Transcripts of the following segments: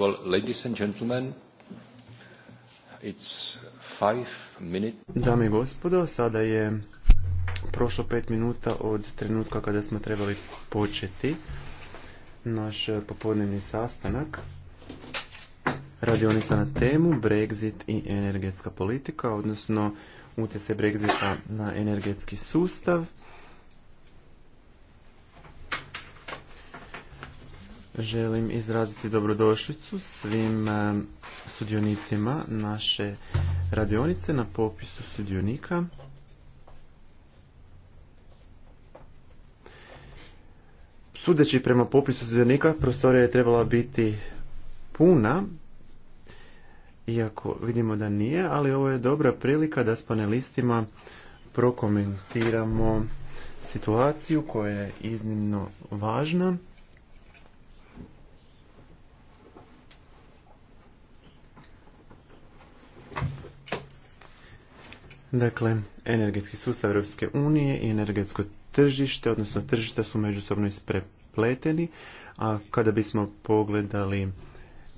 Well, ladies and gentlemen, it's five minutes. Dame i gospodo, sada je prošlo pet minuta od trenutka kada smo trebali početi naš popodnevni sastanak. Radionica na temu Brexit i energetska politika, odnosno utjecaj Brexita na energetski sustav. želim izraziti dobrodošlicu svim e, sudionicima naše radionice na popisu sudionika. Sudeći prema popisu sudionika, prostorija je trebala biti puna, iako vidimo da nije, ali ovo je dobra prilika da s panelistima prokomentiramo situaciju koja je iznimno važna Dakle, energetski sustav Europske unije i energetsko tržište, odnosno tržišta su međusobno isprepleteni, a kada bismo pogledali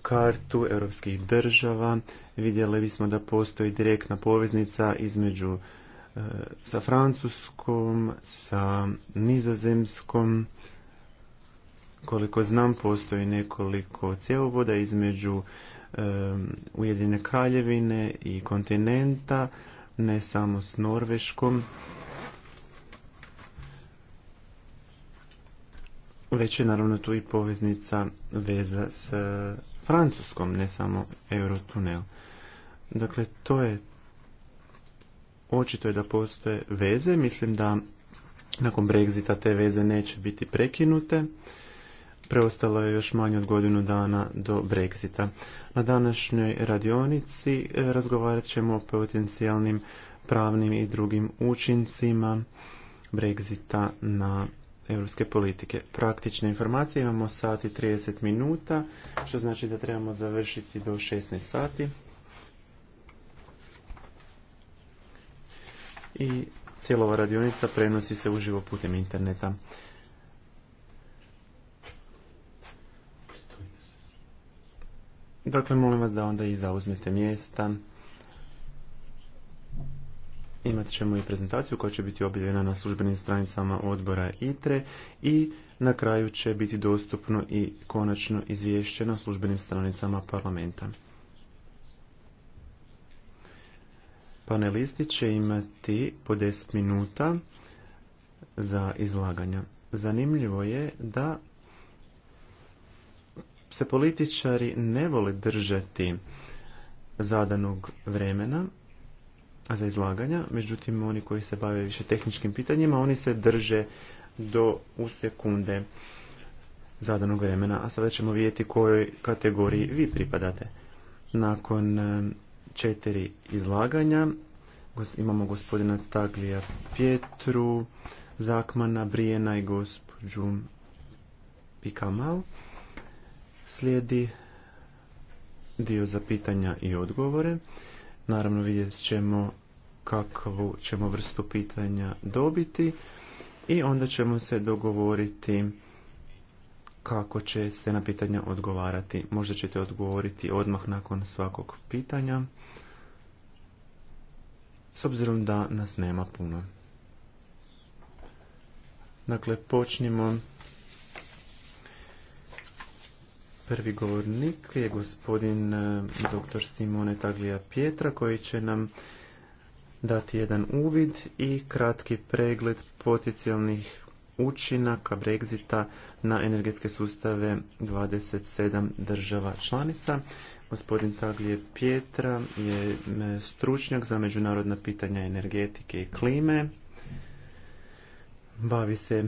kartu europskih država, vidjeli bismo da postoji direktna poveznica između e, sa Francuskom, sa Nizozemskom, koliko znam postoji nekoliko cjevovoda između e, Ujedine kraljevine i kontinenta, ne samo s Norveškom, već je naravno tu i poveznica veza s e, Francuskom, ne samo Eurotunel. Dakle, to je očito je da postoje veze. Mislim da nakon Brexita te veze neće biti prekinute preostalo je još manje od godinu dana do Brexita. Na današnjoj radionici e, razgovarat ćemo o potencijalnim pravnim i drugim učincima Brexita na europske politike. Praktične informacije imamo sati 30 minuta, što znači da trebamo završiti do 16 sati. I cijelova radionica prenosi se uživo putem interneta. Dakle, molim vas da onda i zauzmete mjesta. Imat ćemo i prezentaciju koja će biti objavljena na službenim stranicama odbora ITRE i na kraju će biti dostupno i konačno izvješće na službenim stranicama parlamenta. Panelisti će imati po 10 minuta za izlaganja. Zanimljivo je da se političari ne vole držati zadanog vremena za izlaganja, međutim oni koji se bave više tehničkim pitanjima, oni se drže do u sekunde zadanog vremena. A sada ćemo vidjeti kojoj kategoriji vi pripadate. Nakon e, četiri izlaganja imamo gospodina Taglija Pietru, Zakmana, Brijena i gospođu Pikamal. Slijedi dio za pitanja i odgovore. Naravno vidjet ćemo kakvu ćemo vrstu pitanja dobiti i onda ćemo se dogovoriti kako će se na pitanja odgovarati. Možda ćete odgovoriti odmah nakon svakog pitanja, s obzirom da nas nema puno. Dakle, počnimo Prvi govornik je gospodin e, dr. Simone Taglija Pietra koji će nam dati jedan uvid i kratki pregled potencijalnih učinaka Brexita na energetske sustave 27 država članica. Gospodin Taglije Pietra je e, stručnjak za međunarodna pitanja energetike i klime. Bavi se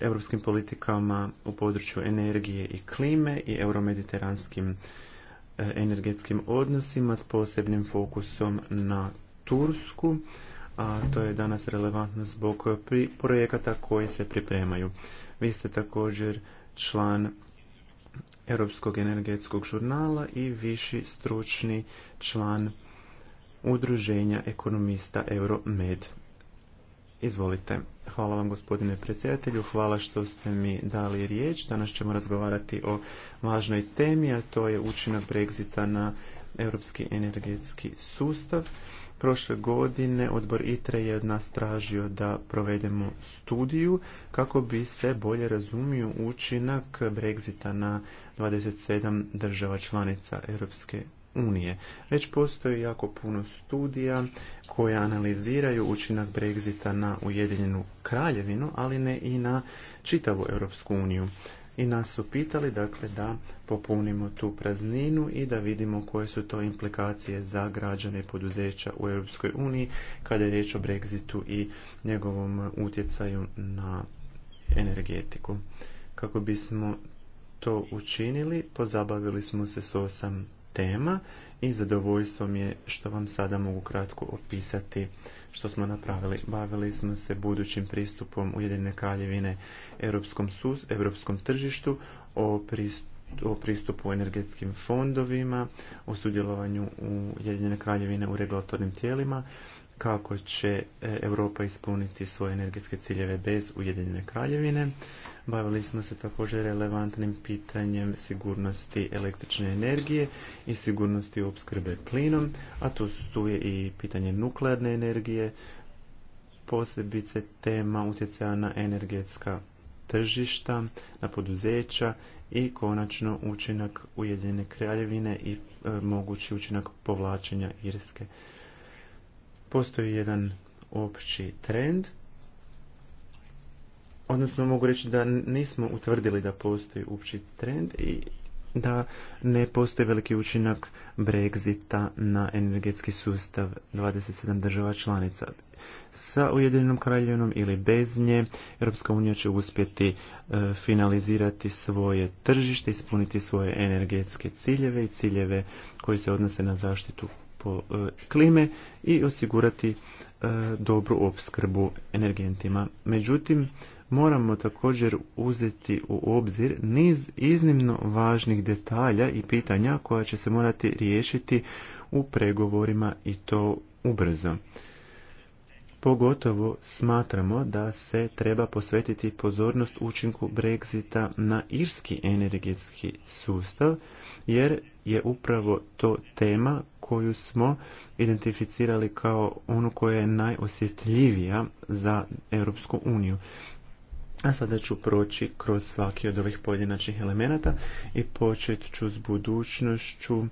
europskim politikama u području energije i klime i euromediteranskim e, energetskim odnosima s posebnim fokusom na Tursku, a to je danas relevantno zbog projekata koji se pripremaju. Vi ste također član Europskog energetskog žurnala i viši stručni član Udruženja ekonomista Euromed. Izvolite. Hvala vam gospodine predsjedatelju, hvala što ste mi dali riječ. Danas ćemo razgovarati o važnoj temi, a to je učinak Brexita na europski energetski sustav. Prošle godine odbor ITRE je od nas tražio da provedemo studiju kako bi se bolje razumio učinak Brexita na 27 država članica Europske unije. Već postoji jako puno studija koje analiziraju učinak Brexita na Ujedinjenu kraljevinu, ali ne i na čitavu Europsku uniju. I nas su pitali dakle, da popunimo tu prazninu i da vidimo koje su to implikacije za građane i poduzeća u Europskoj uniji kada je riječ o Brexitu i njegovom utjecaju na energetiku. Kako bismo to učinili, pozabavili smo se s osam tema i zadovoljstvo mi je što vam sada mogu kratko opisati što smo napravili. Bavili smo se budućim pristupom Ujedinjene kraljevine europskom, sus, europskom tržištu, o, pristupu energetskim fondovima, o sudjelovanju u Ujedinjene kraljevine u regulatornim tijelima, kako će e, Europa ispuniti svoje energetske ciljeve bez Ujedinjene kraljevine. Bavili smo se također relevantnim pitanjem sigurnosti električne energije i sigurnosti opskrbe plinom, a tu, tu je i pitanje nuklearne energije, posebice tema utjecaja na energetska tržišta, na poduzeća i konačno učinak Ujedinjene kraljevine i e, mogući učinak povlačenja Irske. Postoji jedan opći trend odnosno mogu reći da nismo utvrdili da postoji opći trend i da ne postoji veliki učinak Brexita na energetski sustav 27 država članica. Sa Ujedinjenom kraljevinom ili bez nje, Europska unija će uspjeti e, finalizirati svoje tržište, ispuniti svoje energetske ciljeve i ciljeve koji se odnose na zaštitu po, e, klime i osigurati e, dobru opskrbu energentima. Međutim, moramo također uzeti u obzir niz iznimno važnih detalja i pitanja koja će se morati riješiti u pregovorima i to ubrzo. Pogotovo smatramo da se treba posvetiti pozornost učinku Brexita na irski energetski sustav, jer je upravo to tema koju smo identificirali kao onu koja je najosjetljivija za Europsku uniju. A sada ću proći kroz svaki od ovih pojedinačnih elemenata i počet ću s budućnošću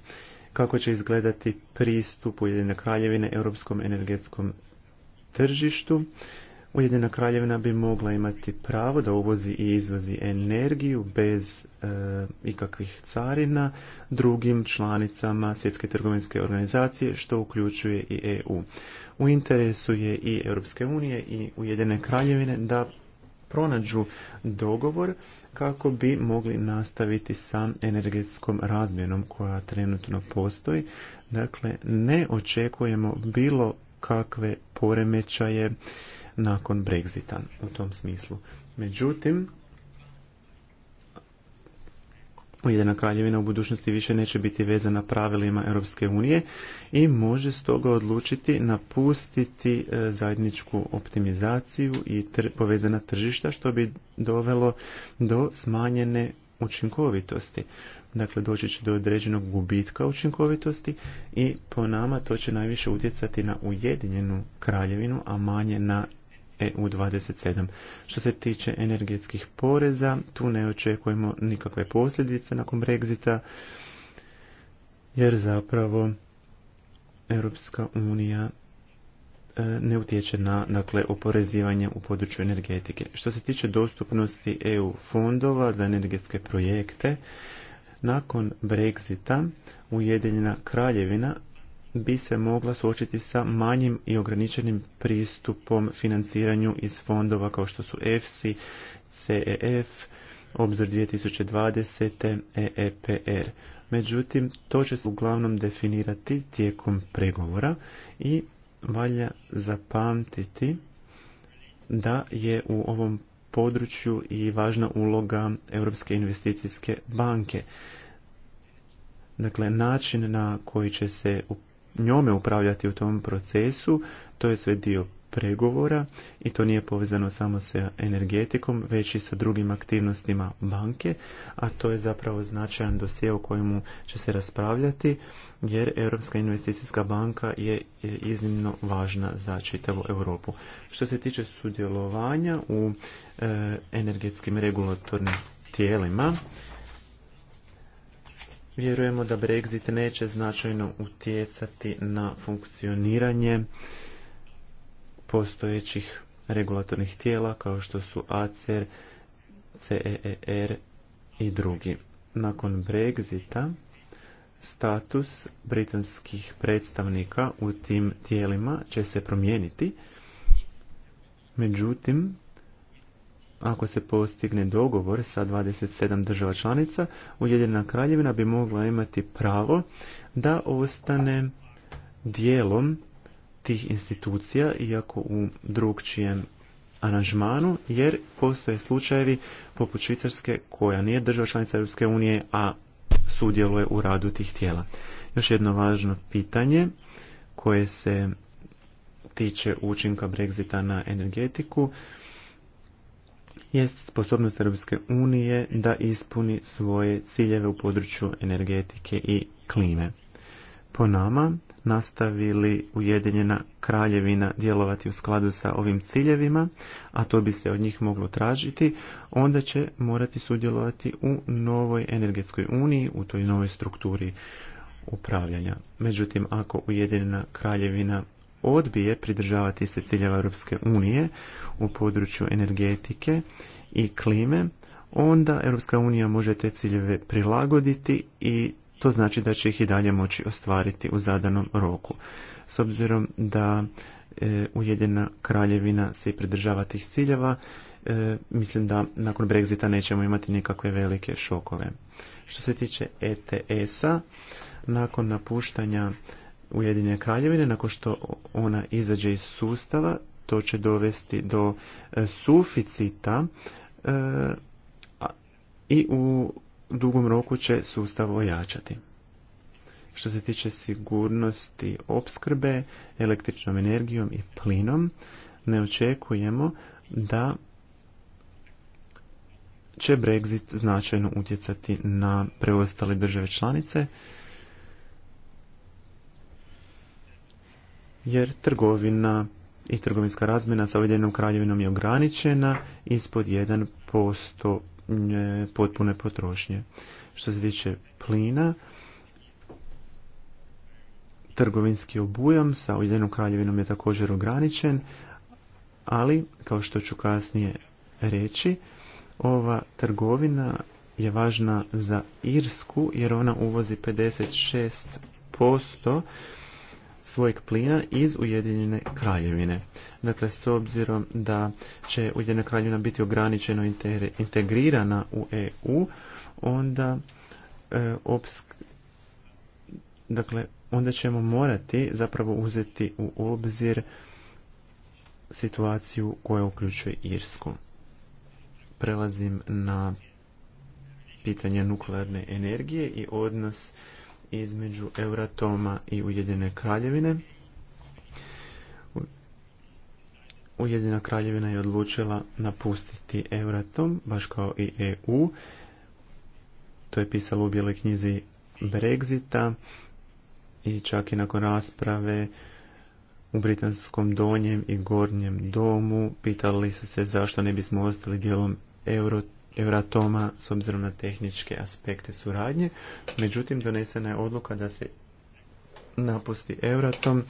kako će izgledati pristup Ujedine kraljevine europskom energetskom tržištu. Ujedina kraljevina bi mogla imati pravo da uvozi i izvozi energiju bez e, ikakvih carina drugim članicama Svjetske trgovinske organizacije što uključuje i EU. U interesu je i Europske unije i Ujedine kraljevine da pronađu dogovor kako bi mogli nastaviti sa energetskom razmjenom koja trenutno postoji. Dakle, ne očekujemo bilo kakve poremećaje nakon Brexita u tom smislu. Međutim, Ujedina kraljevina u budućnosti više neće biti vezana pravilima Europske unije i može stoga odlučiti napustiti e, zajedničku optimizaciju i povezana tržišta što bi dovelo do smanjene učinkovitosti. Dakle, doći će do određenog gubitka učinkovitosti i po nama to će najviše utjecati na Ujedinjenu kraljevinu, a manje na EU27. Što se tiče energetskih poreza, tu ne očekujemo nikakve posljedice nakon Brexita, jer zapravo Europska unija e, ne utječe na dakle, oporezivanje u području energetike. Što se tiče dostupnosti EU fondova za energetske projekte, nakon Brexita Ujedinjena kraljevina bi se mogla suočiti sa manjim i ograničenim pristupom financiranju iz fondova kao što su EFSI, CEF, Obzor 2020, EEPR. Međutim, to će se uglavnom definirati tijekom pregovora i valja zapamtiti da je u ovom području i važna uloga Europske investicijske banke. Dakle, način na koji će se njome upravljati u tom procesu, to je sve dio pregovora i to nije povezano samo sa energetikom, već i sa drugim aktivnostima banke, a to je zapravo značajan dosje o kojemu će se raspravljati, jer Europska investicijska banka je iznimno važna za čitavu Europu. Što se tiče sudjelovanja u e, energetskim regulatornim tijelima, Vjerujemo da Brexit neće značajno utjecati na funkcioniranje postojećih regulatornih tijela kao što su ACER, CEER i drugi. Nakon Brexita status britanskih predstavnika u tim tijelima će se promijeniti, međutim ako se postigne dogovor sa 27 država članica, Ujedinjena kraljevina bi mogla imati pravo da ostane dijelom tih institucija, iako u drugčijem aranžmanu, jer postoje slučajevi poput Švicarske koja nije država članica Europske unije, a sudjeluje u radu tih tijela. Još jedno važno pitanje koje se tiče učinka Brexita na energetiku jest sposobnost Europske unije da ispuni svoje ciljeve u području energetike i klime. Po nama nastavili Ujedinjena kraljevina djelovati u skladu sa ovim ciljevima, a to bi se od njih moglo tražiti, onda će morati sudjelovati u novoj energetskoj uniji, u toj novoj strukturi upravljanja. Međutim, ako Ujedinjena kraljevina odbije pridržavati se ciljeva Europske unije u području energetike i klime, onda Europska unija može te ciljeve prilagoditi i to znači da će ih i dalje moći ostvariti u zadanom roku. S obzirom da e, Ujedina kraljevina se i pridržava tih ciljeva, e, mislim da nakon Brexita nećemo imati nikakve velike šokove. Što se tiče ETS-a, nakon napuštanja Ujedinjene kraljevine, nakon što ona izađe iz sustava, to će dovesti do e, suficita e, i u dugom roku će sustav ojačati. Što se tiče sigurnosti opskrbe električnom energijom i plinom, ne očekujemo da će Brexit značajno utjecati na preostale države članice jer trgovina i trgovinska razmjena sa Ujedinjenom kraljevinom je ograničena ispod 1% potpune potrošnje. Što se tiče plina, trgovinski obujam sa Ujedinjenom kraljevinom je također ograničen, ali, kao što ću kasnije reći, ova trgovina je važna za Irsku jer ona uvozi 56% svojeg plina iz Ujedinjene kraljevine. Dakle, s obzirom da će Ujedinjena kraljevina biti ograničeno integrirana u EU, onda e, dakle, onda ćemo morati zapravo uzeti u obzir situaciju koja uključuje Irsku. Prelazim na pitanje nuklearne energije i odnos između Euratoma i Ujedine kraljevine. Ujedina kraljevina je odlučila napustiti Euratom, baš kao i EU. To je pisalo u bijeloj knjizi Brexita i čak i nakon rasprave u Britanskom donjem i gornjem domu pitali su se zašto ne bismo ostali dijelom euro. Euratoma s obzirom na tehničke aspekte suradnje. Međutim, donesena je odluka da se napusti Euratom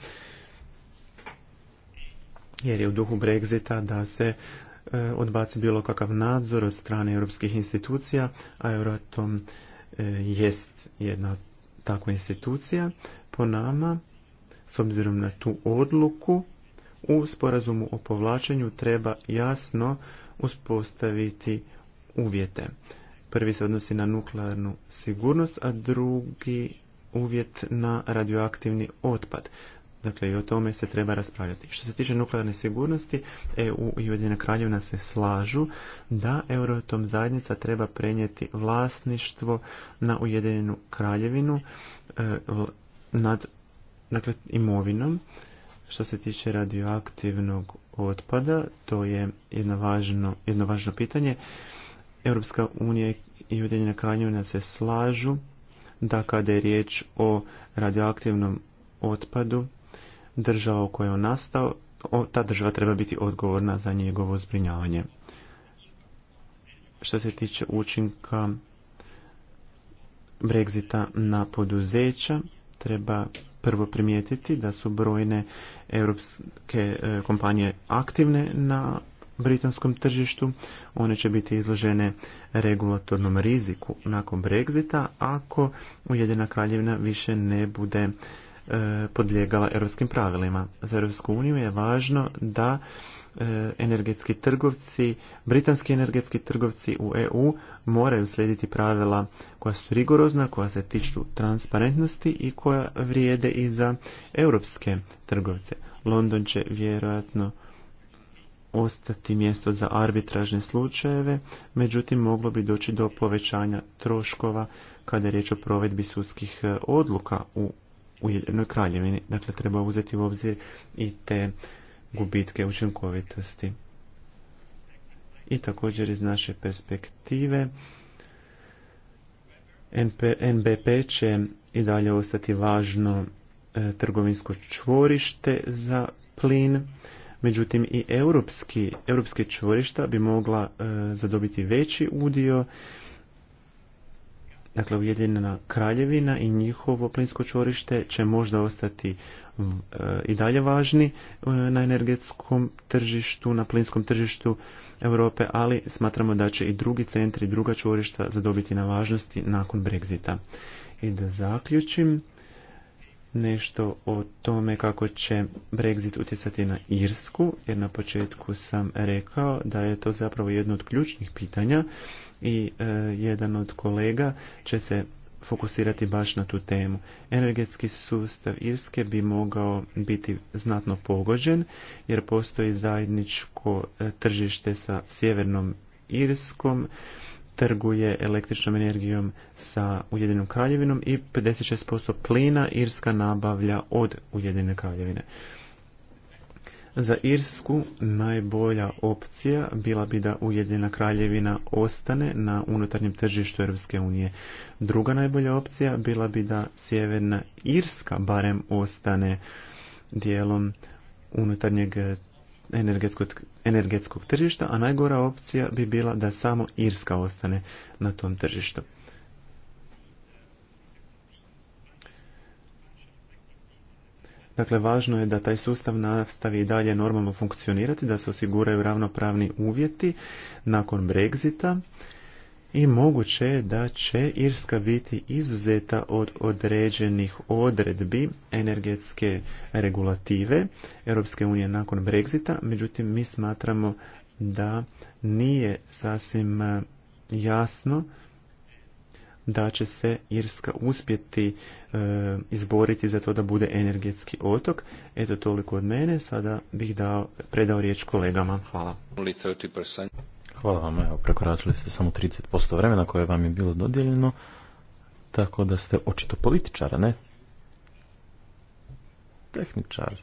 jer je u duhu Brexita da se e, odbaci bilo kakav nadzor od strane europskih institucija, a Euratom e, jest jedna takva institucija. Po nama, s obzirom na tu odluku, u sporazumu o povlačenju treba jasno uspostaviti uvjete. Prvi se odnosi na nuklearnu sigurnost, a drugi uvjet na radioaktivni otpad. Dakle, i o tome se treba raspravljati. Što se tiče nuklearne sigurnosti, EU i Ujedinjena kraljevina se slažu da Eurotom zajednica treba prenijeti vlasništvo na Ujedinjenu kraljevinu e, nad dakle, imovinom. Što se tiče radioaktivnog otpada, to je jedno važno, jedno važno pitanje. Europska unija i Ujedinjena kraljevina se slažu da kada je riječ o radioaktivnom otpadu država u kojoj je on nastao, ta država treba biti odgovorna za njegovo zbrinjavanje. Što se tiče učinka Brexita na poduzeća, treba prvo primijetiti da su brojne europske eh, kompanije aktivne na britanskom tržištu. One će biti izložene regulatornom riziku nakon Brexita ako Ujedina kraljevina više ne bude e, podlijegala europskim pravilima. Za Europsku uniju je važno da e, energetski trgovci, britanski energetski trgovci u EU moraju slijediti pravila koja su rigorozna, koja se tiču transparentnosti i koja vrijede i za europske trgovce. London će vjerojatno ostati mjesto za arbitražne slučajeve, međutim moglo bi doći do povećanja troškova kada je riječ o provedbi sudskih e, odluka u Ujedinjenoj kraljevini. Dakle, treba uzeti u obzir i te gubitke učinkovitosti. I također iz naše perspektive NBP će i dalje ostati važno e, trgovinsko čvorište za plin međutim i europski, europske čvorišta bi mogla e, zadobiti veći udio dakle Ujedinjena kraljevina i njihovo plinsko čvorište će možda ostati e, i dalje važni e, na energetskom tržištu, na plinskom tržištu Europe, ali smatramo da će i drugi centri, druga čvorišta zadobiti na važnosti nakon Brexita. I da zaključim, nešto o tome kako će Brexit utjecati na Irsku, jer na početku sam rekao da je to zapravo jedno od ključnih pitanja i e, jedan od kolega će se fokusirati baš na tu temu. Energetski sustav Irske bi mogao biti znatno pogođen jer postoji zajedničko e, tržište sa sjevernom Irskom trguje električnom energijom sa Ujedinom kraljevinom i 56% plina Irska nabavlja od Ujedine kraljevine. Za Irsku najbolja opcija bila bi da Ujedina kraljevina ostane na unutarnjem tržištu Europske unije. Druga najbolja opcija bila bi da Sjeverna Irska barem ostane dijelom unutarnjeg energetskog, energetskog tržišta, a najgora opcija bi bila da samo Irska ostane na tom tržištu. Dakle, važno je da taj sustav nastavi i dalje normalno funkcionirati, da se osiguraju ravnopravni uvjeti nakon Brexita i moguće je da će Irska biti izuzeta od određenih odredbi energetske regulative Europske unije nakon Brexita, međutim mi smatramo da nije sasvim e, jasno da će se Irska uspjeti e, izboriti za to da bude energetski otok. Eto toliko od mene, sada bih dao, predao riječ kolegama. Hvala. Hvala vam, evo, prekoračili ste samo 30% vremena koje vam je bilo dodijeljeno, tako da ste očito političara, ne? Tehničar.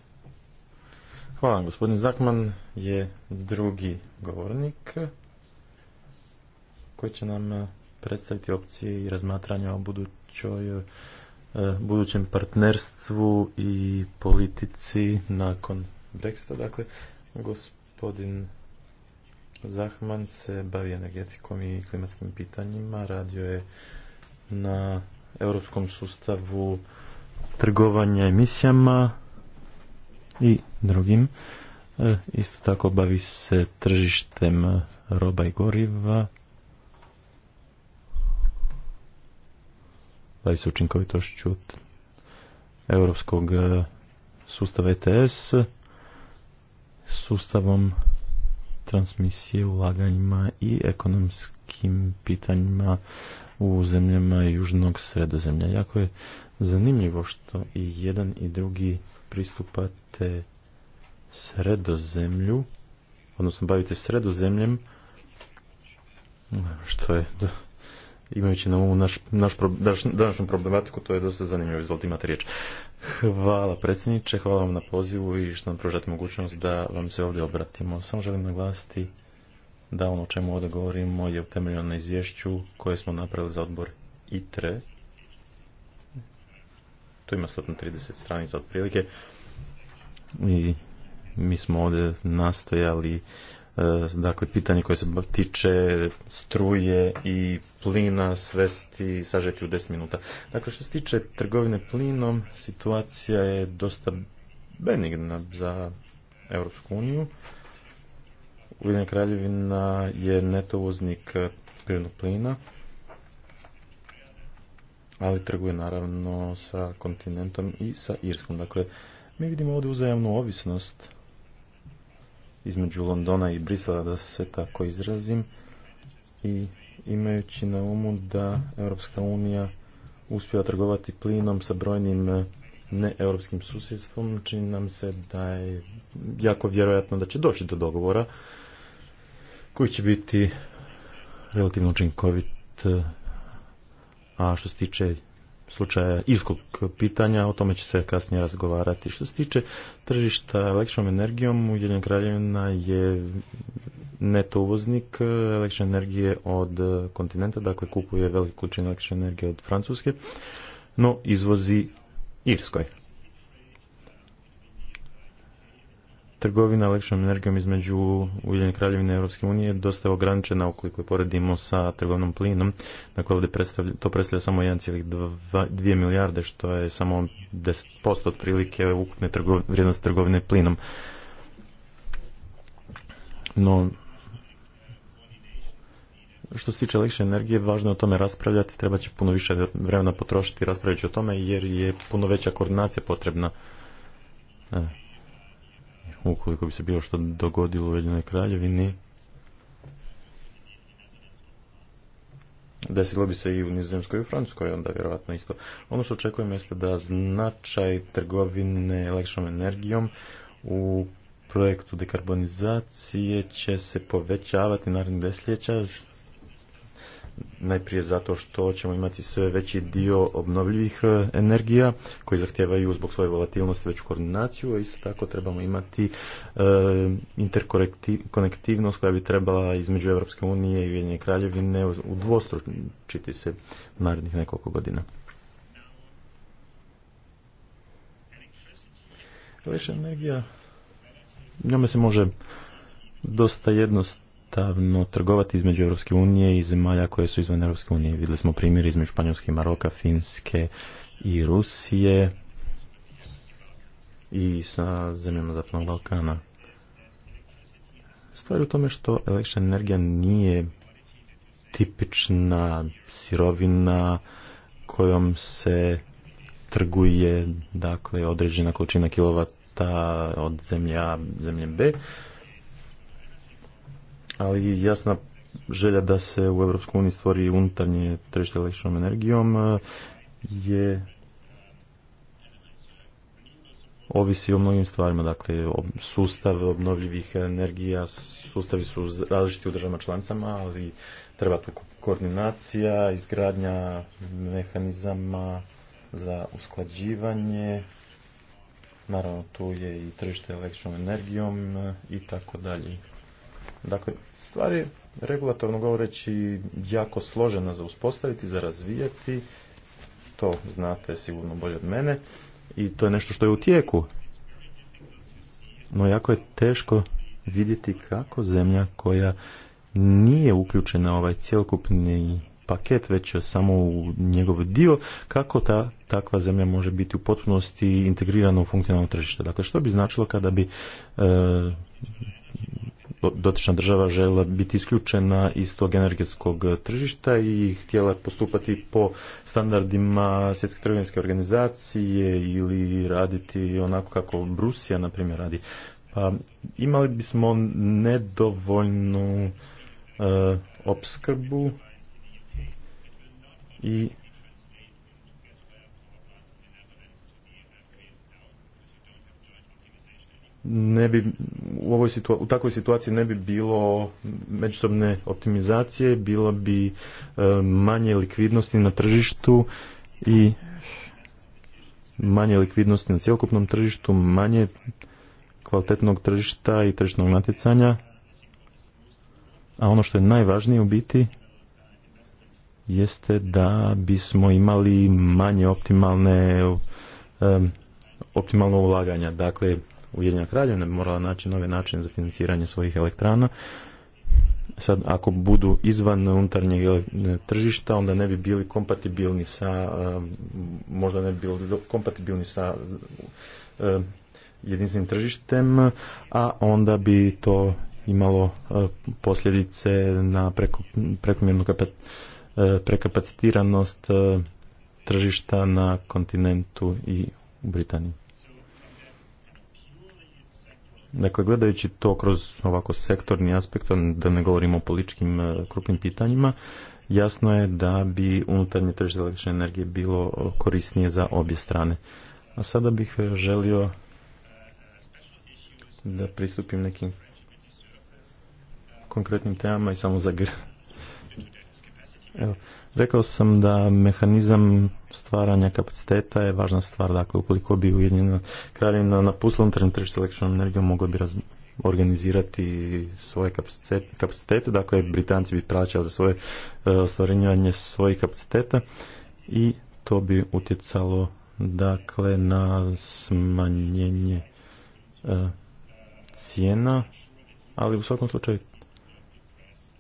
Hvala vam, gospodin Zakman je drugi govornik koji će nam eh, predstaviti opcije i razmatranja o budućoj eh, budućem partnerstvu i politici nakon Brexita. Dakle, gospodin Zahman se bavi energetikom i klimatskim pitanjima. Radio je na europskom sustavu trgovanja emisijama i drugim. E, isto tako bavi se tržištem roba i goriva. Bavi se učinkovitošću europskog sustava ETS, sustavom transmisije ulaganjima i ekonomskim pitanjima u zemljama južnog sredozemlja. Jako je zanimljivo što i jedan i drugi pristupate sredozemlju, odnosno bavite sredozemljem, što je, imajući na ovu naš, današnju problematiku, to je dosta zanimljivo, izvolite imate riječ. Hvala predsjedniče, hvala vam na pozivu i što nam pružate mogućnost da vam se ovdje obratimo. Samo želim naglasiti da ono o čemu ovdje govorimo je utemeljeno na izvješću koje smo napravili za odbor ITRE. Tu ima 130 stranica otprilike i mi smo ovdje nastojali E, dakle pitanje koje se tiče struje i plina svesti sažeti u 10 minuta. Dakle što se tiče trgovine plinom, situacija je dosta benigna za Europsku uniju. Ujedinjena Kraljevina je netovoznik uvoznik prirodnog plina, ali trguje naravno sa kontinentom i sa Irskom. Dakle, mi vidimo ovdje uzajamnu ovisnost između Londona i Brisela, da se tako izrazim, i imajući na umu da Europska unija uspjeva trgovati plinom sa brojnim e, neeuropskim susjedstvom, čini nam se da je jako vjerojatno da će doći do dogovora koji će biti relativno učinkovit, e, a što se tiče slučaja irskog pitanja, o tome će se kasnije razgovarati. Što se tiče tržišta električnom energijom, Ujedinjena kraljevina je neto uvoznik električne energije od kontinenta, dakle kupuje veliku količinu električne energije od Francuske, no izvozi Irskoj. trgovina električnom energijom između Ujedinjene kraljevine i Europske unije je dosta ograničena ukoliko je poredimo sa trgovnom plinom. Dakle, ovdje predstavlja, to predstavlja samo 1,2 milijarde, što je samo 10% otprilike ukupne vrijednosti trgovine plinom. No, što se tiče električne energije, važno je o tome raspravljati, treba će puno više vremena potrošiti i o tome, jer je puno veća koordinacija potrebna. E, ukoliko bi se bilo što dogodilo u Ujedinoj kraljevini, desilo bi se i u Nizozemskoj i u Francuskoj, onda vjerojatno isto. Ono što očekujem jeste da značaj trgovine električnom energijom u projektu dekarbonizacije će se povećavati narednih desetljeća, najprije zato što ćemo imati sve veći dio obnovljivih e, energija koji zahtijevaju zbog svoje volatilnosti veću koordinaciju, a isto tako trebamo imati e, interkonektivnost koja bi trebala između Europske unije i Ujedinjene kraljevine u dvostručiti se narednih nekoliko godina. energija njome se može dosta jednost jednostavno trgovati između Europske unije i zemalja koje su izvan Europske unije. Vidjeli smo primjer između Španjolske, Maroka, Finske i Rusije i sa zemljama Zapadnog Balkana. Stvar je u tome što električna energija nije tipična sirovina kojom se trguje dakle određena količina kilovata od zemlje A, zemlje B, ali jasna želja da se u Europsku uniji stvori unutarnje tržište električnom energijom e, je ovisi o mnogim stvarima, dakle sustav obnovljivih energija, sustavi su različiti u državama članicama, ali treba tu koordinacija, izgradnja mehanizama za usklađivanje, naravno tu je i tržište električnom energijom e, i tako dalje. Dakle, Stvari, regulatorno govoreći, jako složena za uspostaviti, za razvijati. To znate sigurno bolje od mene. I to je nešto što je u tijeku. No jako je teško vidjeti kako zemlja koja nije uključena ovaj cjelokupni paket, već samo u njegov dio, kako ta takva zemlja može biti u potpunosti integrirana u funkcionalno tržište. Dakle, što bi značilo kada bi e, dotična država žela biti isključena iz tog energetskog tržišta i htjela postupati po standardima svjetske trgovinske organizacije ili raditi onako kako Brusija, na primjer, radi. Pa imali bismo nedovoljnu e, opskrbu i ne bi u, ovoj u takvoj situaciji ne bi bilo međusobne optimizacije, bilo bi e, manje likvidnosti na tržištu i manje likvidnosti na cjelokupnom tržištu, manje kvalitetnog tržišta i tržišnog natjecanja. A ono što je najvažnije u biti jeste da bismo imali manje optimalne e, optimalno ulaganja. Dakle, Ujedinjena kraljevina bi morala naći nove načine za financiranje svojih elektrana. Sad, ako budu izvan unutarnjeg eh, tržišta, onda ne bi bili kompatibilni sa, eh, možda ne bi bili kompatibilni sa eh, jedinstvenim tržištem, a onda bi to imalo posljedice na preko, prekomjernu prekapacitiranost tržišta na kontinentu i u Britaniji. Dakle, gledajući to kroz ovako sektorni aspekt, da ne govorimo o političkim e, krupnim pitanjima, jasno je da bi unutarnje tržište električne energije bilo korisnije za obje strane. A sada bih e, želio da pristupim nekim konkretnim temama i samo za gr. Evo, Rekao sam da mehanizam stvaranja kapaciteta je važna stvar. Dakle, ukoliko bi Ujedinjena kraljevina na puslom tržištu električnom energijom mogla bi organizirati svoje kapacitete, dakle Britanci bi plaćali za svoje e, ostvarenjanje svojih kapaciteta i to bi utjecalo dakle na smanjenje e, cijena, ali u svakom slučaju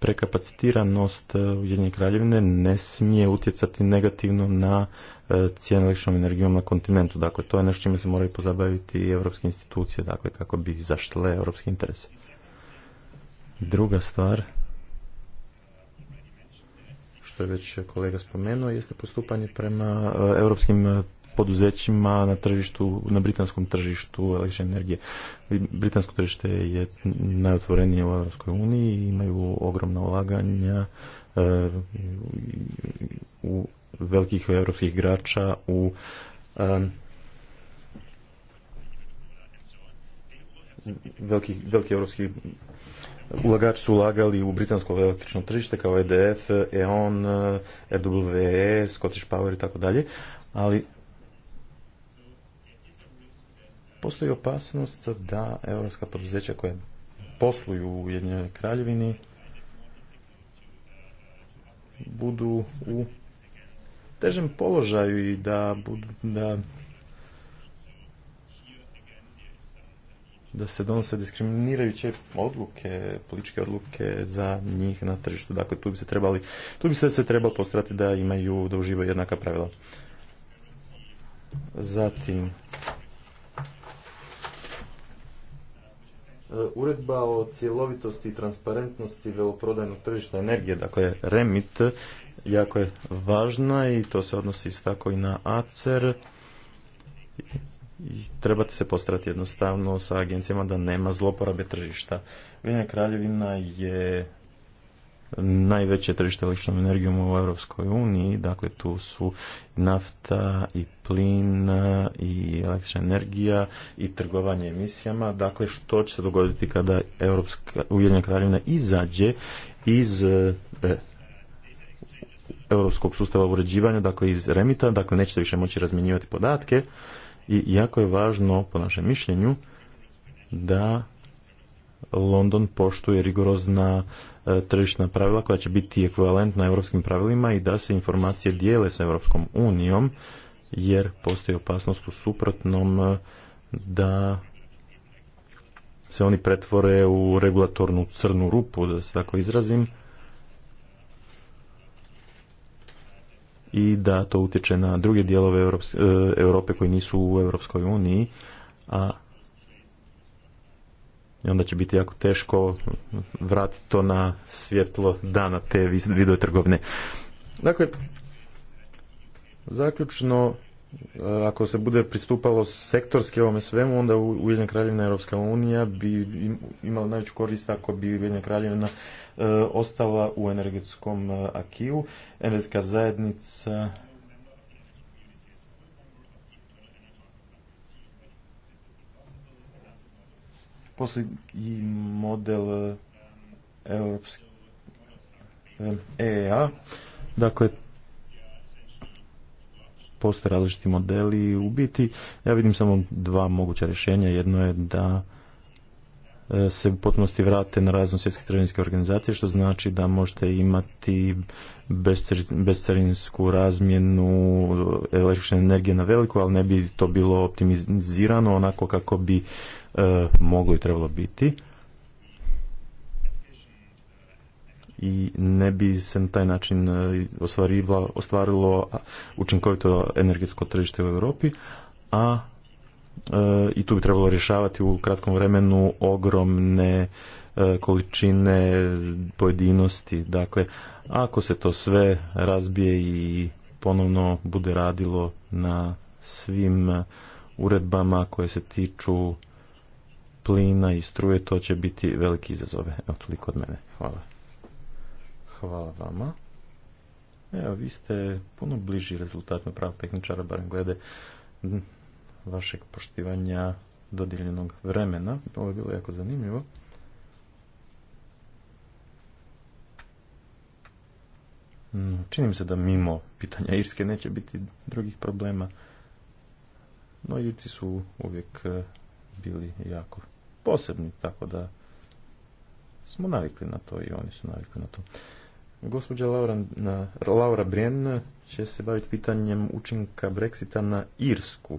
prekapacitiranost e, Ujedinjene kraljevine ne smije utjecati negativno na e, cijenu električnom energijom na kontinentu. Dakle, to je nešto čime se moraju pozabaviti i evropske institucije, dakle, kako bi zaštile evropski interese. Druga stvar, što je već kolega spomenuo, jeste postupanje prema e, europskim poduzećima na tržištu, na britanskom tržištu električne energije. Britansko tržište je najotvorenije u Europskoj uniji, imaju ogromna ulaganja e, u velikih europskih igrača u e, veliki, veliki europski ulagači su ulagali u britansko električno tržište kao EDF, EON, E.W.E., Scottish Power i tako dalje, ali postoji opasnost da europska poduzeća koja posluju u Ujedinjenoj kraljevini budu u težem položaju i da budu, da se donose diskriminirajuće odluke, političke odluke za njih na tržištu. Dakle, tu bi se trebali, tu bi se trebalo postrati da imaju, da uživaju jednaka pravila. Zatim, uredba o cjelovitosti i transparentnosti veloprodajnog tržišta energije, dakle REMIT, jako je važna i to se odnosi tako i na ACER. I trebate se postarati jednostavno sa agencijama da nema zloporabe tržišta. Vinja Kraljevina je najveće tržište električnom energijom u Europskoj uniji, dakle tu su nafta i plin e, i električna energija i trgovanje emisijama, dakle što će se dogoditi kada Europska Ujedinjena Kraljevina izađe iz e, e, europskog sustava uređivanja, dakle iz remita, dakle neće se više moći razmjenjivati podatke i jako je važno po našem mišljenju da London poštuje rigorozna e, tržišna pravila koja će biti ekvivalentna europskim pravilima i da se informacije dijele sa Europskom unijom jer postoji opasnost u suprotnom e, da se oni pretvore u regulatornu crnu rupu, da se tako izrazim, i da to utječe na druge dijelove e, Europe koji nisu u Europskoj uniji, a i onda će biti jako teško vratiti to na svjetlo dana te video trgovine. Dakle, zaključno, e, ako se bude pristupalo sektorski ovome svemu, onda Ujedinjena kraljevina Europska unija bi imala najveću korist ako bi Ujedinjena kraljevina e, ostala u energetskom e, akiju. Energetska zajednica postoji model eh, europski EEA. Dakle, postoje različiti modeli. U biti, ja vidim samo dva moguća rješenja. Jedno je da eh, se u potpunosti vrate na razno svjetske trgovinske organizacije, što znači da možete imati bescarinsku razmjenu eh, električne energije na veliku, ali ne bi to bilo optimizirano onako kako bi E, moglo i trebalo biti. i ne bi se na taj način e, ostvarilo učinkovito energetsko tržište u Europi, a e, i tu bi trebalo rješavati u kratkom vremenu ogromne količine pojedinosti. Dakle, ako se to sve razbije i ponovno bude radilo na svim uredbama koje se tiču plina i struje, to će biti veliki izazove. Evo, toliko od mene. Hvala. Hvala vama. Evo, vi ste puno bliži rezultatima pravog tehničara, barem glede vašeg poštivanja dodijeljenog vremena. Ovo je bilo jako zanimljivo. Mm, čini mi se da mimo pitanja Irske neće biti drugih problema. No, Irci su uvijek eh, bili jako posebni, tako da smo navikli na to i oni su navikli na to. Gospođa Laura, Laura Brien će se baviti pitanjem učinka Brexita na Irsku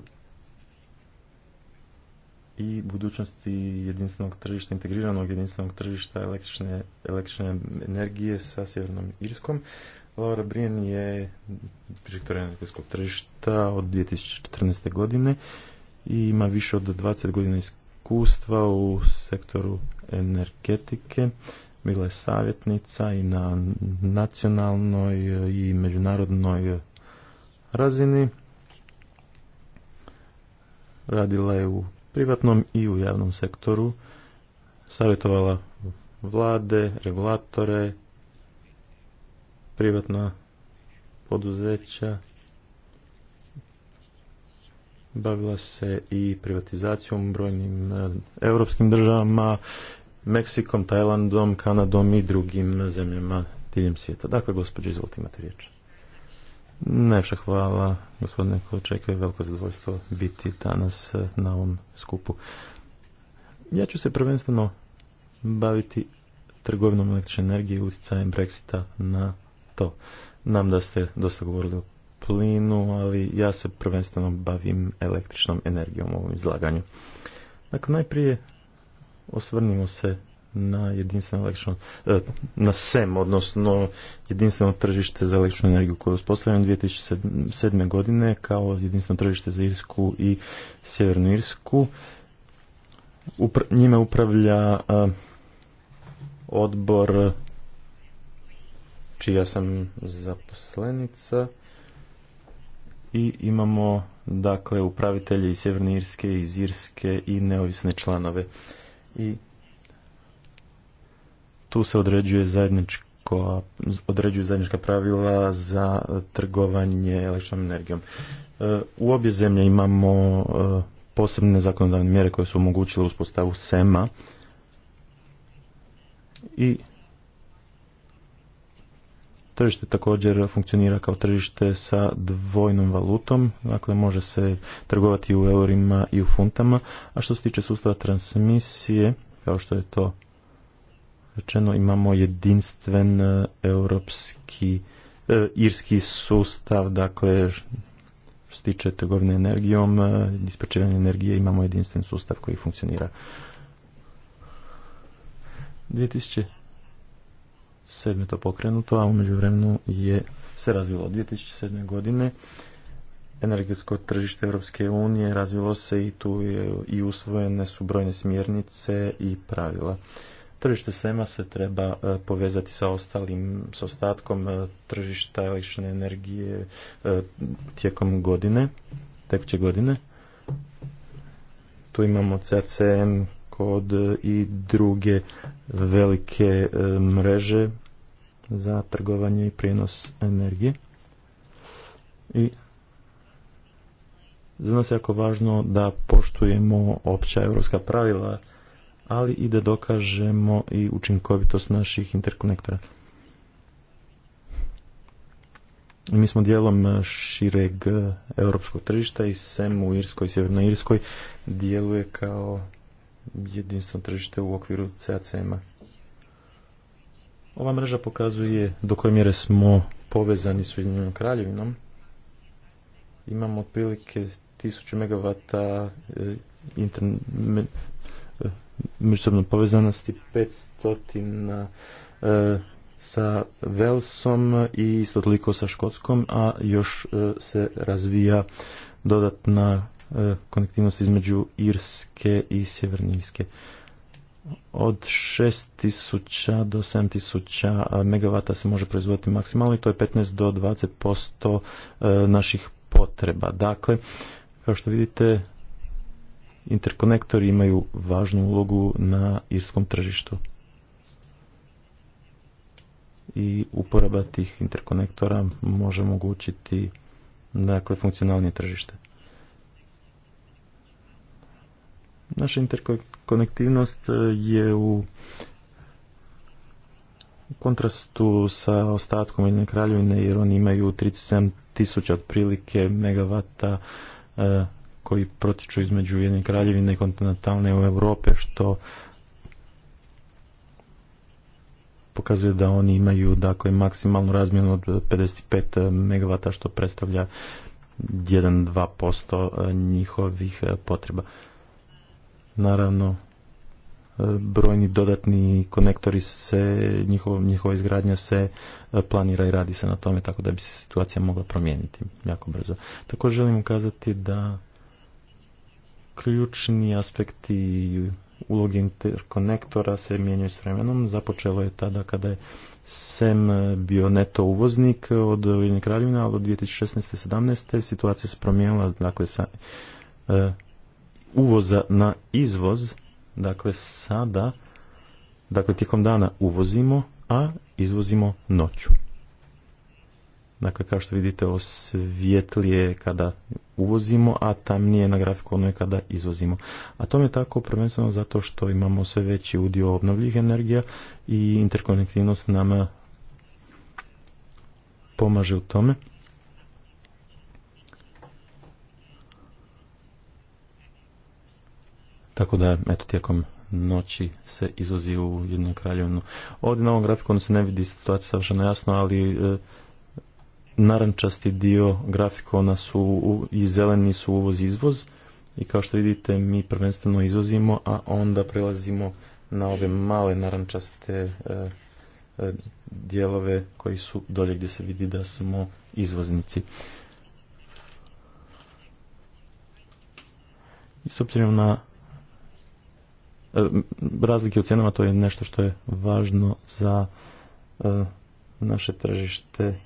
i budućnosti jedinstvenog tržišta, integriranog jedinstvenog tržišta električne, električne energije sa Sjevernom Irskom. Laura Brien je direktor energetskog tržišta od 2014. godine i ima više od 20 godina iskustva u sektoru energetike. Bila je savjetnica i na nacionalnoj i međunarodnoj razini. Radila je u privatnom i u javnom sektoru. Savjetovala vlade, regulatore, privatna poduzeća bavila se i privatizacijom brojnim e, europskim državama, Meksikom, Tajlandom, Kanadom i drugim zemljama diljem svijeta. Dakle, gospođo, izvolite imate riječ. Najviše hvala, gospodine je veliko zadovoljstvo biti danas e, na ovom skupu. Ja ću se prvenstveno baviti trgovinom električne energije i utjecajem Brexita na to. Nam da ste dosta govorili o plinu, ali ja se prvenstveno bavim električnom energijom u ovom izlaganju. Dakle, najprije osvrnimo se na jedinstveno električno, e, na SEM, odnosno jedinstveno tržište za električnu energiju koje je uspostavljeno 2007. godine kao jedinstveno tržište za Irsku i Sjevernu Irsku. njime upravlja e, odbor čija sam zaposlenica i imamo dakle upravitelje iz Sjeverne Irske, iz Irske i neovisne članove. I tu se određuje određuju zajednička pravila za trgovanje električnom energijom. E, u obje zemlje imamo e, posebne zakonodavne mjere koje su omogućile uspostavu SEMA i tržište također funkcionira kao tržište sa dvojnom valutom, dakle može se trgovati u eurima i u funtama, a što se tiče sustava transmisije, kao što je to rečeno, imamo jedinstven e, europski e, irski sustav, dakle što se tiče trgovine energijom, e, isprečivanja energije, imamo jedinstven sustav koji funkcionira. 2000 2007. to pokrenuto, a umeđu vremenu je se razvilo od 2007. godine. Energetsko tržište Europske unije razvilo se i tu je, i usvojene su brojne smjernice i pravila. Tržište SEMA se treba e, povezati sa ostalim, sa ostatkom e, tržišta električne energije e, tijekom godine, tekuće godine. Tu imamo CCN kod i druge velike mreže za trgovanje i prijenos energije. I za nas je jako važno da poštujemo opća europska pravila, ali i da dokažemo i učinkovitost naših interkonektora. mi smo dijelom šireg europskog tržišta i SEM u Irskoj i Sjevernoj Irskoj djeluje kao jedinstveno tržište u okviru CACM-a. Ova mreža pokazuje do koje mjere smo povezani s Ujedinjenom kraljevinom. Imamo otprilike 1000 megavata eh, eh, međusobno povezanosti 500 eh, sa Velsom i isto toliko sa Škotskom, a još se razvija dodatna konektivnost između Irske i Sjevernijske od 6000 do 7000 megavata se može proizvoditi maksimalno i to je 15 do 20% e, naših potreba. Dakle, kao što vidite, interkonektori imaju važnu ulogu na irskom tržištu. I uporaba tih interkonektora može omogućiti dakle, funkcionalnije tržište. Naša interkonektivnost e, je u kontrastu sa ostatkom jedne kraljevine jer oni imaju 37 tisuća otprilike megavata e, koji protiču između jedne kraljevine i kontinentalne u Europe što pokazuje da oni imaju dakle maksimalnu razmjenu od 55 megavata što predstavlja 1-2% e, njihovih potreba naravno e, brojni dodatni konektori se, njihova, izgradnja se e, planira i radi se na tome tako da bi se situacija mogla promijeniti jako brzo. Također želim ukazati da ključni aspekti ulogi interkonektora se mijenjaju s vremenom. Započelo je tada kada je SEM bio neto uvoznik od Ujedinjeg kraljevina, ali od 2016. 17. situacija se promijenila, dakle, sa, e, uvoza na izvoz, dakle sada, dakle tijekom dana uvozimo, a izvozimo noću. Dakle, kao što vidite, svjetlije kada uvozimo, a tamnije na ono je kada izvozimo. A tome je tako prvenstveno zato što imamo sve veći udio obnovljivih energija i interkonektivnost nama pomaže u tome. Tako da, eto, tijekom noći se izvozi u jednu kraljevnu Ovdje na ovom grafikonu se ne vidi situacija savršeno jasno, ali e, narančasti dio grafikona su u, i zeleni su uvoz izvoz i kao što vidite mi prvenstveno izvozimo, a onda prelazimo na ove male narančaste e, e, dijelove koji su dolje gdje se vidi da smo izvoznici. I s obzirom na E, razlike u cijenama to je nešto što je važno za e, naše tržište.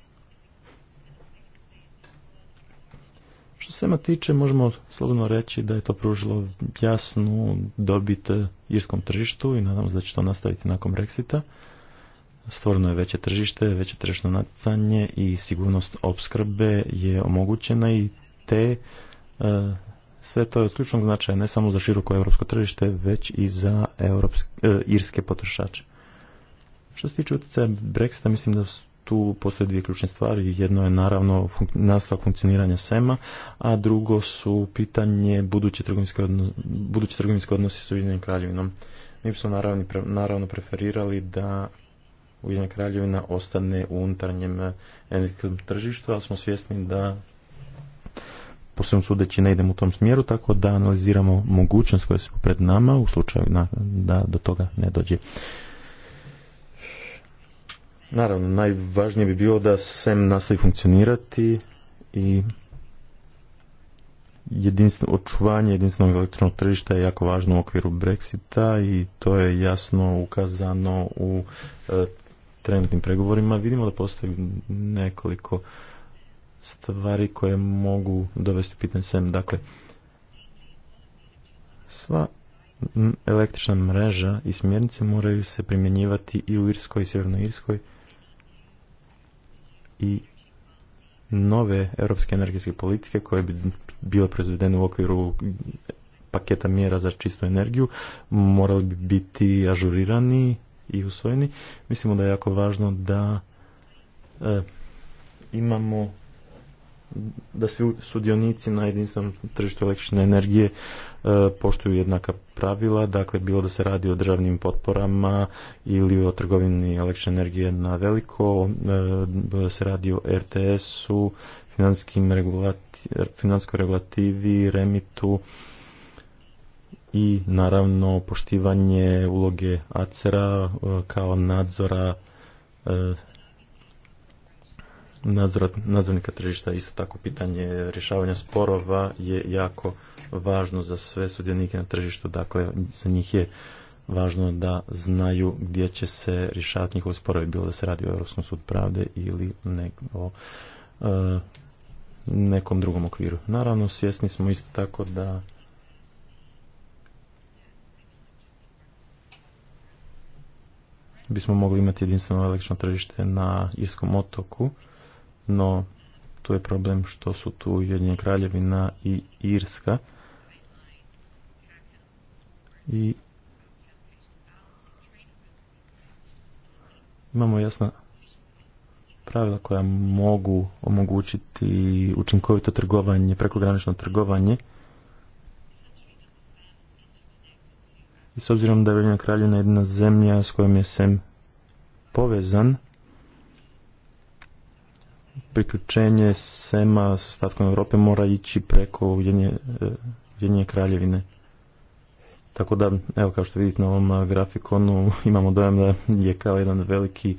Što se ima tiče, možemo slobodno reći da je to pružilo jasnu dobit irskom tržištu i nadam se da će to nastaviti nakon Brexita. Stvoreno je veće tržište, veće tržišno natjecanje i sigurnost opskrbe je omogućena i te e, sve to je od ključnog značaja ne samo za široko europsko tržište, već i za europske, irske potrošače. Što se tiče utjecaja Brexita, mislim da tu postoje dvije ključne stvari. Jedno je naravno fun nastavak funkcioniranja SEMA, a drugo su pitanje buduće trgovinske, odno buduće trgovinske odnose s Ujedinjenim kraljevinom. Mi smo naravno, naravno preferirali da Ujedinjena kraljevina ostane u unutarnjem e, energetskom tržištu, ali smo svjesni da po svemu sudeći ne idemo u tom smjeru, tako da analiziramo mogućnost koja su pred nama u slučaju da do toga ne dođe. Naravno, najvažnije bi bilo da SEM nastavi funkcionirati i jedinstvo, očuvanje jedinstvenog elektronog tržišta je jako važno u okviru Brexita i to je jasno ukazano u e, trenutnim pregovorima. Vidimo da postoji nekoliko stvari koje mogu dovesti u pitanje sem. Dakle, sva električna mreža i smjernice moraju se primjenjivati i u Irskoj i Sjevernoj Irskoj i nove europske energetske politike koje bi bile proizvedene u okviru paketa mjera za čistu energiju morali bi biti ažurirani i usvojeni. Mislimo da je jako važno da e, imamo da svi sudionici na jedinstvenom tržištu električne energije e, poštuju jednaka pravila, dakle bilo da se radi o državnim potporama ili o trgovini električne energije na veliko, e, bilo da se radi o RTS-u, financijskoj regulativi, remitu i naravno poštivanje uloge acera a e, kao nadzora nadzor, nadzornika tržišta. Isto tako pitanje rješavanja sporova je jako važno za sve sudionike na tržištu. Dakle, za njih je važno da znaju gdje će se rješavati njihovi sporovi, bilo da se radi o Europskom sudu pravde ili o e, nekom drugom okviru. Naravno, svjesni smo isto tako da bismo mogli imati jedinstveno električno tržište na Irskom otoku no tu je problem što su tu Ujedinjena kraljevina i Irska. I imamo jasna pravila koja mogu omogućiti učinkovito trgovanje, prekogranično trgovanje. I s obzirom da je Ujedinjena kraljevina jedna zemlja s kojom je sem povezan, priključenje SEMA s ostatkom Europe mora ići preko Ujedinje kraljevine. Tako da, evo kao što vidite na ovom grafikonu, imamo dojam da je kao jedan veliki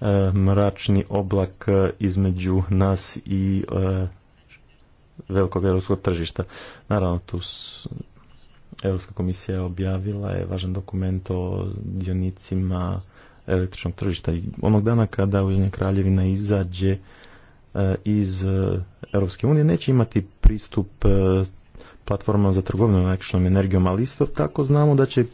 e, mračni oblak e, između nas i e, velikog europskog tržišta. Naravno, tu Europska komisija objavila je važan dokument o dionicima električnog tržišta. I onog dana kada Ujedinja kraljevina izađe E, iz e, Europske unije neće imati pristup e, platformama za trgovinu električnom energijom, ali isto tako znamo da će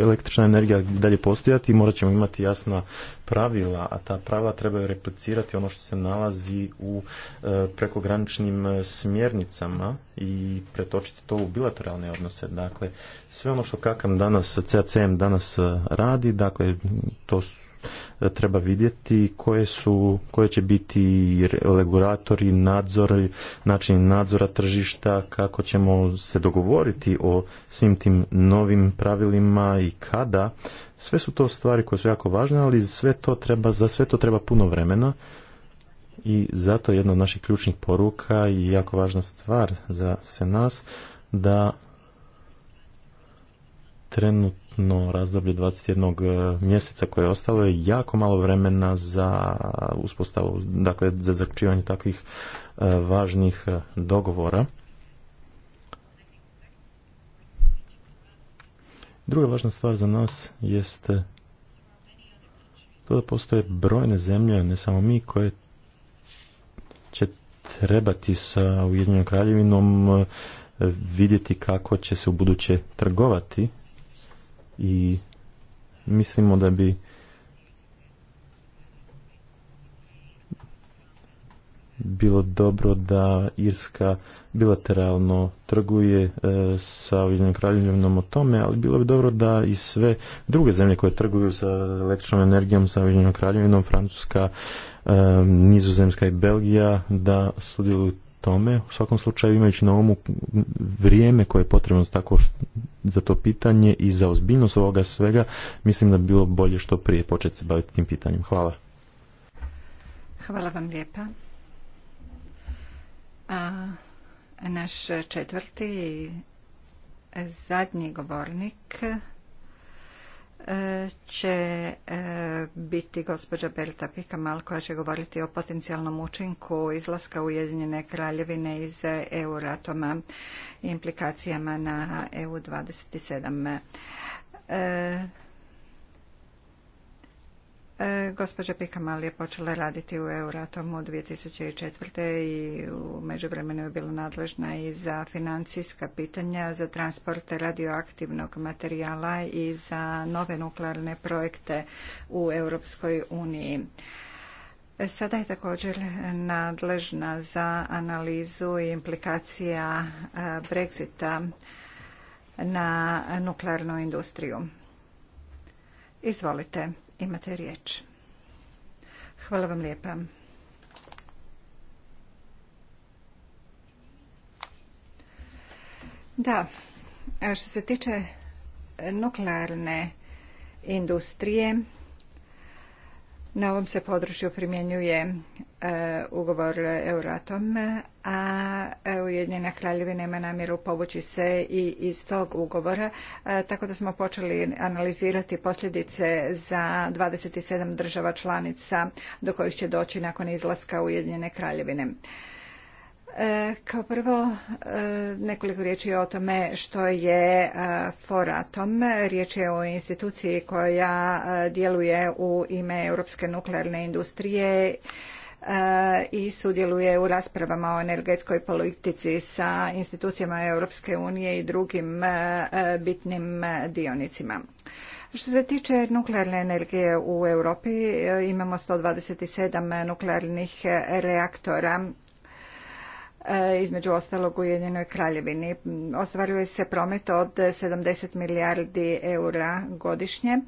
električna energija dalje postojati i morat ćemo imati jasna pravila, a ta pravila trebaju replicirati ono što se nalazi u prekograničnim smjernicama i pretočiti to u bilateralne odnose. Dakle, sve ono što kakam danas, CACM danas radi, dakle, to su E, treba vidjeti koje, su, koje će biti regulatori, nadzor, način nadzora tržišta, kako ćemo se dogovoriti o svim tim novim pravilima i kada. Sve su to stvari koje su jako važne, ali sve to treba, za sve to treba puno vremena i zato jedna od naših ključnih poruka i jako važna stvar za sve nas da trenutno ljetno razdoblje 21. E, mjeseca koje je ostalo je jako malo vremena za uspostavu, dakle za zaključivanje takvih e, važnih e, dogovora. Druga važna stvar za nas jeste to da postoje brojne zemlje, ne samo mi, koje će trebati sa Ujedinjenom kraljevinom vidjeti kako će se u buduće trgovati i mislimo da bi bilo dobro da Irska bilateralno trguje e, sa Ujedinjenom kraljevinom o tome, ali bilo bi dobro da i sve druge zemlje koje trguju sa električnom energijom sa Ujedinjenom kraljevinom, Francuska, e, Nizozemska i Belgija, da sudjeluju tome. U svakom slučaju imajući na umu vrijeme koje je potrebno za, tako, za to pitanje i za ozbiljnost ovoga svega, mislim da bi bilo bolje što prije početi se baviti tim pitanjem. Hvala. Hvala vam lijepa. A naš četvrti i zadnji govornik će e, biti gospođa Berta Pikamal koja će govoriti o potencijalnom učinku izlaska Ujedinjene kraljevine iz euratoma i implikacijama na EU-27. E, gospođa Pikamal je počela raditi u Euratomu 2004. i u međuvremenu je bila nadležna i za financijska pitanja, za transport radioaktivnog materijala i za nove nuklearne projekte u Europskoj uniji. Sada je također nadležna za analizu i implikacija e, Brexita na nuklearnu industriju. Izvolite imate riječ. Hvala vam lijepa. Da, što se tiče nuklearne industrije, na ovom se području primjenjuje e, ugovor Euratom, a e, Ujedinjena kraljevina ima namjeru povući se i iz tog ugovora, e, tako da smo počeli analizirati posljedice za 27 država članica do kojih će doći nakon izlaska Ujedinjene kraljevine. E, kao prvo e, nekoliko riječi o tome što je e, Foratom. Riječ je o instituciji koja djeluje u ime Europske nuklearne industrije i sudjeluje u raspravama o energetskoj politici sa institucijama Europske unije i drugim bitnim dionicima. Što se tiče nuklearne energije u Europi, imamo 127 nuklearnih reaktora E, između ostalog u Jedinoj kraljevini. Ostvaruje se promet od 70 milijardi eura godišnje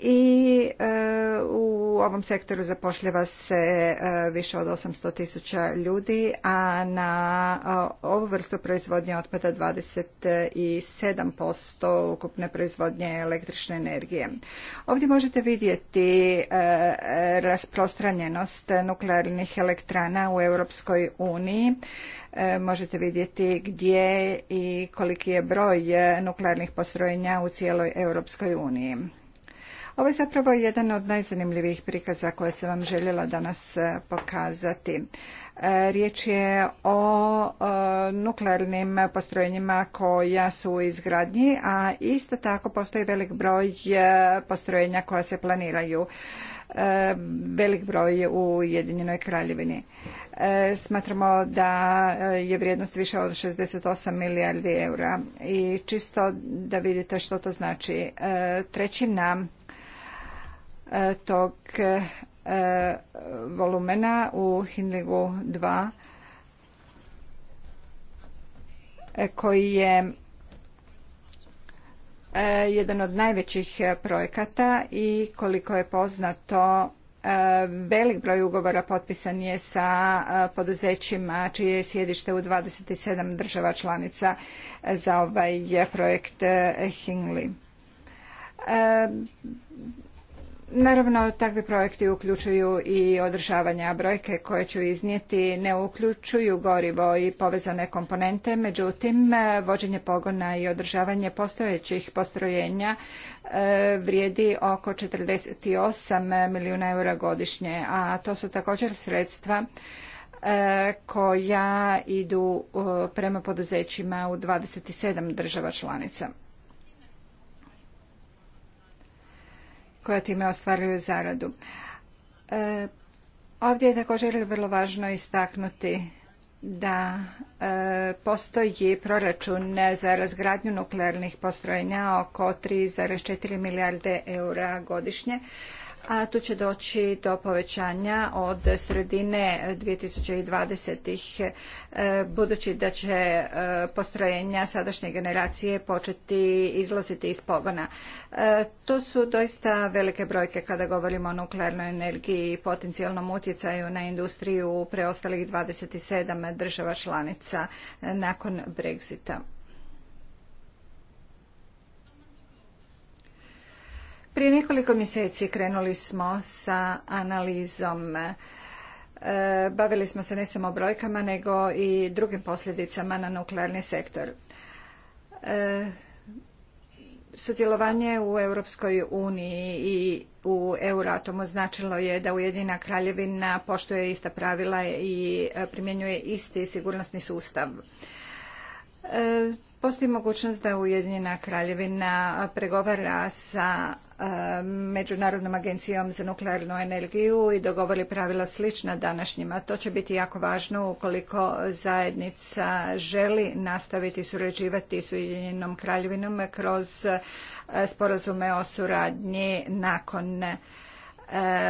i e, u ovom sektoru zapošljava se e, više od 800 tisuća ljudi, a na e, ovu vrstu proizvodnje otpada 27% ukupne proizvodnje električne energije. Ovdje možete vidjeti rasprostranjenost nuklearnih elektrana u Europskoj uniji. Možete vidjeti gdje i koliki je broj nuklearnih postrojenja u cijeloj Europskoj uniji. Ovo je zapravo jedan od najzanimljivijih prikaza koje sam vam željela danas e, pokazati. E, riječ je o e, nuklearnim postrojenjima koja su u izgradnji, a isto tako postoji velik broj postrojenja koja se planiraju velik broj u Jedinjenoj kraljevini. Smatramo da je vrijednost više od 68 milijardi eura i čisto da vidite što to znači. nam tog e, volumena u Hinligu 2 e, koji je e, jedan od najvećih projekata i koliko je poznato velik broj ugovora potpisan je sa poduzećima čije je sjedište u 27 država članica za ovaj projekt Hingley. Naravno, takvi projekti uključuju i održavanja brojke koje ću iznijeti, ne uključuju gorivo i povezane komponente, međutim, vođenje pogona i održavanje postojećih postrojenja e, vrijedi oko 48 milijuna eura godišnje, a to su također sredstva e, koja idu e, prema poduzećima u 27 država članica. koja time ostvaruju zaradu. E, ovdje je također vrlo važno istaknuti da e, postoji proračun za razgradnju nuklearnih postrojenja oko 3,4 milijarde eura godišnje a tu će doći do povećanja od sredine 2020. E, budući da će e, postrojenja sadašnje generacije početi izlaziti iz pogona. E, to su doista velike brojke kada govorimo o nuklearnoj energiji i potencijalnom utjecaju na industriju preostalih 27 država članica nakon Brexita. Prije nekoliko mjeseci krenuli smo sa analizom e, bavili smo se ne samo brojkama nego i drugim posljedicama na nuklearni sektor. E, sudjelovanje u Europskoj uniji i u Euratomu značilo je da Ujedina kraljevina poštuje ista pravila i e, primjenjuje isti sigurnosni sustav. postoji mogućnost da Ujedinjena kraljevina pregovara sa E, Međunarodnom agencijom za nuklearnu energiju i dogovori pravila slična današnjima. To će biti jako važno ukoliko zajednica želi nastaviti surađivati s Ujedinjenom kraljevinom kroz e, sporazume o suradnji nakon e,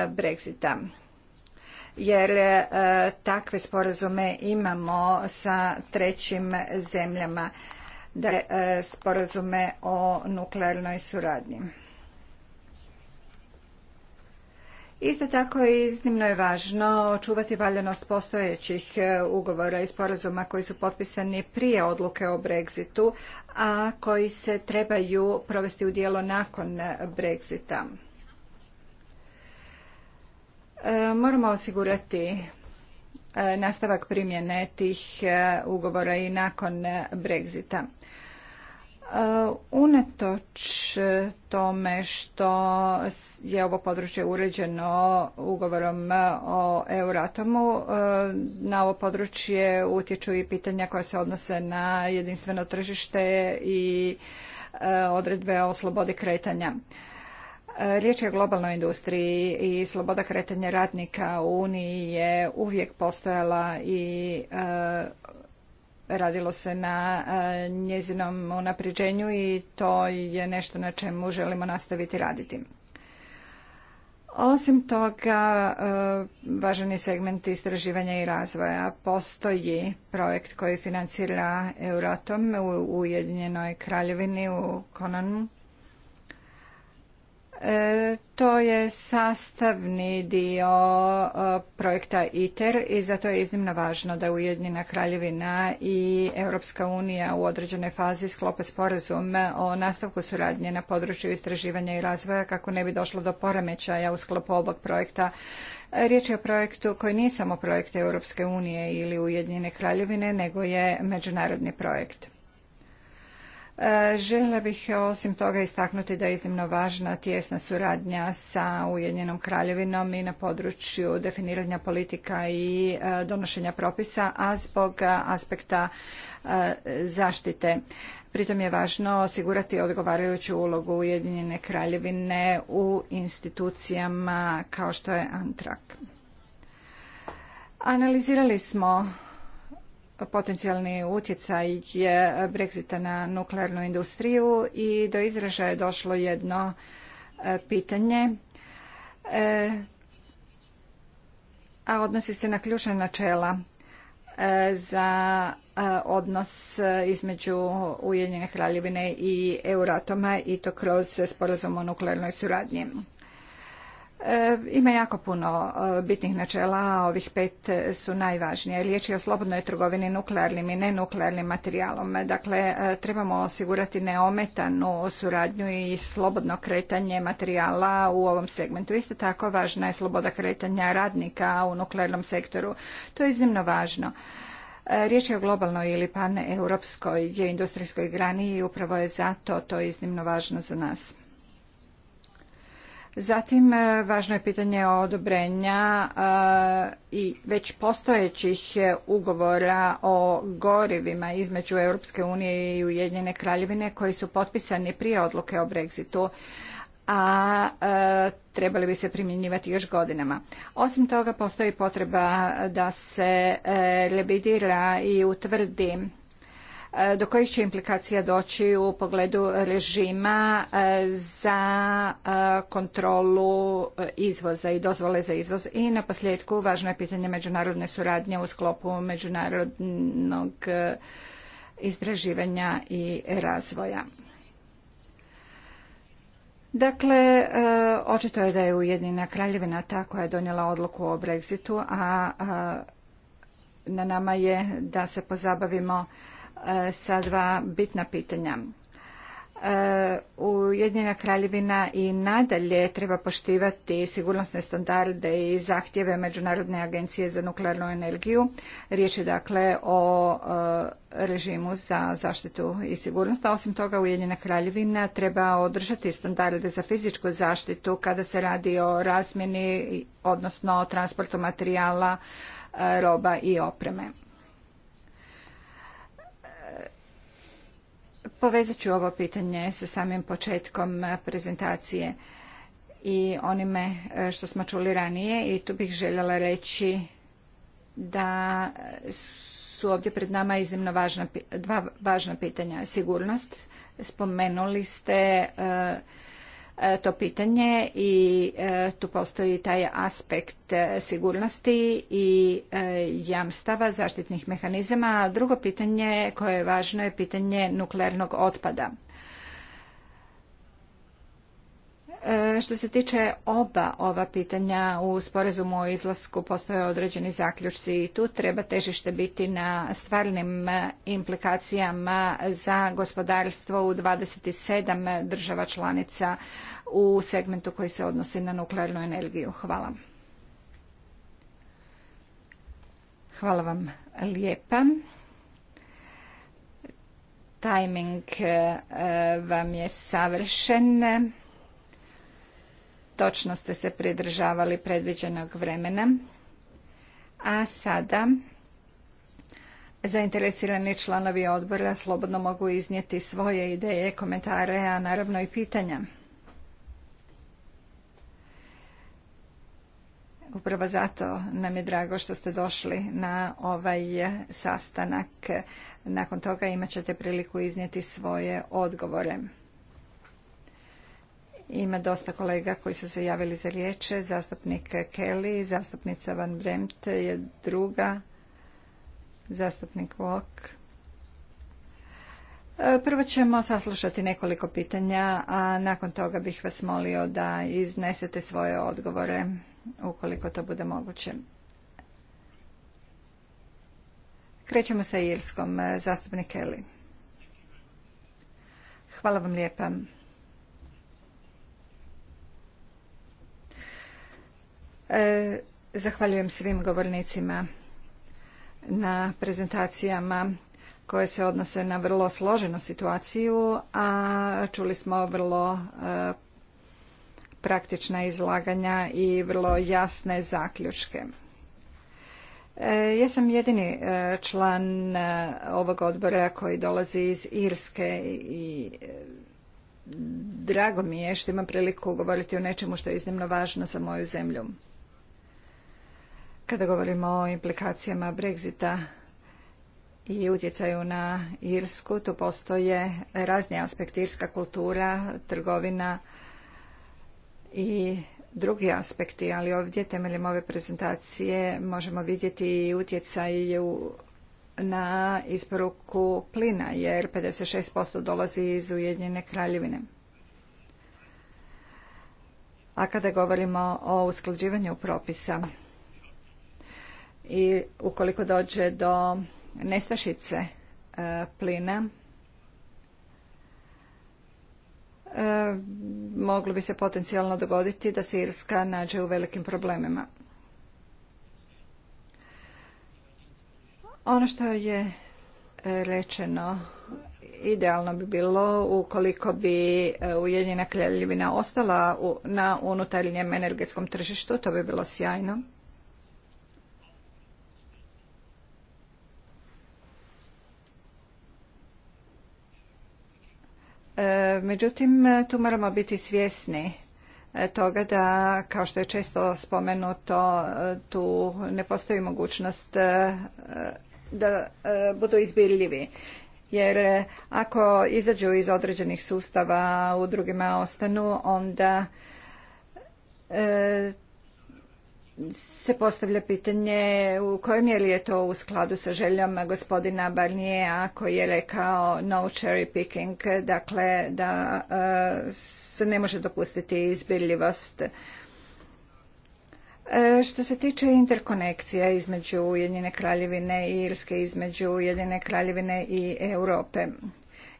Brexita jer takve sporazume imamo sa trećim zemljama, da sporazume o nuklearnoj suradnji. Isto tako iznimno je važno očuvati valjanost postojećih e, ugovora i sporazuma koji su potpisani prije odluke o Brexitu, a koji se trebaju provesti u dijelo nakon Brexita. E, moramo osigurati e, nastavak primjene tih ugovora i nakon Brexita. E, unatoč e, tome što je ovo područje uređeno ugovorom e, o Euratomu, na ovo područje utječu i pitanja koja se odnose na jedinstveno tržište i odredbe o slobodi kretanja. Riječ je o globalnoj industriji i sloboda kretanja radnika u Uniji je uvijek postojala i radilo se na e, njezinom unapređenju i to je nešto na čemu želimo nastaviti raditi. Osim toga, e, važan je segment istraživanja i razvoja. Postoji projekt koji financira Euratom u Ujedinjenoj kraljevini u Konanu E, to je sastavni dio e, projekta ITER i zato je iznimno važno da Ujedinjena kraljevina i Europska unija u određenoj fazi sklope sporazum o nastavku suradnje na području istraživanja i razvoja kako ne bi došlo do poremećaja u sklopu ovog projekta. E, riječ je o projektu koji nije samo projekt Europske unije ili Ujedinjene kraljevine, nego je međunarodni projekt. E, željela bih e, osim toga istaknuti da je iznimno važna tjesna suradnja sa Ujedinjenom kraljevinom i na području definiranja politika i e, donošenja propisa, a zbog aspekta zaštite. Pritom je važno osigurati odgovarajuću ulogu Ujedinjene kraljevine u institucijama kao što je Antrak. Analizirali smo potencijalni utjecaj je Brexita na nuklearnu industriju i do izražaja je došlo jedno e, pitanje, e, a odnosi se na ključna načela e, za odnos između Ujedinjene kraljevine i Euratoma i to kroz sporazum o nuklearnoj suradnji. E, ima jako puno e, bitnih načela, a ovih pet su najvažnije. Riječ je o slobodnoj trgovini nuklearnim i nenuklearnim materijalom. Dakle, e, trebamo osigurati neometanu suradnju i slobodno kretanje materijala u ovom segmentu. Isto tako, važna je sloboda kretanja radnika u nuklearnom sektoru. To je iznimno važno. Riječ je o globalnoj ili paneuropskoj industrijskoj grani i upravo je zato to iznimno važno za nas. Zatim, e, važno je pitanje o odobrenja e, i već postojećih e, ugovora o gorivima između Europske unije i Ujedinjene kraljevine koji su potpisani prije odluke o Brexitu a trebali bi se primjenjivati još godinama. Osim toga postoji potreba da se e, revidira i utvrdi E, do kojih će implikacija doći u pogledu režima e, za e, kontrolu izvoza i dozvole za izvoz. I na posljedku važno je pitanje međunarodne suradnje u sklopu međunarodnog istraživanja i razvoja. Dakle, očito je da je Ujedinjena kraljevina ta koja je donijela odluku o Brexitu, a na nama je da se pozabavimo E, sa dva bitna pitanja. E, Ujedinjena kraljevina i nadalje treba poštivati sigurnosne standarde i zahtjeve Međunarodne agencije za nuklearnu energiju. Riječ je dakle o e, režimu za zaštitu i sigurnost. A osim toga Ujedinjena kraljevina treba održati standarde za fizičku zaštitu kada se radi o razmjeni, odnosno o transportu materijala, roba i opreme. Povezat ću ovo pitanje sa samim početkom eh, prezentacije i onime eh, što smo čuli ranije i tu bih željela reći da su ovdje pred nama iznimno važna, dva važna pitanja. Sigurnost, spomenuli ste eh, E, to pitanje i e, tu postoji taj aspekt e, sigurnosti i jamstava zaštitnih mehanizama. Drugo pitanje koje je važno je pitanje nuklearnog otpada. E, što se tiče oba ova pitanja u sporazumu o izlasku postoje određeni zaključci i tu treba težište biti na stvarnim e, implikacijama za gospodarstvo u 27 država članica u segmentu koji se odnosi na nuklearnu energiju. Hvala. Hvala vam lijepa. Tajming e, vam je savršen. Točno ste se pridržavali predviđenog vremena. A sada zainteresirani članovi odbora slobodno mogu iznijeti svoje ideje, komentare, a naravno i pitanja. Upravo zato nam je drago što ste došli na ovaj sastanak. Nakon toga imat ćete priliku iznijeti svoje odgovore. Ima dosta kolega koji su se javili za riječ. Zastupnik Kelly, zastupnica Van Bremt je druga, zastupnik Wok. E, prvo ćemo saslušati nekoliko pitanja, a nakon toga bih vas molio da iznesete svoje odgovore ukoliko to bude moguće. Krećemo sa Irskom. E, zastupnik Kelly. Hvala vam lijepa. E, zahvaljujem svim govornicima na prezentacijama koje se odnose na vrlo složenu situaciju, a čuli smo vrlo e, praktična izlaganja i vrlo jasne zaključke. E, ja sam jedini član ovog odbora koji dolazi iz Irske i drago mi je što imam priliku govoriti o nečemu što je iznimno važno za moju zemlju. Kada govorimo o implikacijama Brexita i utjecaju na Irsku, tu postoje razni aspekti irska kultura, trgovina i drugi aspekti, ali ovdje temeljem ove prezentacije možemo vidjeti i utjecaj na isporuku plina, jer 56% dolazi iz Ujedinjene kraljevine. A kada govorimo o usklađivanju propisa, i ukoliko dođe do nestašice e, plina e, moglo bi se potencijalno dogoditi da se Irska nađe u velikim problemima. Ono što je e, rečeno idealno bi bilo ukoliko bi Ujedinjena kraljevina ostala na unutarnjem energetskom tržištu, to bi bilo sjajno. Međutim, tu moramo biti svjesni e, toga da, kao što je često spomenuto, e, tu ne postoji mogućnost e, da budu izbirljivi. Jer ako izađu iz određenih sustava, u drugima ostanu, onda se postavlja pitanje u kojoj mjeri je to u skladu sa željom gospodina Barnijeja koji je rekao no cherry picking, dakle da e, se ne može dopustiti izbiljivost. E, što se tiče interkonekcija između Ujedinjene kraljevine i Irske, između Ujedinjene kraljevine i Europe,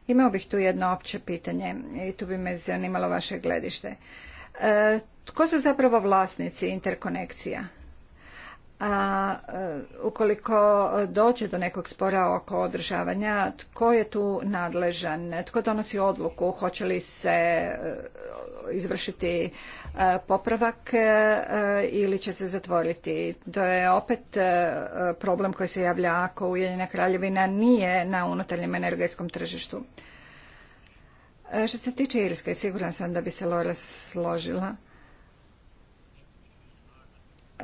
imao bih tu jedno opće pitanje i tu bi me zanimalo vaše gledište. E, tko su zapravo vlasnici interkonekcija? A e, ukoliko dođe do nekog spora oko održavanja, tko je tu nadležan? Tko donosi odluku? Hoće li se e, izvršiti popravak ili će se zatvoriti? To je opet problem koji se javlja ako Ujedinjena kraljevina nije na unutarnjem energetskom tržištu. E, što se tiče Irske, siguran sam da bi se Lora složila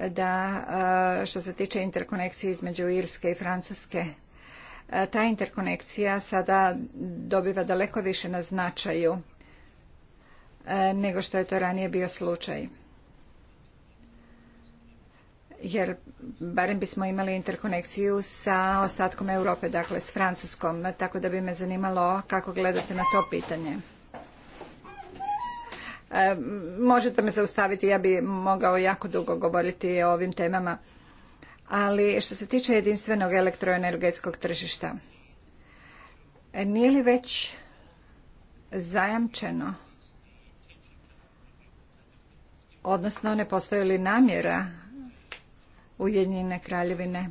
da e, što se tiče interkonekcije između Irske i Francuske, e, ta interkonekcija sada dobiva daleko više na značaju nego što je to ranije bio slučaj jer barem bismo imali interkonekciju sa ostatkom Europe, dakle s Francuskom, tako da bi me zanimalo kako gledate na to pitanje. E, možete me zaustaviti, ja bi mogao jako dugo govoriti o ovim temama. Ali što se tiče jedinstvenog elektroenergetskog tržišta, e, nije li već zajamčeno, odnosno ne postoji li namjera Ujedinjene kraljevine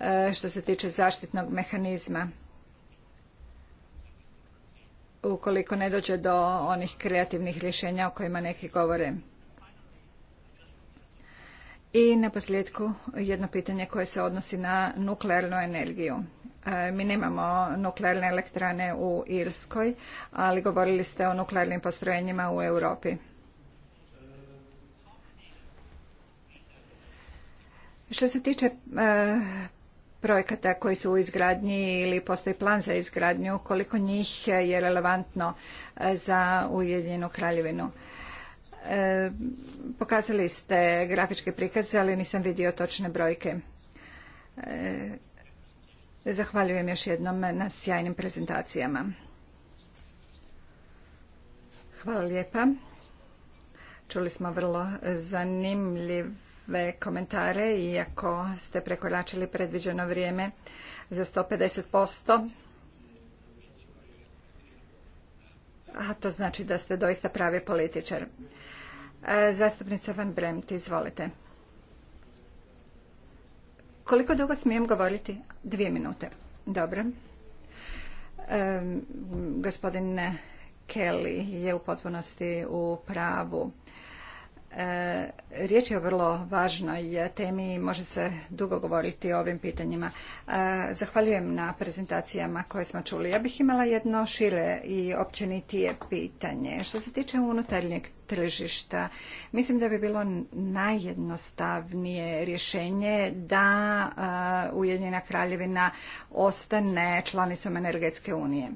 e, što se tiče zaštitnog mehanizma ukoliko ne dođe do onih kreativnih rješenja o kojima neki govore. I na posljedku jedno pitanje koje se odnosi na nuklearnu energiju. E, mi nemamo nuklearne elektrane u Irskoj, ali govorili ste o nuklearnim postrojenjima u Europi. Što se tiče e, projekata koji su u izgradnji ili postoji plan za izgradnju, koliko njih je relevantno e, za Ujedinjenu kraljevinu? E, pokazali ste grafičke prikaze, ali nisam vidio točne brojke. Zahvaljujem još jednom na sjajnim prezentacijama. Hvala lijepa. Čuli smo vrlo zanimljiv sve komentare, iako ste prekoračili predviđeno vrijeme za 150%. A to znači da ste doista pravi političar. E, zastupnica Van Bremt, izvolite. Koliko dugo smijem govoriti? Dvije minute. Dobro. E, gospodin Kelly je u potpunosti u pravu. E, riječ je o vrlo važnoj e, temi i može se dugo govoriti o ovim pitanjima. E, zahvaljujem na prezentacijama koje smo čuli. Ja bih imala jedno šire i općenitije pitanje. Što se tiče unutarnjeg tržišta, mislim da bi bilo najjednostavnije rješenje da Ujedinjena kraljevina ostane članicom energetske unije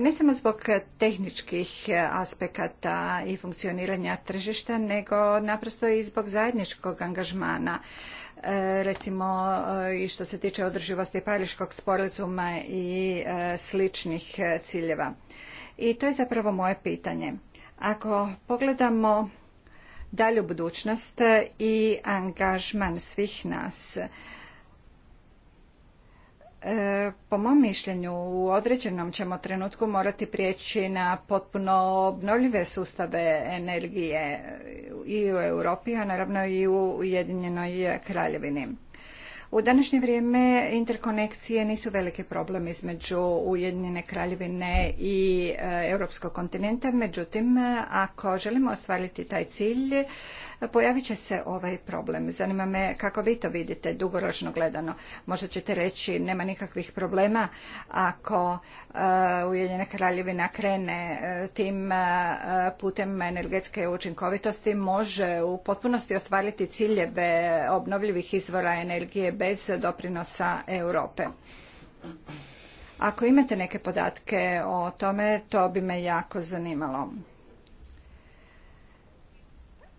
ne samo zbog tehničkih aspekata i funkcioniranja tržišta, nego naprosto i zbog zajedničkog angažmana e, recimo e, i što se tiče održivosti Pariškog sporazuma i e, sličnih ciljeva. I to je zapravo moje pitanje. Ako pogledamo dalju budućnost i angažman svih nas, E, po mom mišljenju u određenom ćemo trenutku morati prijeći na potpuno obnovljive sustave energije i u Europi, a naravno i u Ujedinjenoj kraljevini. U današnje vrijeme interkonekcije nisu veliki problem između Ujedinjene kraljevine i e, europskog kontinenta, međutim ako želimo ostvariti taj cilj pojavit će se ovaj problem. Zanima me kako vi to vidite dugoročno gledano. Možda ćete reći nema nikakvih problema ako e, Ujedinjena kraljevina krene e, tim putem energetske učinkovitosti može u potpunosti ostvariti ciljeve obnovljivih izvora energije bez doprinosa Europe. Ako imate neke podatke o tome, to bi me jako zanimalo.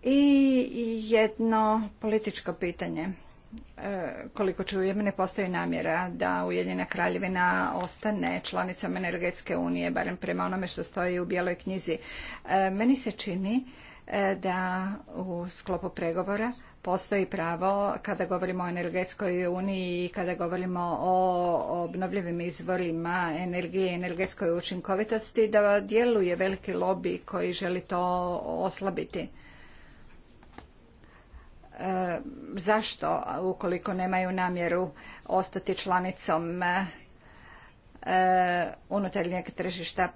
I jedno političko pitanje. E, koliko čujem, ne postoji namjera da Ujedinjena kraljevina ostane članicom energetske unije, barem prema onome što stoji u bijeloj knjizi. E, meni se čini e, da u sklopu pregovora postoji pravo kada govorimo o energetskoj uniji i kada govorimo o obnovljivim izvorima energije i energetskoj učinkovitosti da djeluje veliki lobby koji želi to oslabiti. E, zašto ukoliko nemaju namjeru ostati članicom e, unutarnjeg tržišta.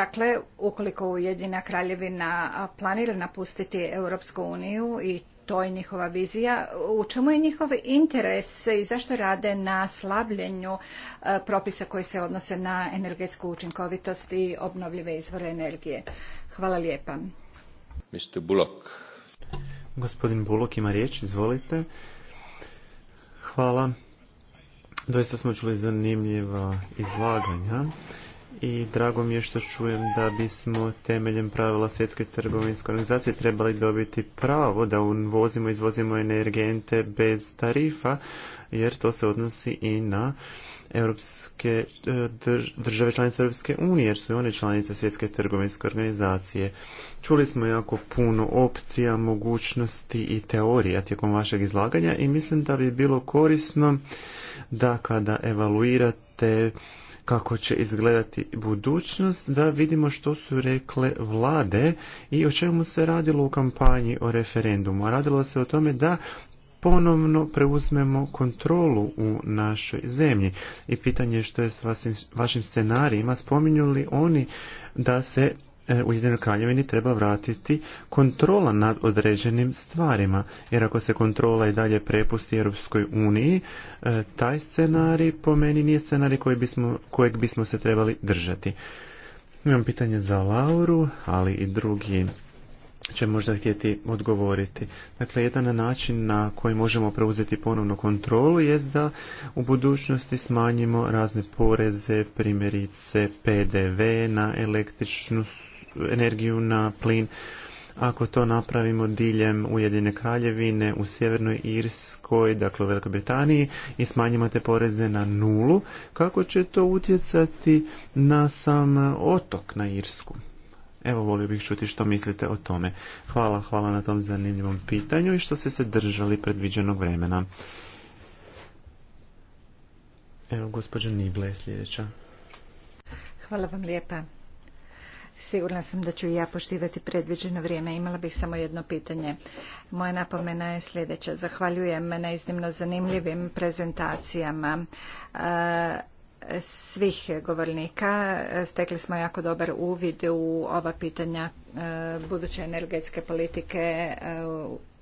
Dakle, ukoliko Ujedina Kraljevina planira napustiti Europsku uniju i to je njihova vizija, u čemu je njihov interes i zašto rade na slabljenju e, propisa koji se odnose na energetsku učinkovitost i obnovljive izvore energije. Hvala lijepa. Mr. Bullock. Gospodin Bulok ima riječ, izvolite. Hvala. Doista smo čuli zanimljiva izlaganja i drago mi je što čujem da bismo temeljem pravila svjetske trgovinske organizacije trebali dobiti pravo da uvozimo i izvozimo energente bez tarifa jer to se odnosi i na europske e, države članice Europske unije jer su i one članice svjetske trgovinske organizacije. Čuli smo jako puno opcija, mogućnosti i teorija tijekom vašeg izlaganja i mislim da bi bilo korisno da kada evaluirate kako će izgledati budućnost, da vidimo što su rekle vlade i o čemu se radilo u kampanji o referendumu. Radilo se o tome da ponovno preuzmemo kontrolu u našoj zemlji. I pitanje što je s vašim scenarijima, spominju li oni da se E, Ujedinjenoj kraljevini treba vratiti kontrola nad određenim stvarima, jer ako se kontrola i dalje prepusti Europskoj uniji, e, taj scenarij po meni nije scenarij kojeg bismo se trebali držati. Imam pitanje za Lauru, ali i drugi će možda htjeti odgovoriti. Dakle, jedan način na koji možemo preuzeti ponovno kontrolu jest da u budućnosti smanjimo razne poreze, primjerice PDV na električnu energiju na plin. Ako to napravimo diljem Ujedine kraljevine u Sjevernoj Irskoj, dakle u Velikoj Britaniji, i smanjimo te poreze na nulu, kako će to utjecati na sam otok na Irsku? Evo, volio bih čuti što mislite o tome. Hvala, hvala na tom zanimljivom pitanju i što ste se držali predviđenog vremena. Evo, gospođa je sljedeća. Hvala vam lijepa. Sigurna sam da ću i ja poštivati predviđeno vrijeme. Imala bih samo jedno pitanje. Moja napomena je sljedeća. Zahvaljujem na iznimno zanimljivim prezentacijama e, svih govornika. Stekli smo jako dobar uvid u ova pitanja e, buduće energetske politike e,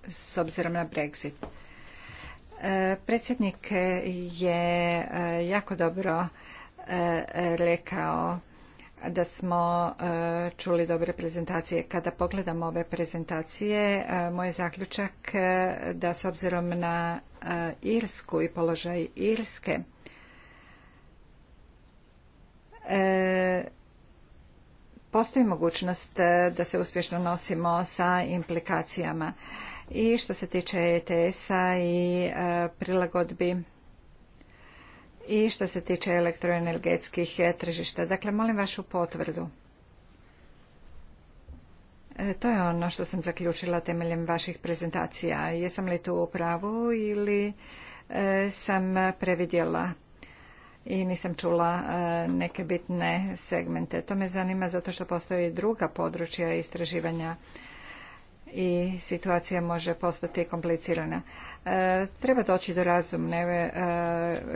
s obzirom na Brexit. Predsjednik je jako dobro rekao da smo e, čuli dobre prezentacije. Kada pogledam ove prezentacije, e, moj je zaključak e, da s obzirom na Irsku i položaj Irske, postoji mogućnost da se uspješno nosimo sa implikacijama. I što se tiče ETS-a i prilagodbi i što se tiče elektroenergetskih eh, tržišta. Dakle, molim vašu potvrdu. Eh, to je ono što sam zaključila temeljem vaših prezentacija. Jesam li tu u pravu ili eh, sam previdjela i nisam čula neke bitne segmente. To me zanima zato što postoje druga područja istraživanja i situacija može postati komplicirana. E, treba doći do razumne e,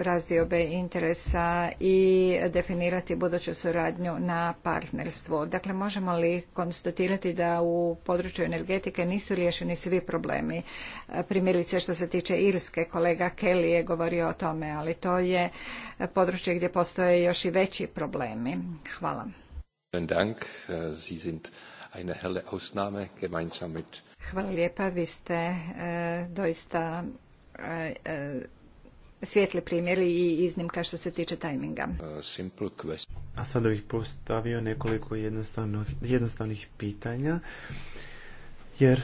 razdiobe interesa i definirati buduću suradnju na partnerstvo. Dakle, možemo li konstatirati da u području energetike nisu riješeni svi problemi? E, primjerice što se tiče Irske, kolega Kelly je govorio o tome, ali to je područje gdje postoje još i veći problemi. Hvala. Dank. Äh, eine helle Ausnahme Hvala lijepa, vi ste e, doista svjetli e, svijetli primjeri i iznimka što se tiče tajminga. A sada bih postavio nekoliko jednostavnih pitanja, jer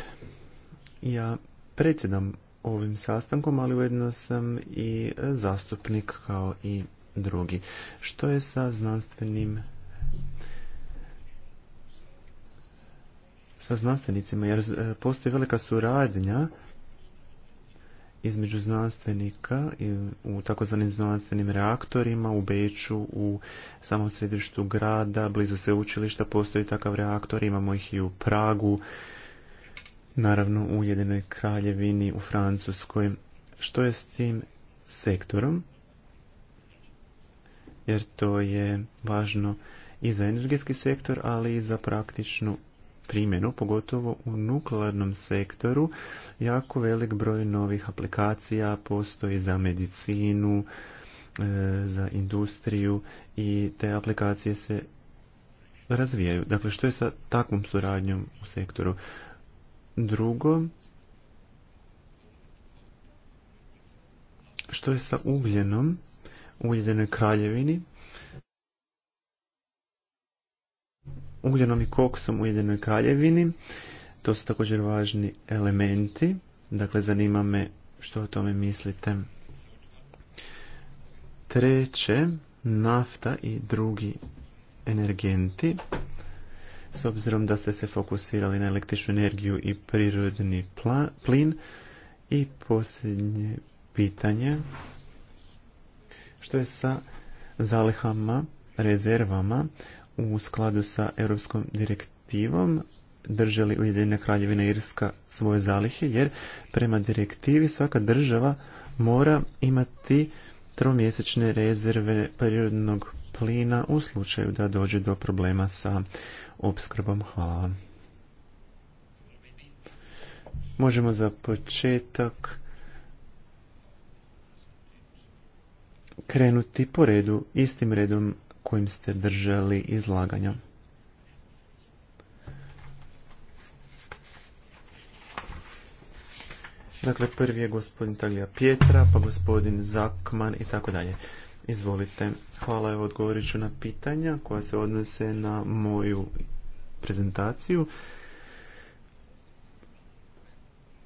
ja predsjedam ovim sastankom, ali ujedno sam i zastupnik kao i drugi. Što je sa znanstvenim sa znanstvenicima, jer e, postoji velika suradnja između znanstvenika u takozvanim znanstvenim reaktorima u Beću, u samom središtu grada, blizu sveučilišta postoji takav reaktor, imamo ih i u Pragu, naravno u Jedinoj kraljevini, u Francuskoj. Što je s tim sektorom? Jer to je važno i za energetski sektor, ali i za praktičnu primjenu, pogotovo u nuklearnom sektoru. Jako velik broj novih aplikacija postoji za medicinu, e, za industriju i te aplikacije se razvijaju. Dakle, što je sa takvom suradnjom u sektoru? Drugo, što je sa ugljenom u kraljevini? ugljenom i koksom u jedinoj kraljevini. To su također važni elementi. Dakle, zanima me što o tome mislite. Treće, nafta i drugi energenti. S obzirom da ste se fokusirali na električnu energiju i prirodni plin. I posljednje pitanje. Što je sa zalihama, rezervama u skladu sa europskom direktivom držali Ujedinjena kraljevina Irska svoje zalihe, jer prema direktivi svaka država mora imati tromjesečne rezerve prirodnog plina u slučaju da dođe do problema sa opskrbom. Hvala vam. Možemo za početak krenuti po redu, istim redom kojim ste držali izlaganja. Dakle, prvi je gospodin Taglija Pietra, pa gospodin Zakman i tako dalje. Izvolite. Hvala, evo odgovorit ću na pitanja koja se odnose na moju prezentaciju.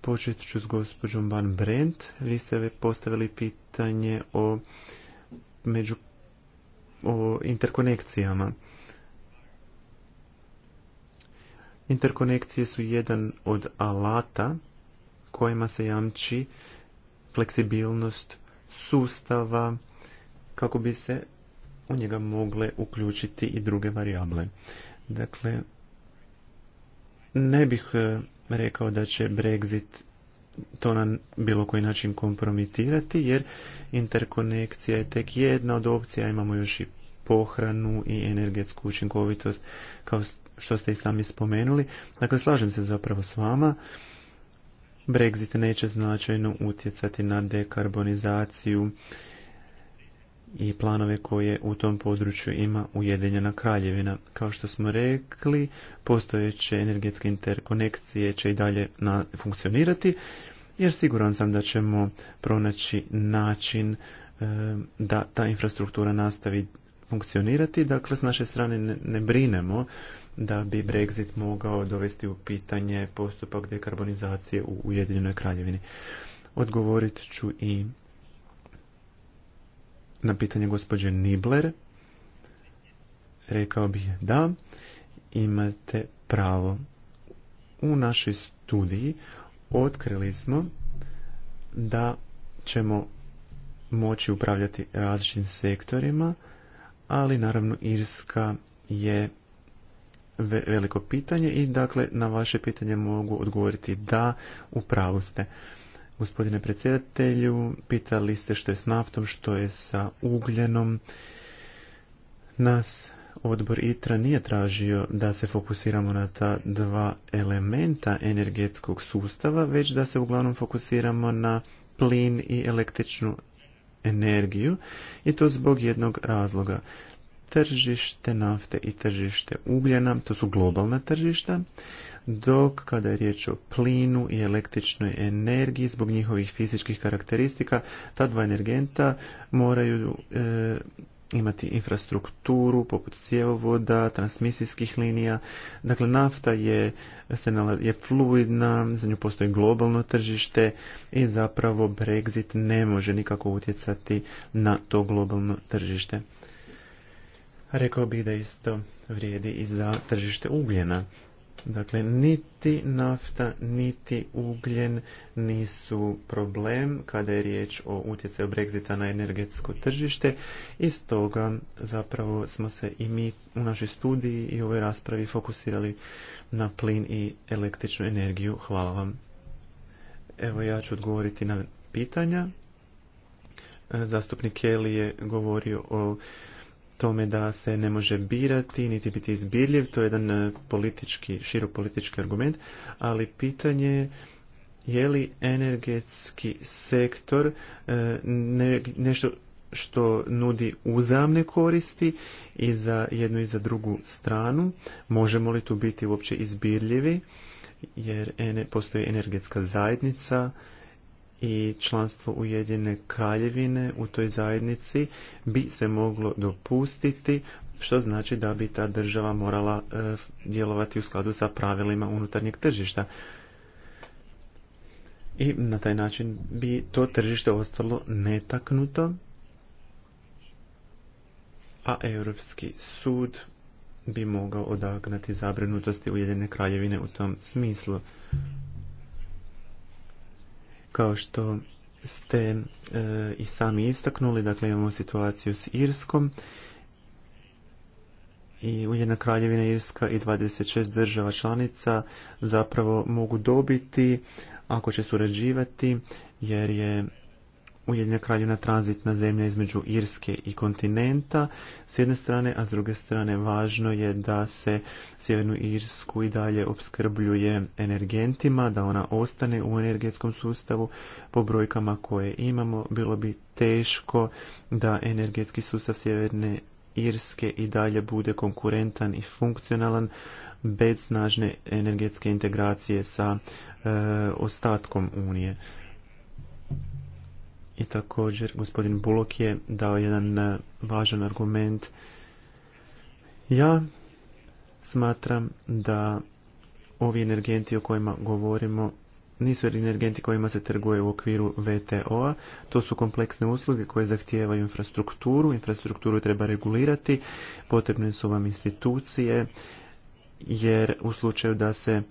Počet ću s gospođom Van Brent. Vi ste postavili pitanje o među o interkonekcijama. Interkonekcije su jedan od alata kojima se jamči fleksibilnost sustava kako bi se u njega mogle uključiti i druge varijable. Dakle, ne bih e, rekao da će Brexit to na bilo koji način kompromitirati jer interkonekcija je tek jedna od opcija, imamo još i pohranu i energetsku učinkovitost kao što ste i sami spomenuli. Dakle, slažem se zapravo s vama. Brexit neće značajno utjecati na dekarbonizaciju i planove koje u tom području ima Ujedinjena kraljevina. Kao što smo rekli, postojeće energetske interkonekcije će i dalje na, funkcionirati, jer siguran sam da ćemo pronaći način e, da ta infrastruktura nastavi funkcionirati. Dakle, s naše strane ne, ne brinemo da bi Brexit mogao dovesti u pitanje postupak dekarbonizacije u Ujedinjenoj kraljevini. Odgovorit ću i na pitanje gospođe Nibler rekao bih da imate pravo. U našoj studiji otkrili smo da ćemo moći upravljati različitim sektorima, ali naravno Irska je veliko pitanje i dakle na vaše pitanje mogu odgovoriti da, u ste. Gospodine predsjedatelju, pitali ste što je s naftom, što je sa ugljenom. Nas odbor ITRA nije tražio da se fokusiramo na ta dva elementa energetskog sustava, već da se uglavnom fokusiramo na plin i električnu energiju i to zbog jednog razloga. Tržište nafte i tržište ugljena, to su globalna tržišta, dok kada je riječ o plinu i električnoj energiji zbog njihovih fizičkih karakteristika ta dva energenta moraju e, imati infrastrukturu poput cjevovoda, transmisijskih linija. Dakle, nafta je, se je fluidna, za nju postoji globalno tržište i zapravo Brexit ne može nikako utjecati na to globalno tržište. Rekao bih da isto vrijedi i za tržište ugljena. Dakle, niti nafta, niti ugljen nisu problem kada je riječ o utjecaju Brexita na energetsko tržište i stoga zapravo smo se i mi u našoj studiji i u ovoj raspravi fokusirali na plin i električnu energiju. Hvala vam. Evo ja ću odgovoriti na pitanja. Zastupnik Kelly je govorio o tome da se ne može birati niti biti izbirljiv, to je jedan e, politički, širo politički argument, ali pitanje je je li energetski sektor e, nešto što nudi uzamne koristi i za jednu i za drugu stranu, možemo li tu biti uopće izbirljivi jer postoji energetska zajednica i članstvo Ujedine kraljevine u toj zajednici bi se moglo dopustiti, što znači da bi ta država morala e, djelovati u skladu sa pravilima unutarnjeg tržišta. I na taj način bi to tržište ostalo netaknuto, a Europski sud bi mogao odagnati zabrinutosti Ujedine kraljevine u tom smislu. Kao što ste e, i sami istaknuli, dakle imamo situaciju s Irskom i Ujedna kraljevina Irska i 26 država članica zapravo mogu dobiti ako će surađivati jer je Ujedinja na tranzitna zemlja između Irske i kontinenta s jedne strane, a s druge strane važno je da se Sjevernu Irsku i dalje opskrbljuje energentima, da ona ostane u energetskom sustavu. Po brojkama koje imamo bilo bi teško da energetski sustav Sjeverne Irske i dalje bude konkurentan i funkcionalan bez snažne energetske integracije sa e, ostatkom Unije. I također gospodin Bulok je dao jedan e, važan argument. Ja smatram da ovi energenti o kojima govorimo nisu energenti kojima se trguje u okviru VTO-a. To su kompleksne usluge koje zahtijevaju infrastrukturu. Infrastrukturu treba regulirati. Potrebne su vam institucije jer u slučaju da se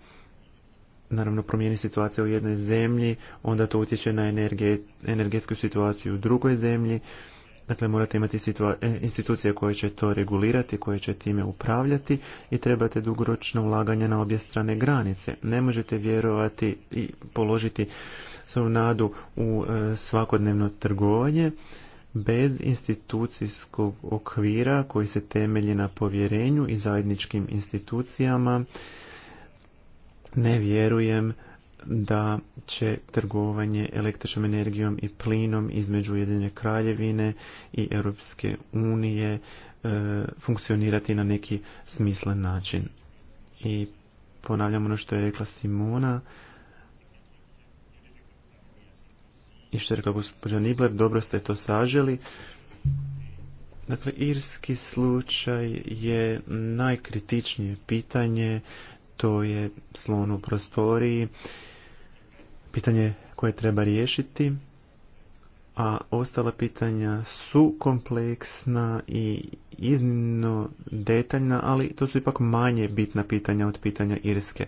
naravno promijeni situacija u jednoj zemlji, onda to utječe na energetsku situaciju u drugoj zemlji. Dakle, morate imati e, institucije koje će to regulirati, koje će time upravljati i trebate dugoročno ulaganje na obje strane granice. Ne možete vjerovati i položiti svoju nadu u e, svakodnevno trgovanje bez institucijskog okvira koji se temelji na povjerenju i zajedničkim institucijama ne vjerujem da će trgovanje električnom energijom i plinom između Ujedinjene kraljevine i Europske unije e, funkcionirati na neki smislen način. I ponavljam ono što je rekla Simona i što je rekla gospođa Nibler, dobro ste to saželi. Dakle, irski slučaj je najkritičnije pitanje to je slon u prostoriji, pitanje koje treba riješiti, a ostala pitanja su kompleksna i iznimno detaljna, ali to su ipak manje bitna pitanja od pitanja Irske.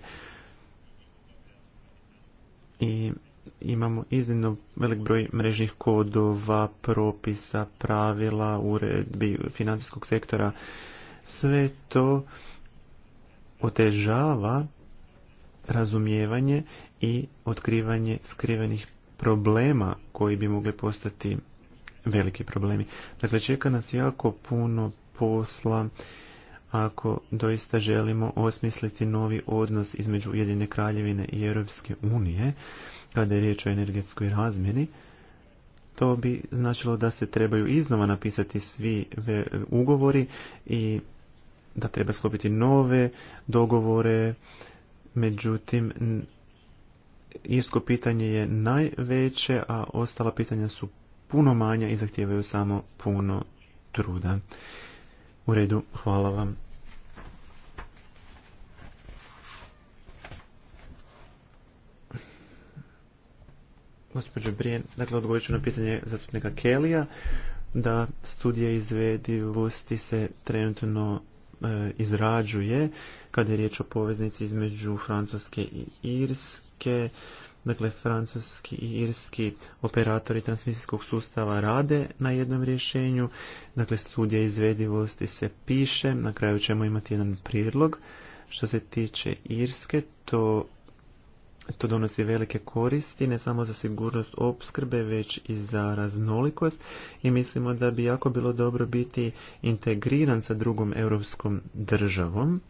I imamo iznimno velik broj mrežnih kodova, propisa, pravila, uredbi financijskog sektora. Sve to otežava razumijevanje i otkrivanje skrivenih problema koji bi mogli postati veliki problemi. Dakle, čeka nas jako puno posla ako doista želimo osmisliti novi odnos između Ujedine kraljevine i Europske unije, kada je riječ o energetskoj razmjeni, to bi značilo da se trebaju iznova napisati svi ugovori i da treba sklopiti nove dogovore, međutim irsko pitanje je najveće, a ostala pitanja su puno manja i zahtijevaju samo puno truda. U redu, hvala vam. Gospođo Brijen, dakle, odgovorit ću na pitanje zastupnika Kelija da studije izvedivosti se trenutno E, izrađuje kada je riječ o poveznici između Francuske i Irske. Dakle, francuski i irski operatori transmisijskog sustava rade na jednom rješenju. Dakle, studija izvedivosti se piše. Na kraju ćemo imati jedan prijedlog. Što se tiče Irske, to to donosi velike koristi, ne samo za sigurnost opskrbe, već i za raznolikost i mislimo da bi jako bilo dobro biti integriran sa drugom europskom državom.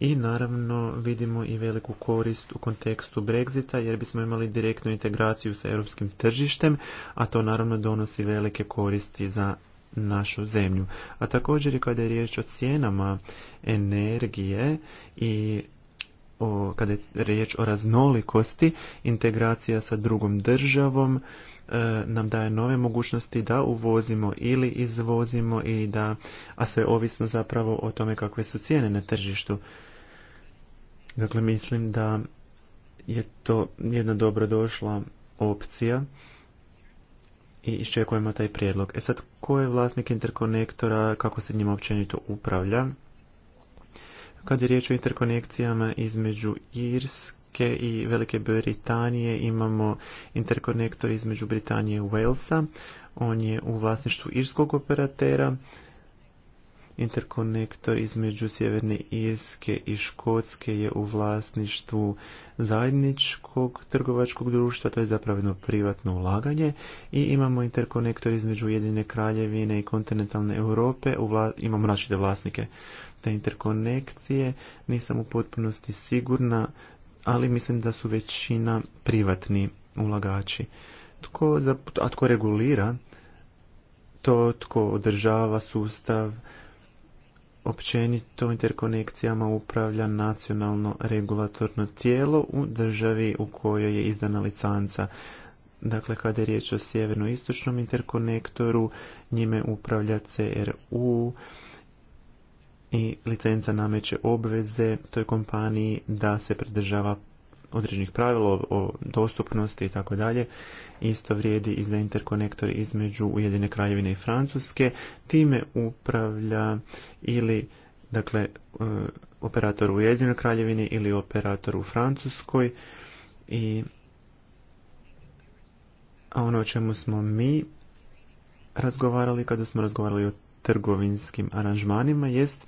I naravno vidimo i veliku korist u kontekstu Brexita jer bismo imali direktnu integraciju sa europskim tržištem, a to naravno donosi velike koristi za našu zemlju. A također i kada je riječ o cijenama energije i o, kada je riječ o raznolikosti, integracija sa drugom državom e, nam daje nove mogućnosti da uvozimo ili izvozimo i da, a sve ovisno zapravo o tome kakve su cijene na tržištu. Dakle, mislim da je to jedna došla opcija i iščekujemo taj prijedlog. E sad, ko je vlasnik interkonektora, kako se njima općenito upravlja? Kad je riječ o interkonekcijama između Irske i Velike Britanije, imamo interkonektor između Britanije i Walesa. On je u vlasništvu irskog operatera Interkonektor između Sjeverne Irske i Škotske je u vlasništvu zajedničkog trgovačkog društva, to je zapravo privatno ulaganje i imamo interkonektor između Jedine Kraljevine i kontinentalne Europe, imamo različite vlasnike te interkonekcije, nisam u potpunosti sigurna, ali mislim da su većina privatni ulagači. Tko, a tko regulira to tko održava sustav, općenito interkonekcijama upravlja nacionalno regulatorno tijelo u državi u kojoj je izdana licanca. Dakle, kada je riječ o sjeverno-istočnom interkonektoru, njime upravlja CRU i licenca nameće obveze toj kompaniji da se pridržava određenih pravila o dostupnosti i tako dalje. Isto vrijedi i za interkonektor između Ujedine kraljevine i Francuske. Time upravlja ili dakle e, operator u Ujedinoj kraljevini ili operator u Francuskoj i a ono o čemu smo mi razgovarali kada smo razgovarali o trgovinskim aranžmanima jest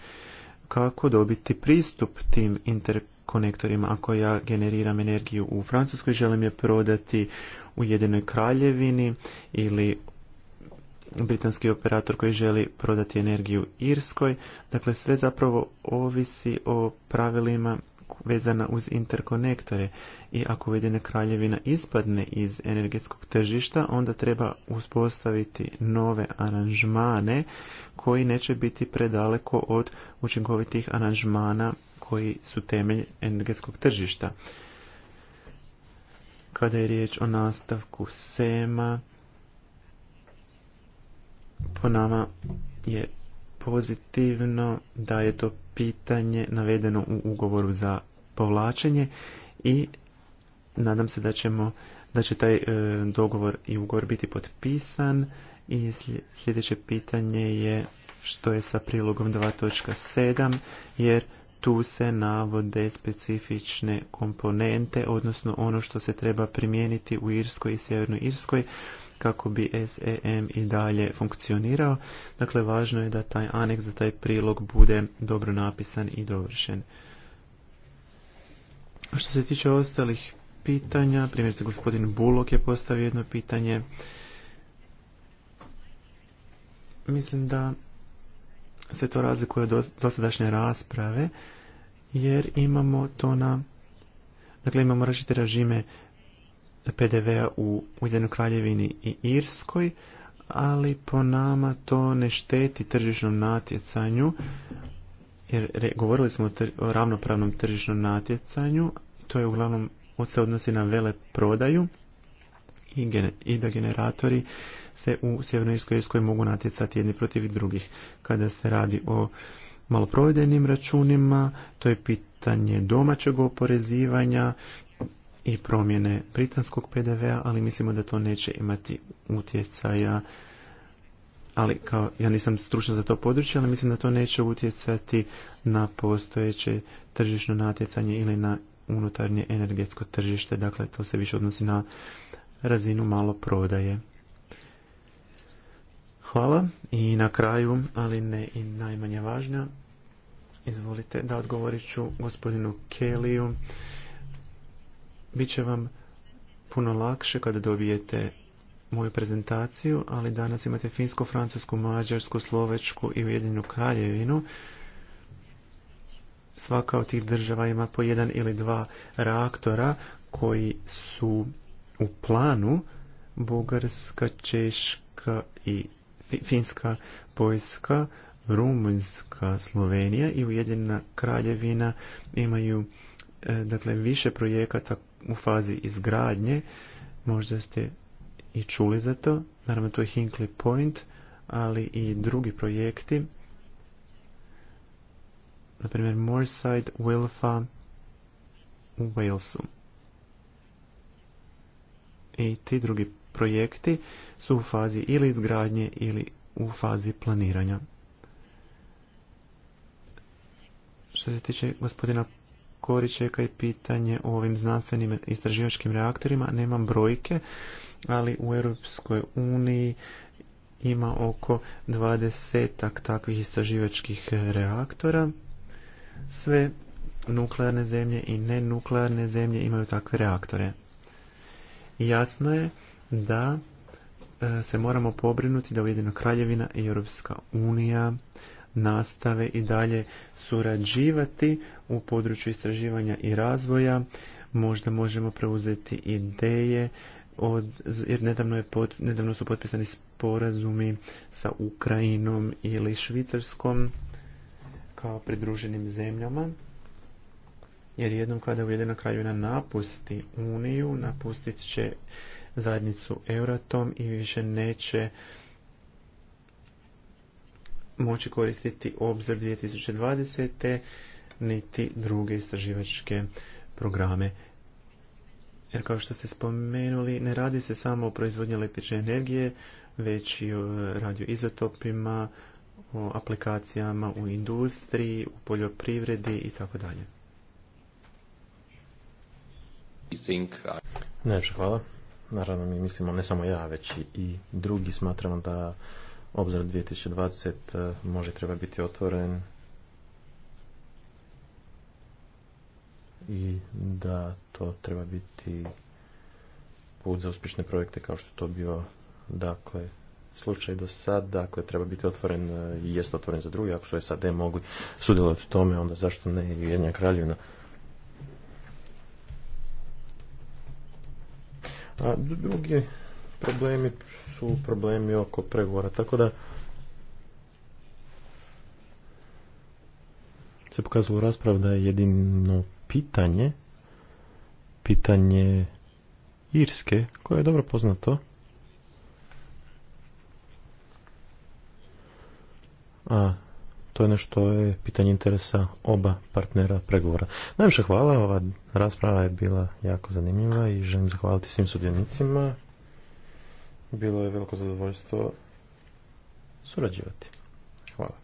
kako dobiti pristup tim interkonektorima konektorima. Ako ja generiram energiju u Francuskoj, želim je prodati u jedinoj kraljevini ili britanski operator koji želi prodati energiju Irskoj. Dakle, sve zapravo ovisi o pravilima vezana uz interkonektore i ako Ujedina kraljevina ispadne iz energetskog tržišta, onda treba uspostaviti nove aranžmane koji neće biti predaleko od učinkovitih aranžmana koji su temelj energetskog tržišta. Kada je riječ o nastavku SEMA, po nama je pozitivno da je to pitanje navedeno u ugovoru za povlačenje i nadam se da ćemo da će taj e, dogovor i ugovor biti potpisan i sljedeće pitanje je što je sa prilogom 2.7 jer tu se navode specifične komponente, odnosno ono što se treba primijeniti u Irskoj i Sjevernoj Irskoj kako bi SEM i dalje funkcionirao. Dakle, važno je da taj aneks, da taj prilog bude dobro napisan i dovršen. Što se tiče ostalih pitanja, primjerice gospodin Bulok je postavio jedno pitanje. Mislim da se to razlikuje od dosadašnje rasprave, jer imamo to na... Dakle, imamo različite režime PDV-a u Ujedinoj kraljevini i Irskoj, ali po nama to ne šteti tržišnom natjecanju, jer govorili smo o ravnopravnom tržišnom natjecanju, to je uglavnom se odnosi na vele prodaju i da generatori se u Sjevernoj Irskoj mogu natjecati jedni protiv drugih. Kada se radi o maloprovedenim računima, to je pitanje domaćeg oporezivanja i promjene britanskog PDV-a, ali mislimo da to neće imati utjecaja ali kao ja nisam stručan za to područje, ali mislim da to neće utjecati na postojeće tržišno natjecanje ili na unutarnje energetsko tržište, dakle to se više odnosi na razinu malo prodaje. Hvala. I na kraju, ali ne i najmanje važna, izvolite da odgovorit ću gospodinu Keliju. Biće vam puno lakše kada dobijete moju prezentaciju, ali danas imate finsku, francusku, mađarsku, slovečku i ujedinu kraljevinu. Svaka od tih država ima po jedan ili dva reaktora koji su u planu Bugarska, Češka i Finska, Poljska, Rumunjska, Slovenija i Ujedinjena kraljevina imaju e, dakle više projekata u fazi izgradnje. Možda ste i čuli za to. Naravno to je Hinkley Point, ali i drugi projekti. Naprimjer Moorside, Wilfa u Walesu. I ti drugi projekti su u fazi ili izgradnje ili u fazi planiranja. Što se tiče gospodina Koričeka i pitanje o ovim znanstvenim istraživačkim reaktorima, nemam brojke, ali u Europskoj uniji ima oko dvadesetak takvih istraživačkih reaktora. Sve nuklearne zemlje i nenuklearne zemlje imaju takve reaktore. Jasno je da e, se moramo pobrinuti da Ujedina Kraljevina i Europska unija nastave i dalje surađivati u području istraživanja i razvoja. Možda možemo preuzeti ideje od, jer nedavno, je nedavno su potpisani sporazumi sa Ukrajinom ili Švicarskom kao pridruženim zemljama. Jer jednom kada Ujedina Kraljevina napusti Uniju, napustit će zajednicu Euratom i više neće moći koristiti obzor 2020. niti druge istraživačke programe. Jer kao što ste spomenuli, ne radi se samo o proizvodnji električne energije, već i o radioizotopima, o aplikacijama u industriji, u poljoprivredi i tako dalje. Uh, hvala. Naravno, mi mislimo, ne samo ja, već i drugi, smatramo da obzor 2020 eh, može treba biti otvoren i da to treba biti put za uspješne projekte kao što je to bio dakle slučaj do sad, dakle treba biti otvoren eh, i jest otvoren za druge, ako su SAD mogli sudjelovati u tome, onda zašto ne i Jedna kraljevina. A drugi problemi su problemi oko pregovora, tako da se pokazalo u raspravi da je jedino pitanje pitanje Irske, koje je dobro poznato. A to je nešto ono je pitanje interesa oba partnera pregovora. Najviše hvala, ova rasprava je bila jako zanimljiva i želim zahvaliti svim sudionicima. Bilo je veliko zadovoljstvo surađivati. Hvala.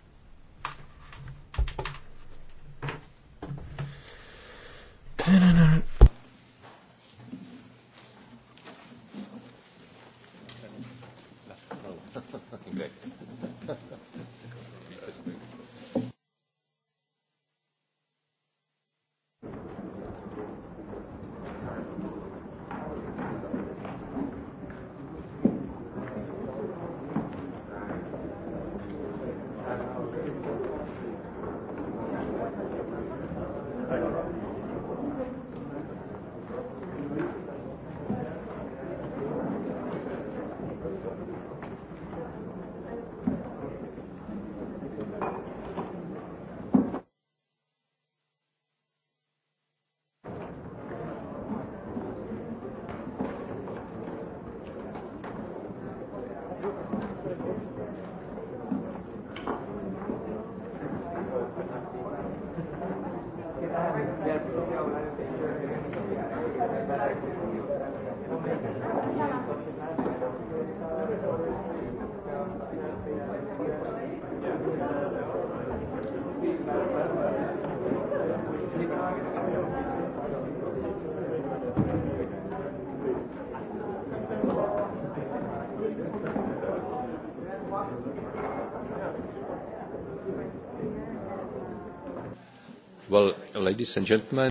Well, ladies and gentlemen.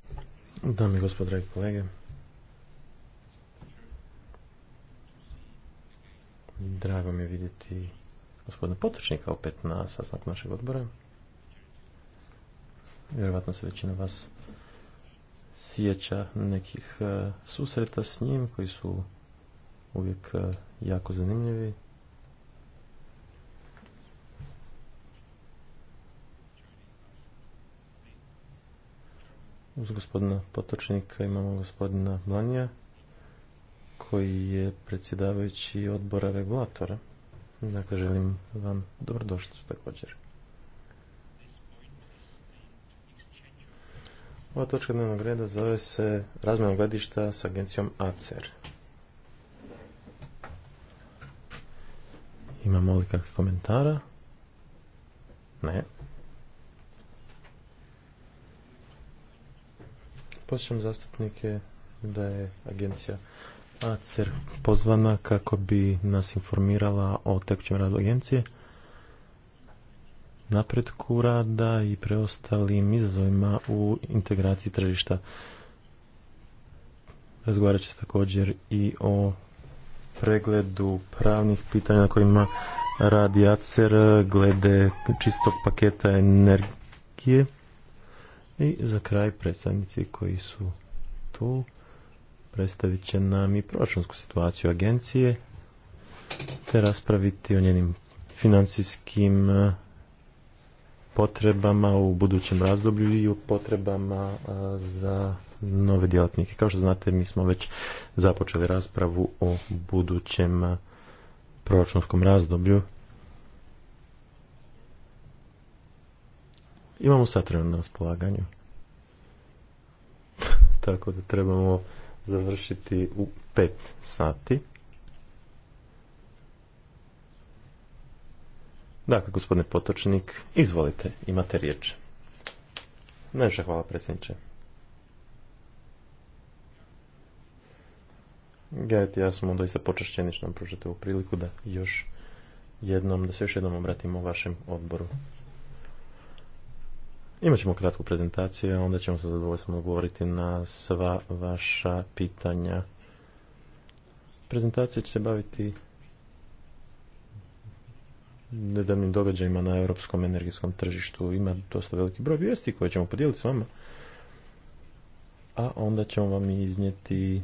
i kolege. Drago mi je vidjeti gospodina Potočnika opet na sastanak našeg odbora. Vjerojatno se većina vas sjeća nekih eh, susreta s njim koji su uvijek eh, jako zanimljivi. Uz gospodina Potočnika imamo gospodina Mlanija koji je predsjedavajući odbora regulatora. Dakle, želim vam dobrodošlicu također. Ova točka dnevnog reda zove se razmjena gledišta s agencijom ACER. Imamo li kakvih komentara? Ne. Posjećam zastupnike da je agencija ACER pozvana kako bi nas informirala o tekućem radu agencije, napretku rada i preostalim izazovima u integraciji tržišta. Razgovarat će se također i o pregledu pravnih pitanja na kojima radi ACER glede čistog paketa energije i za kraj predstavnici koji su tu predstavit će nam i proračunsku situaciju agencije te raspraviti o njenim financijskim e, potrebama u budućem razdoblju i o potrebama e, za nove djelatnike. Kao što znate, mi smo već započeli raspravu o budućem e, proračunskom razdoblju imamo sat na raspolaganju. Tako da trebamo završiti u pet sati. Dakle, gospodine Potočnik, izvolite, imate riječ. Najviše hvala, predsjedniče. Gajt, ja smo doista počašćeni što nam pružate ovu priliku da još jednom, da se još jednom obratimo vašem odboru. Imat ćemo kratku prezentaciju, onda ćemo se zadovoljstvom odgovoriti na sva vaša pitanja. Prezentacija će se baviti nedavnim događajima na europskom energetskom tržištu. Ima dosta veliki broj vijesti koje ćemo podijeliti s vama. A onda ćemo vam iznijeti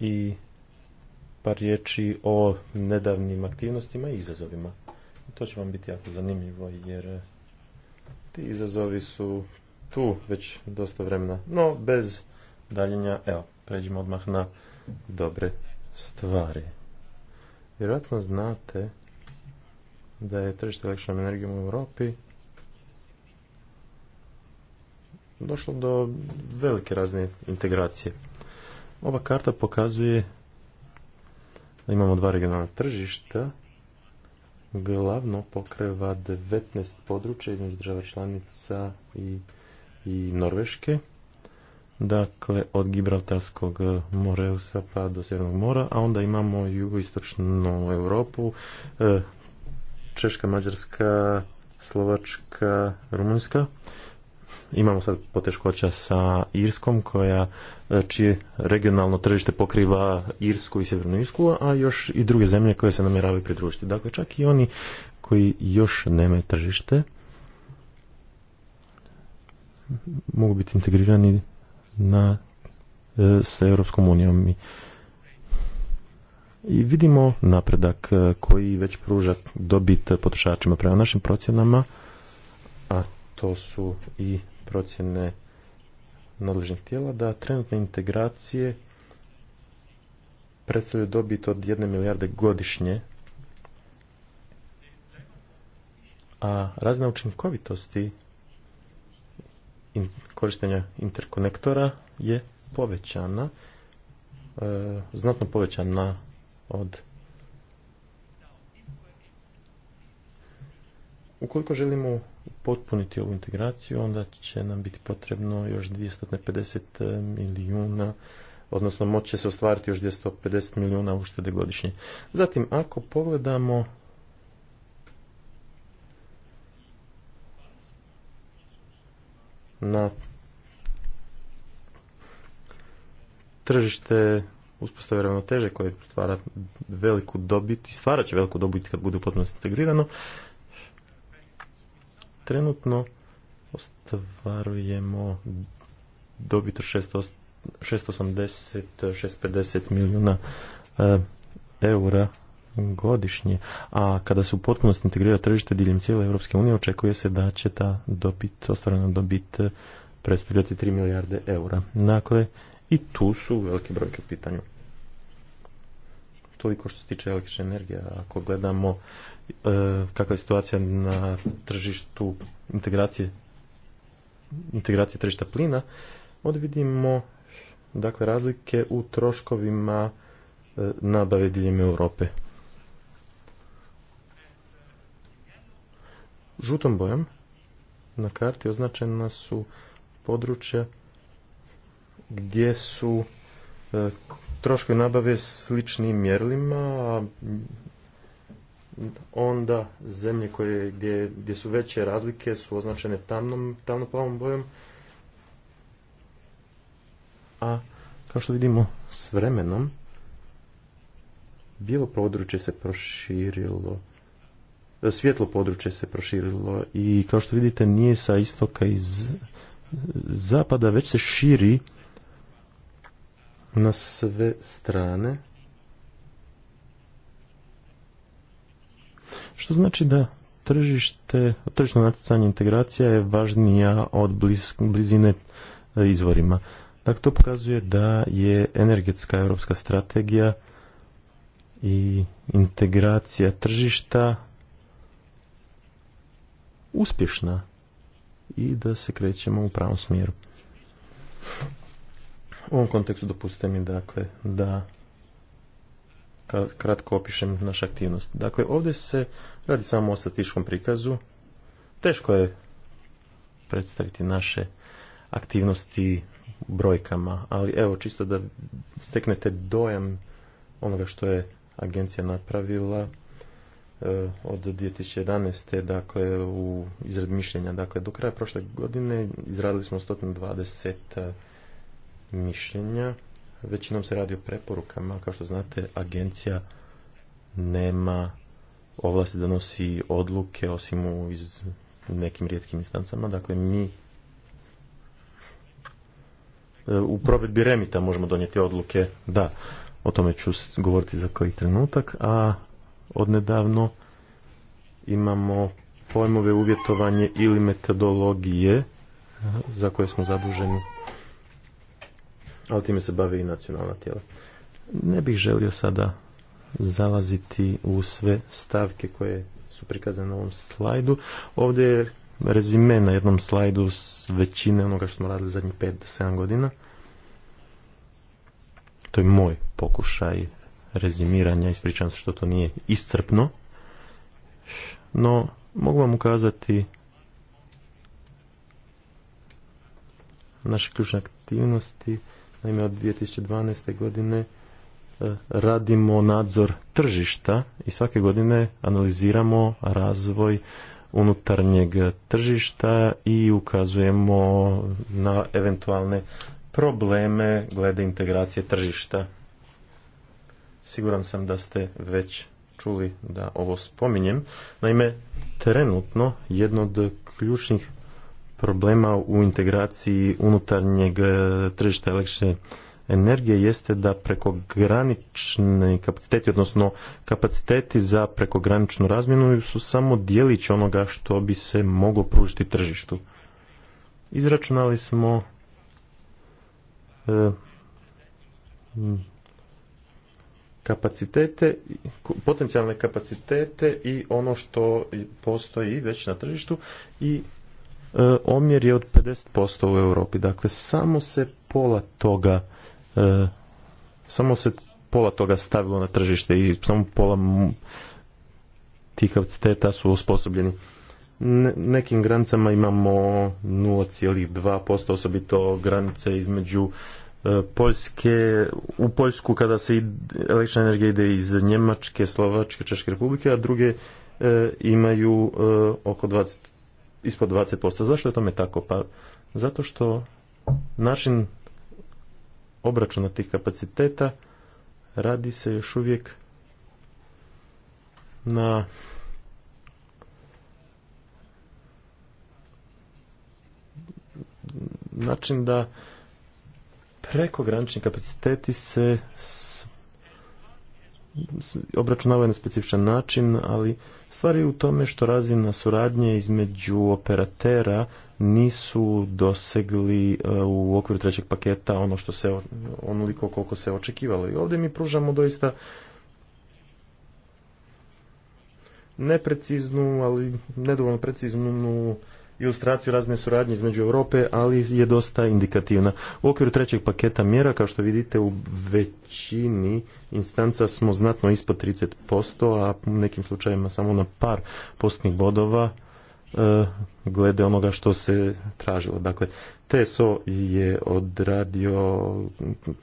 i par riječi o nedavnim aktivnostima i izazovima. To će vam biti jako zanimljivo jer ti izazovi su tu već dosta vremena. No, bez daljenja, evo, pređimo odmah na dobre stvari. Vjerojatno znate da je tržište električnom energijom u Europi došlo do velike razne integracije. Ova karta pokazuje da imamo dva regionalna tržišta glavno pokreva 19 područja između država članica i, i Norveške. Dakle, od Gibraltarskog Moreusa pa do Sjevernog mora, a onda imamo jugoistočnu Europu, eh, Češka, Mađarska, Slovačka, Rumunjska imamo sad poteškoća sa Irskom koja e, čije regionalno tržište pokriva Irsku i Sjevernu Irsku, a još i druge zemlje koje se namjeravaju pridružiti. Dakle, čak i oni koji još nemaju tržište mogu biti integrirani na, e, sa Europskom unijom. I, I vidimo napredak e, koji već pruža dobit potrošačima prema našim procjenama to su i procjene nadležnih tijela, da trenutne integracije predstavljaju dobit od jedne milijarde godišnje, a razina učinkovitosti korištenja interkonektora je povećana, e, znatno povećana od Ukoliko želimo potpuniti ovu integraciju, onda će nam biti potrebno još 250 eh, milijuna, odnosno moć će se ostvariti još 250 milijuna uštede godišnje. Zatim, ako pogledamo na tržište uspostave ravnoteže koje stvara veliku dobit i stvarat će veliku dobit kad bude potpuno integrirano, trenutno ostvarujemo dobit od 680-650 milijuna e, eura godišnje, a kada se u potpunosti integrira tržište diljem cijele Europske unije, očekuje se da će ta dobit, ostvarena dobit predstavljati 3 milijarde eura. Dakle, i tu su velike brojke u pitanju. Toliko što se tiče električne energije, ako gledamo E, kakva je situacija na tržištu integracije integracije tržišta plina, vidimo dakle razlike u troškovima e, nabave diljem Europe. Žutom bojom na karti označena su područja gdje su e, troškovi nabave sličnim mjerlima, a onda zemlje koje, gdje, gdje su veće razlike su označene tamnom, plavom bojom. A kao što vidimo s vremenom, bijelo područje se proširilo, e, svjetlo područje se proširilo i kao što vidite nije sa istoka iz zapada, već se širi na sve strane. Što znači da tržište, tržišno natjecanje integracija je važnija od bliz, blizine e, izvorima. Dakle, to pokazuje da je energetska europska strategija i integracija tržišta uspješna i da se krećemo u pravom smjeru. U ovom kontekstu dopustite mi dakle da kratko opišem našu aktivnost. Dakle, ovdje se radi samo o statičkom prikazu. Teško je predstaviti naše aktivnosti brojkama, ali evo, čisto da steknete dojam onoga što je agencija napravila e, od 2011. dakle u izradi mišljenja dakle do kraja prošle godine izradili smo 120 e, mišljenja većinom se radi o preporukama. Kao što znate, agencija nema ovlasti da nosi odluke, osim u nekim rijetkim instancama. Dakle, mi e, u provedbi remita možemo donijeti odluke, da, o tome ću govoriti za koji trenutak, a odnedavno imamo pojmove uvjetovanje ili metodologije za koje smo zaduženi ali time se bave i nacionalna tijela. Ne bih želio sada zalaziti u sve stavke koje su prikazane na ovom slajdu. Ovdje je rezime na jednom slajdu s većine onoga što smo radili zadnjih 5 do 7 godina. To je moj pokušaj rezimiranja, ispričavam se što to nije iscrpno, no mogu vam ukazati naše ključne aktivnosti Naime, od 2012. godine e, radimo nadzor tržišta i svake godine analiziramo razvoj unutarnjeg tržišta i ukazujemo na eventualne probleme glede integracije tržišta. Siguran sam da ste već čuli da ovo spominjem. Naime, trenutno jedno od ključnih problema u integraciji unutarnjeg e, tržišta električne energije jeste da prekogranični kapaciteti, odnosno kapaciteti za prekograničnu razmjenu su samo dijelić onoga što bi se moglo pružiti tržištu. Izračunali smo e, kapacitete, potencijalne kapacitete i ono što postoji već na tržištu i E, omjer je od 50% u Europi. Dakle, samo se pola toga e, samo se pola toga stavilo na tržište i samo pola tih kapaciteta su osposobljeni. Nekim granicama imamo 0,2% osobito granice između e, Poljske, u Poljsku kada se električna energija ide iz Njemačke, Slovačke, Češke republike, a druge imaju oko 20 ispod 20%. Zašto je tome tako? Pa zato što način obračuna tih kapaciteta radi se još uvijek na način da prekogranični kapaciteti se obračunavaju na specifičan način, ali Stvar je u tome što razina suradnje između operatera nisu dosegli e, u okviru trećeg paketa ono što se onoliko koliko se očekivalo. I ovdje mi pružamo doista nepreciznu, ali nedovoljno preciznu ilustraciju razne suradnje između Europe, ali je dosta indikativna. U okviru trećeg paketa mjera, kao što vidite, u većini instanca smo znatno ispod 30%, a u nekim slučajevima samo na par postnih bodova e, glede onoga što se tražilo. Dakle, TSO je odradio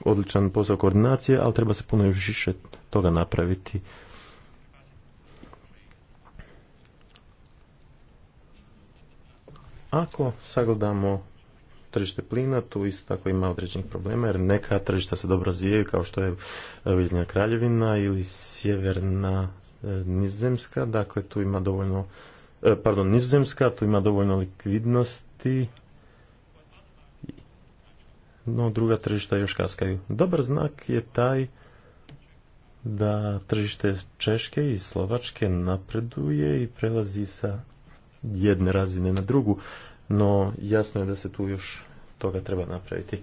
odličan posao koordinacije, ali treba se puno više toga napraviti Ako sagledamo tržište plina, tu isto tako ima određenih problema, jer neka tržišta se dobro razvijaju, kao što je e, Ujedinjena Kraljevina ili Sjeverna e, Nizozemska, dakle tu ima dovoljno, e, pardon, Nizozemska, tu ima dovoljno likvidnosti, no druga tržišta još kaskaju. Dobar znak je taj da tržište Češke i Slovačke napreduje i prelazi sa jedne razine na drugu, no jasno je da se tu još toga treba napraviti.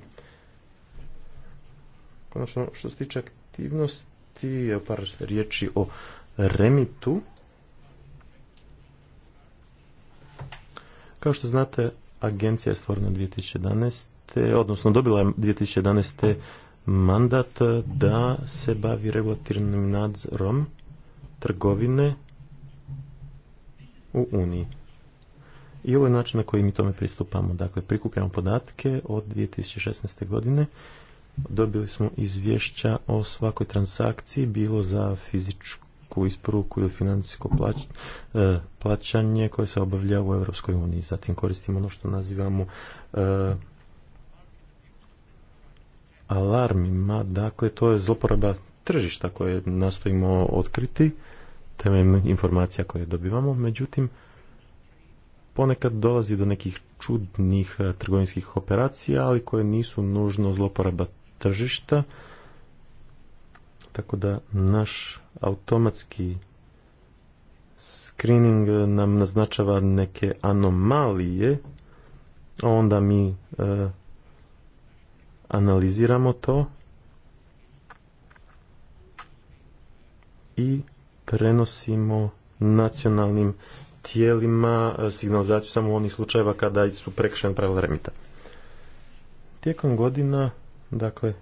Konačno, što se tiče aktivnosti, par riječi o remitu. Kao što znate, agencija je stvorena 2011. odnosno dobila je 2011. mandat da se bavi regulatornim nadzorom trgovine u Uniji. I ovo je način na koji mi tome pristupamo. Dakle, prikupljamo podatke od 2016. godine. Dobili smo izvješća o svakoj transakciji, bilo za fizičku isporuku ili financijsko e, plaćanje koje se obavlja u Europskoj uniji. Zatim koristimo ono što nazivamo e, alarmima. Dakle, to je zloporaba tržišta koje nastojimo otkriti temeljem informacija koje dobivamo. Međutim, ponekad dolazi do nekih čudnih e, trgovinskih operacija, ali koje nisu nužno zloporaba tržišta, tako da naš automatski screening e, nam naznačava neke anomalije, onda mi e, analiziramo to i prenosimo nacionalnim tijelima e, signalizaciju samo u onih slučajeva kada su prekšen pravila remita. Tijekom godina, dakle,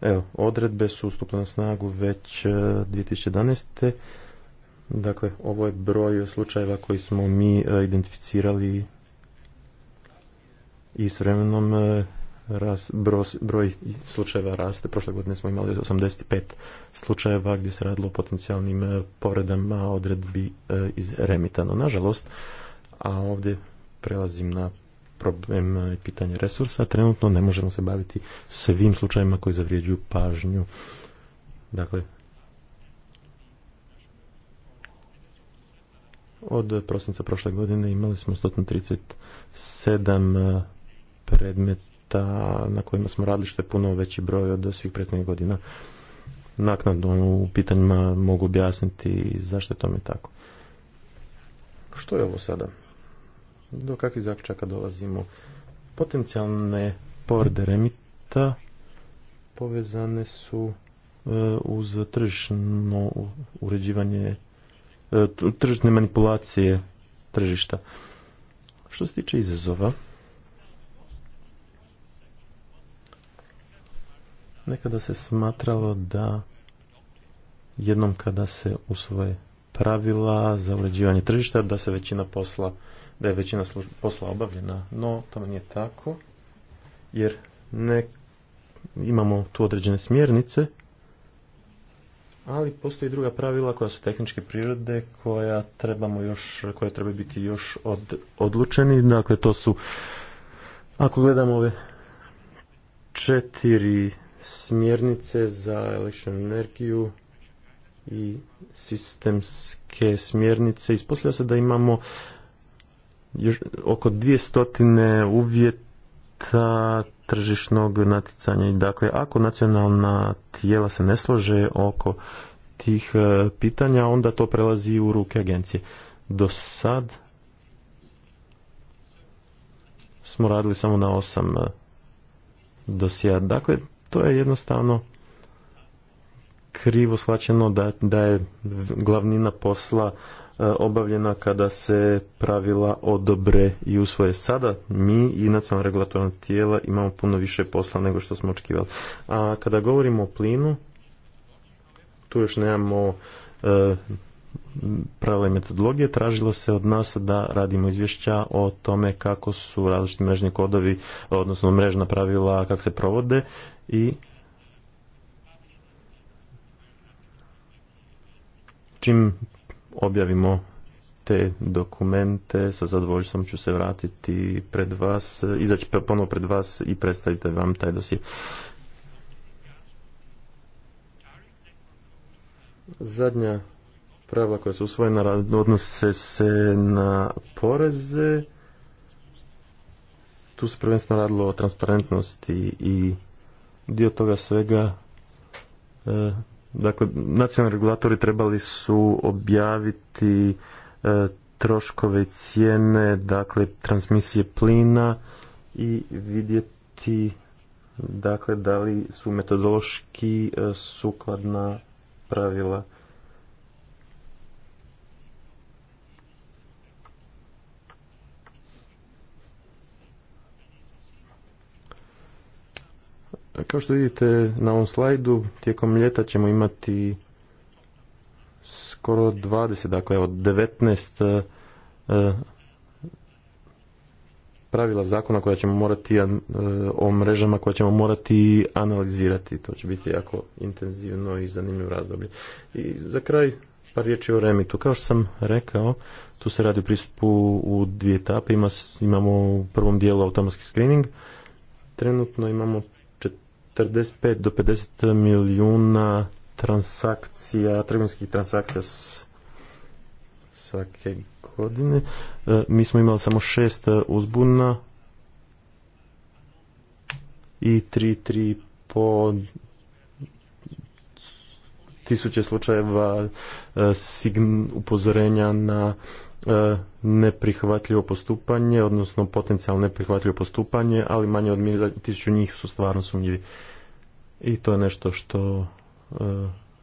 evo, odredbe su ustupne na snagu već 2011. E, dakle, ovo je broj slučajeva koji smo mi e, identificirali i s vremenom ras, broj slučajeva raste. Prošle godine smo imali 85 slučajeva gdje se radilo o potencijalnim e, povredama odredbi e, iz remita. nažalost, a ovdje prelazim na problem i e, pitanje resursa, trenutno ne možemo se baviti svim slučajevima koji zavrijeđuju pažnju. Dakle, od prosinca prošle godine imali smo 137 predmet projekata na kojima smo radili što je puno veći broj od svih prethodnih godina. Naknadno ono, u pitanjima mogu objasniti zašto je tome tako. Što je ovo sada? Do kakvih zaključaka dolazimo? Potencijalne povrede remita povezane su e, uz tržišno uređivanje e, tržišne manipulacije tržišta. Što se tiče izazova, Nekada se smatralo da jednom kada se usvoje pravila za uređivanje tržišta, da se većina posla, da je većina posla obavljena, no to nije tako, jer ne imamo tu određene smjernice, ali postoji druga pravila koja su tehničke prirode koja trebamo još, koja treba biti još od, odlučeni. Dakle, to su, ako gledamo ove četiri smjernice za električnu energiju i sistemske smjernice. Ispostavlja se da imamo još oko dvije stotine uvjeta tržišnog natjecanja. Dakle, ako nacionalna tijela se ne slože oko tih e, pitanja, onda to prelazi u ruke agencije. Do sad smo radili samo na osam e, dosija. Dakle, to je jednostavno krivo shvaćeno da, da je glavnina posla e, obavljena kada se pravila odobre i usvoje. Sada mi i nacionalna regulatorna tijela imamo puno više posla nego što smo očekivali. A kada govorimo o plinu, tu još nemamo e, pravila i metodologije. Tražilo se od nas da radimo izvješća o tome kako su različiti mrežni kodovi, odnosno mrežna pravila, kako se provode i čim objavimo te dokumente, sa zadovoljstvom ću se vratiti pred vas, izaći ponovno pred vas i predstavite vam taj dosje. Zadnja pravila koja su usvojena odnose se na poreze. Tu se prvenstveno radilo o transparentnosti i dio toga svega e, dakle nacionalni regulatori trebali su objaviti e, troškove cijene dakle transmisije plina i vidjeti dakle da li su metodološki e, sukladna pravila Kao što vidite na ovom slajdu, tijekom ljeta ćemo imati skoro 20, dakle od 19 e, e, pravila zakona koja ćemo morati e, o mrežama koja ćemo morati analizirati. To će biti jako intenzivno i zanimljivo razdoblje. I za kraj par riječi o remitu. Kao što sam rekao, tu se radi o pristupu u dvije etape. imamo u prvom dijelu automatski screening. Trenutno imamo 45 do 50 milijuna transakcija, trgovinskih transakcija svake godine. E, mi smo imali samo šest e, uzbuna i tri, tri po tisuće slučajeva e, upozorenja na E, neprihvatljivo postupanje, odnosno potencijalno neprihvatljivo postupanje, ali manje od tisuću njih su stvarno sumnjivi. I to je nešto što e,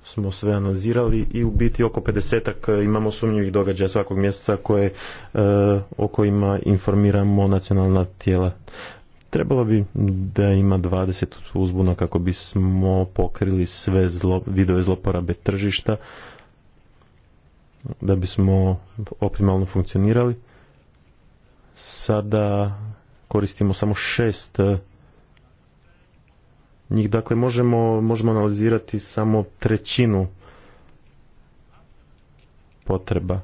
smo sve analizirali i u biti oko 50 e, imamo sumnjivih događaja svakog mjeseca koje, o kojima informiramo nacionalna tijela. Trebalo bi da ima 20 uzbuna kako bismo pokrili sve zlo, vidove zloporabe tržišta da bismo optimalno funkcionirali. Sada koristimo samo šest eh, njih, dakle možemo, možemo analizirati samo trećinu potreba.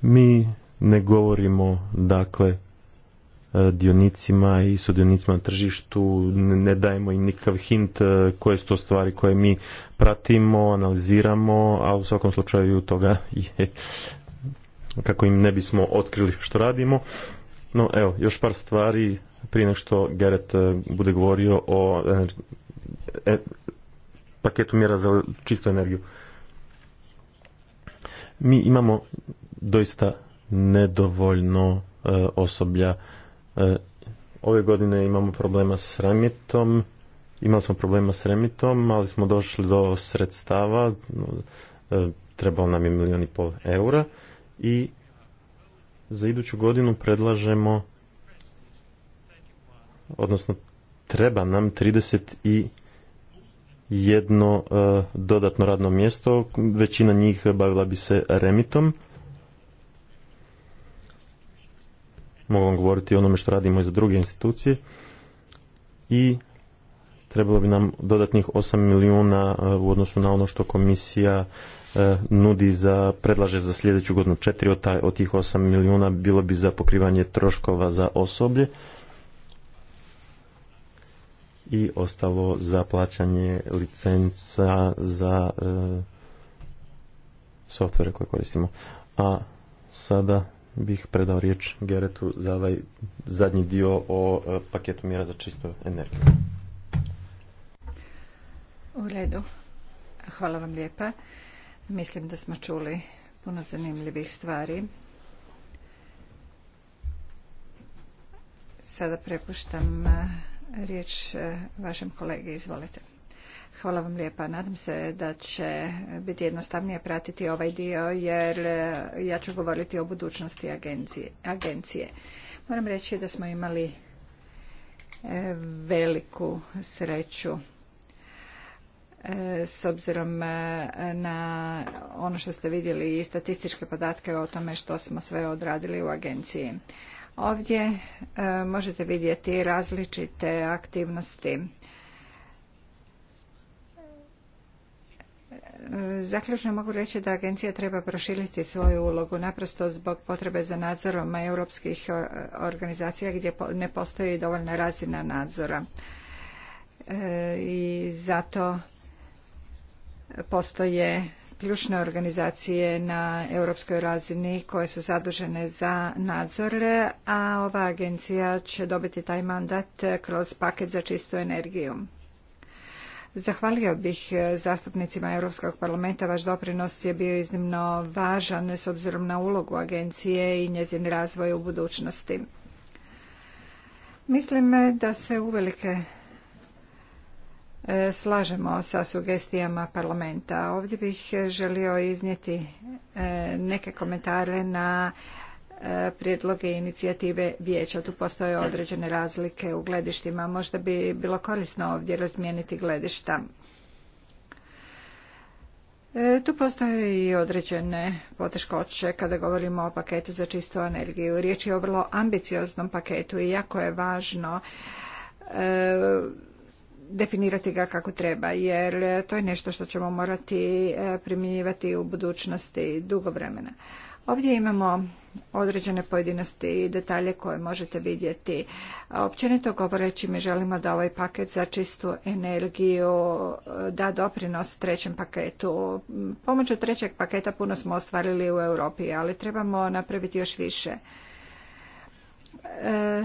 Mi ne govorimo dakle dionicima i sudionicima na tržištu, ne dajemo im nikakav hint e, koje su to stvari koje mi pratimo, analiziramo, a u svakom slučaju toga je kako im ne bismo otkrili što radimo. No evo, još par stvari prije nego što Geret e, bude govorio o e, paketu mjera za čistu energiju. Mi imamo doista nedovoljno osoblja E, ove godine imamo problema s remitom, imali smo problema s remitom, ali smo došli do sredstava, e, trebalo nam je milijun i pol eura i za iduću godinu predlažemo odnosno treba nam i jedno e, dodatno radno mjesto, većina njih bavila bi se remitom mogu vam govoriti o onome što radimo i za druge institucije i trebalo bi nam dodatnih 8 milijuna e, u odnosu na ono što komisija e, nudi za, predlaže za sljedeću godinu. Četiri od, taj, od tih 8 milijuna bilo bi za pokrivanje troškova za osoblje i ostalo za plaćanje licenca za e, softvere koje koristimo. A sada bih predao riječ Geretu za ovaj zadnji dio o e, paketu mjera za čistu energiju. U redu. Hvala vam lijepa. Mislim da smo čuli puno zanimljivih stvari. Sada prepuštam e, riječ e, vašem kolegi. Izvolite. Hvala vam lijepa. Nadam se da će biti jednostavnije pratiti ovaj dio jer e, ja ću govoriti o budućnosti agencije. Moram reći da smo imali e, veliku sreću e, s obzirom na ono što ste vidjeli i statističke podatke o tome što smo sve odradili u agenciji. Ovdje možete vidjeti različite aktivnosti Zaključno mogu reći da agencija treba proširiti svoju ulogu naprosto zbog potrebe za nadzorom europskih e, organizacija gdje ne postoji dovoljna razina nadzora. E, I zato postoje ključne organizacije na europskoj razini koje su zadužene za nadzor, a ova agencija će dobiti taj mandat kroz paket za čistu energiju. Zahvalio bih e, zastupnicima Europskog parlamenta. Vaš doprinos je bio iznimno važan s obzirom na ulogu agencije i njezin razvoj u budućnosti. Mislim e, da se uvelike e, slažemo sa sugestijama parlamenta. Ovdje bih želio iznijeti neke komentare na E, prijedloge i inicijative vijeća. Tu postoje određene razlike u gledištima. Možda bi bilo korisno ovdje razmijeniti gledišta. E, tu postoje i određene poteškoće kada govorimo o paketu za čistu energiju. Riječ je o vrlo ambicioznom paketu i jako je važno e, definirati ga kako treba, jer to je nešto što ćemo morati primjenjivati u budućnosti dugo vremena. Ovdje imamo određene pojedinosti i detalje koje možete vidjeti. Općenito govoreći mi želimo da ovaj paket za čistu energiju e, da doprinos trećem paketu. Pomoću trećeg paketa puno smo ostvarili u Europi, ali trebamo napraviti još više. E,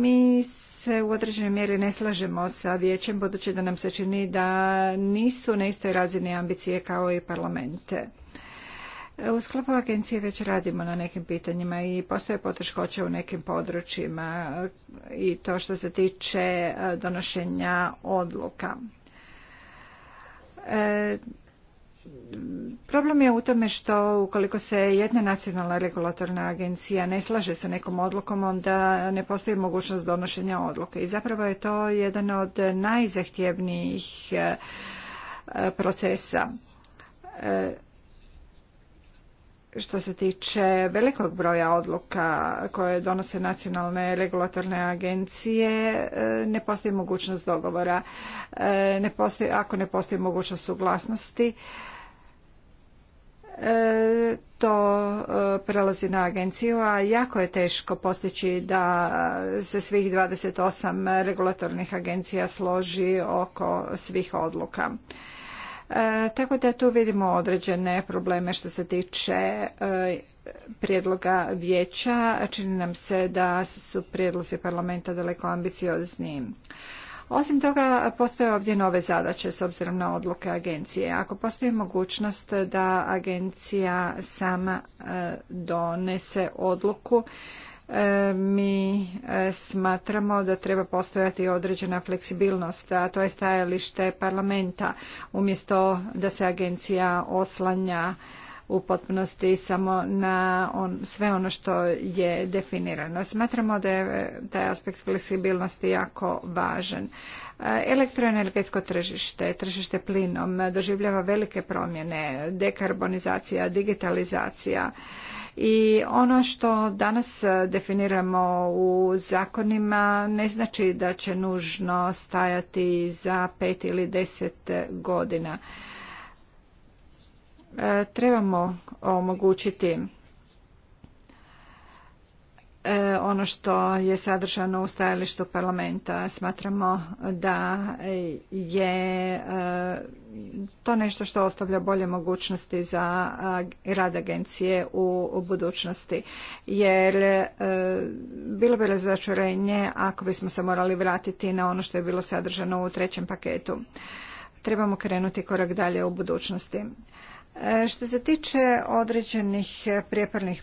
mi se u određenoj mjeri ne slažemo sa vijećem budući da nam se čini da nisu na istoj razini ambicije kao i parlamente u sklopu agencije već radimo na nekim pitanjima i postoje poteškoće u nekim područjima i to što se tiče e, donošenja odluka. E, problem je u tome što ukoliko se jedna nacionalna regulatorna agencija ne slaže sa nekom odlukom, onda ne postoji mogućnost donošenja odluke. I zapravo je to jedan od najzahtjevnijih e, procesa što se tiče velikog broja odluka koje donose nacionalne regulatorne agencije e, ne postoji mogućnost dogovora e, ne postoji, ako ne postoji mogućnost suglasnosti e, to prelazi na agenciju, a jako je teško postići da se svih 28 regulatornih agencija složi oko svih odluka. E, tako da tu vidimo određene probleme što se tiče e, prijedloga vijeća. Čini nam se da su prijedlozi parlamenta daleko ambiciozniji. Osim toga, postoje ovdje nove zadaće s obzirom na odluke agencije. Ako postoji mogućnost da agencija sama e, donese odluku E, mi e, smatramo da treba postojati određena fleksibilnost, a to je stajalište parlamenta, umjesto da se agencija oslanja u potpunosti samo na on, sve ono što je definirano. Smatramo da je taj aspekt fleksibilnosti jako važan. Elektroenergetsko tržište, tržište plinom doživljava velike promjene, dekarbonizacija, digitalizacija i ono što danas definiramo u zakonima ne znači da će nužno stajati za pet ili deset godina E, trebamo omogućiti e, ono što je sadržano u stajalištu parlamenta. Smatramo da je e, to nešto što ostavlja bolje mogućnosti za rad agencije u budućnosti. Jer bilo bi razočarenje ako bismo se morali vratiti na ono što je bilo sadržano u trećem paketu. Trebamo krenuti korak dalje u budućnosti. E, što se tiče određenih prijepornih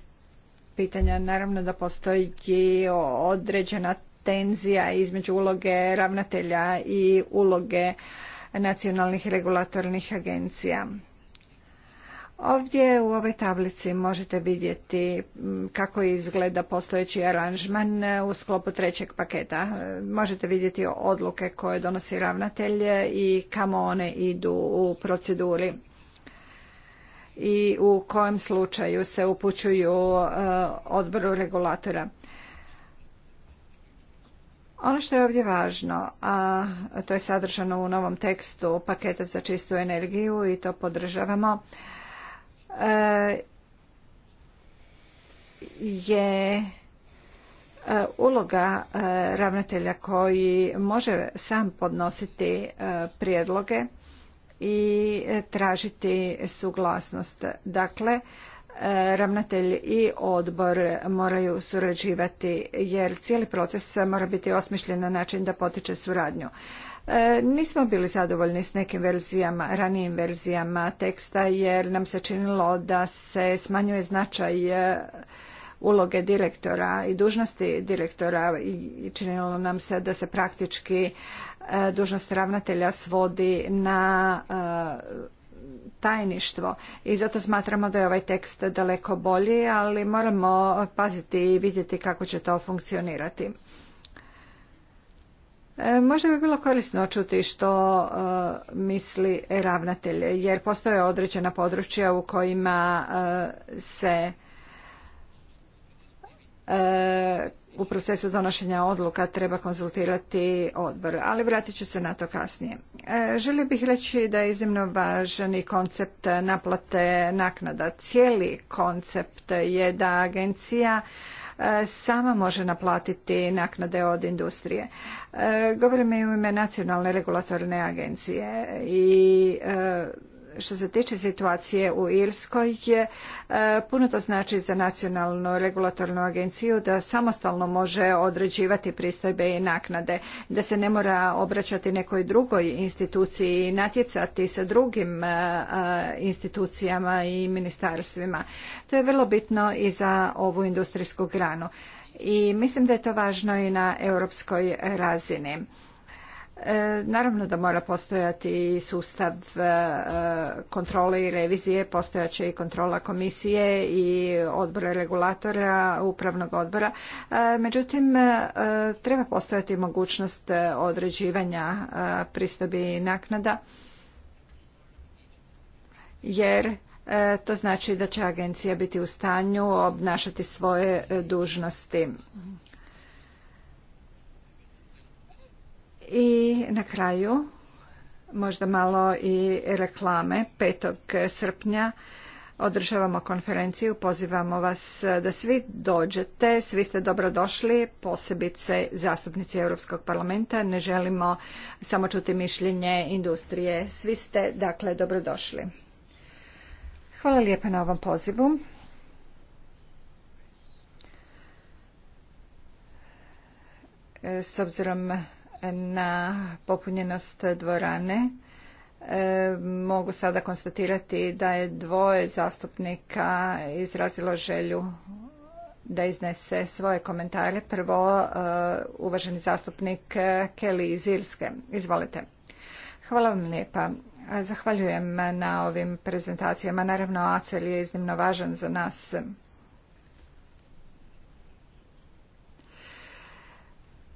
pitanja, naravno da postoji i određena tenzija između uloge ravnatelja i uloge nacionalnih regulatornih agencija. Ovdje u ovoj tablici možete vidjeti kako izgleda postojeći aranžman e, u sklopu trećeg paketa. E, možete vidjeti odluke koje donosi ravnatelj i kamo one idu u proceduri i u kojem slučaju se upućuju e, odboru regulatora. Ono što je ovdje važno, a to je sadržano u novom tekstu paketa za čistu energiju i to podržavamo, e, je e, uloga ravnatelja koji može sam podnositi prijedloge i e, tražiti suglasnost. Dakle, e, ravnatelj i odbor moraju surađivati jer cijeli proces mora biti osmišljen na način da potiče suradnju. E, nismo bili zadovoljni s nekim verzijama, ranijim verzijama teksta jer nam se činilo da se smanjuje značaj uloge direktora i dužnosti direktora i činilo nam se da se praktički e, dužnost ravnatelja svodi na e, tajništvo i zato smatramo da je ovaj tekst daleko bolji, ali moramo paziti i vidjeti kako će to funkcionirati. E, možda bi bilo korisno čuti što misli ravnatelj, jer postoje određena područja u kojima se u procesu donošenja odluka treba konzultirati odbor, ali vratit ću se na to kasnije. E, želio bih reći da je iznimno važan i koncept naplate naknada. Cijeli koncept je da agencija e, sama može naplatiti naknade od industrije. E, govorim i u ime nacionalne regulatorne agencije i što se tiče situacije u Irskoj je e, puno to znači za nacionalnu regulatornu agenciju da samostalno može određivati pristojbe i naknade, da se ne mora obraćati nekoj drugoj instituciji i natjecati sa drugim e, e, institucijama i ministarstvima. To je vrlo bitno i za ovu industrijsku granu i mislim da je to važno i na europskoj razini. E, naravno da mora postojati i sustav e, e, kontrole i revizije, postojaće i kontrola komisije i odbora regulatora, upravnog odbora. Međutim, treba postojati mogućnost određivanja pristobi i naknada, jer to znači da će agencija biti u stanju obnašati svoje dužnosti I na kraju, možda malo i reklame, 5. srpnja održavamo konferenciju, pozivamo vas da svi dođete, svi ste dobrodošli, posebice zastupnici Europskog parlamenta, ne želimo samo čuti mišljenje industrije, svi ste dakle dobrodošli. Hvala lijepa na ovom pozivu. S obzirom na popunjenost dvorane. E, mogu sada konstatirati da je dvoje zastupnika izrazilo želju da iznese svoje komentare. Prvo, e, uvaženi zastupnik Kelly iz Irske. Izvolite. Hvala vam lijepa. Zahvaljujem na ovim prezentacijama. Naravno, ACEL je iznimno važan za nas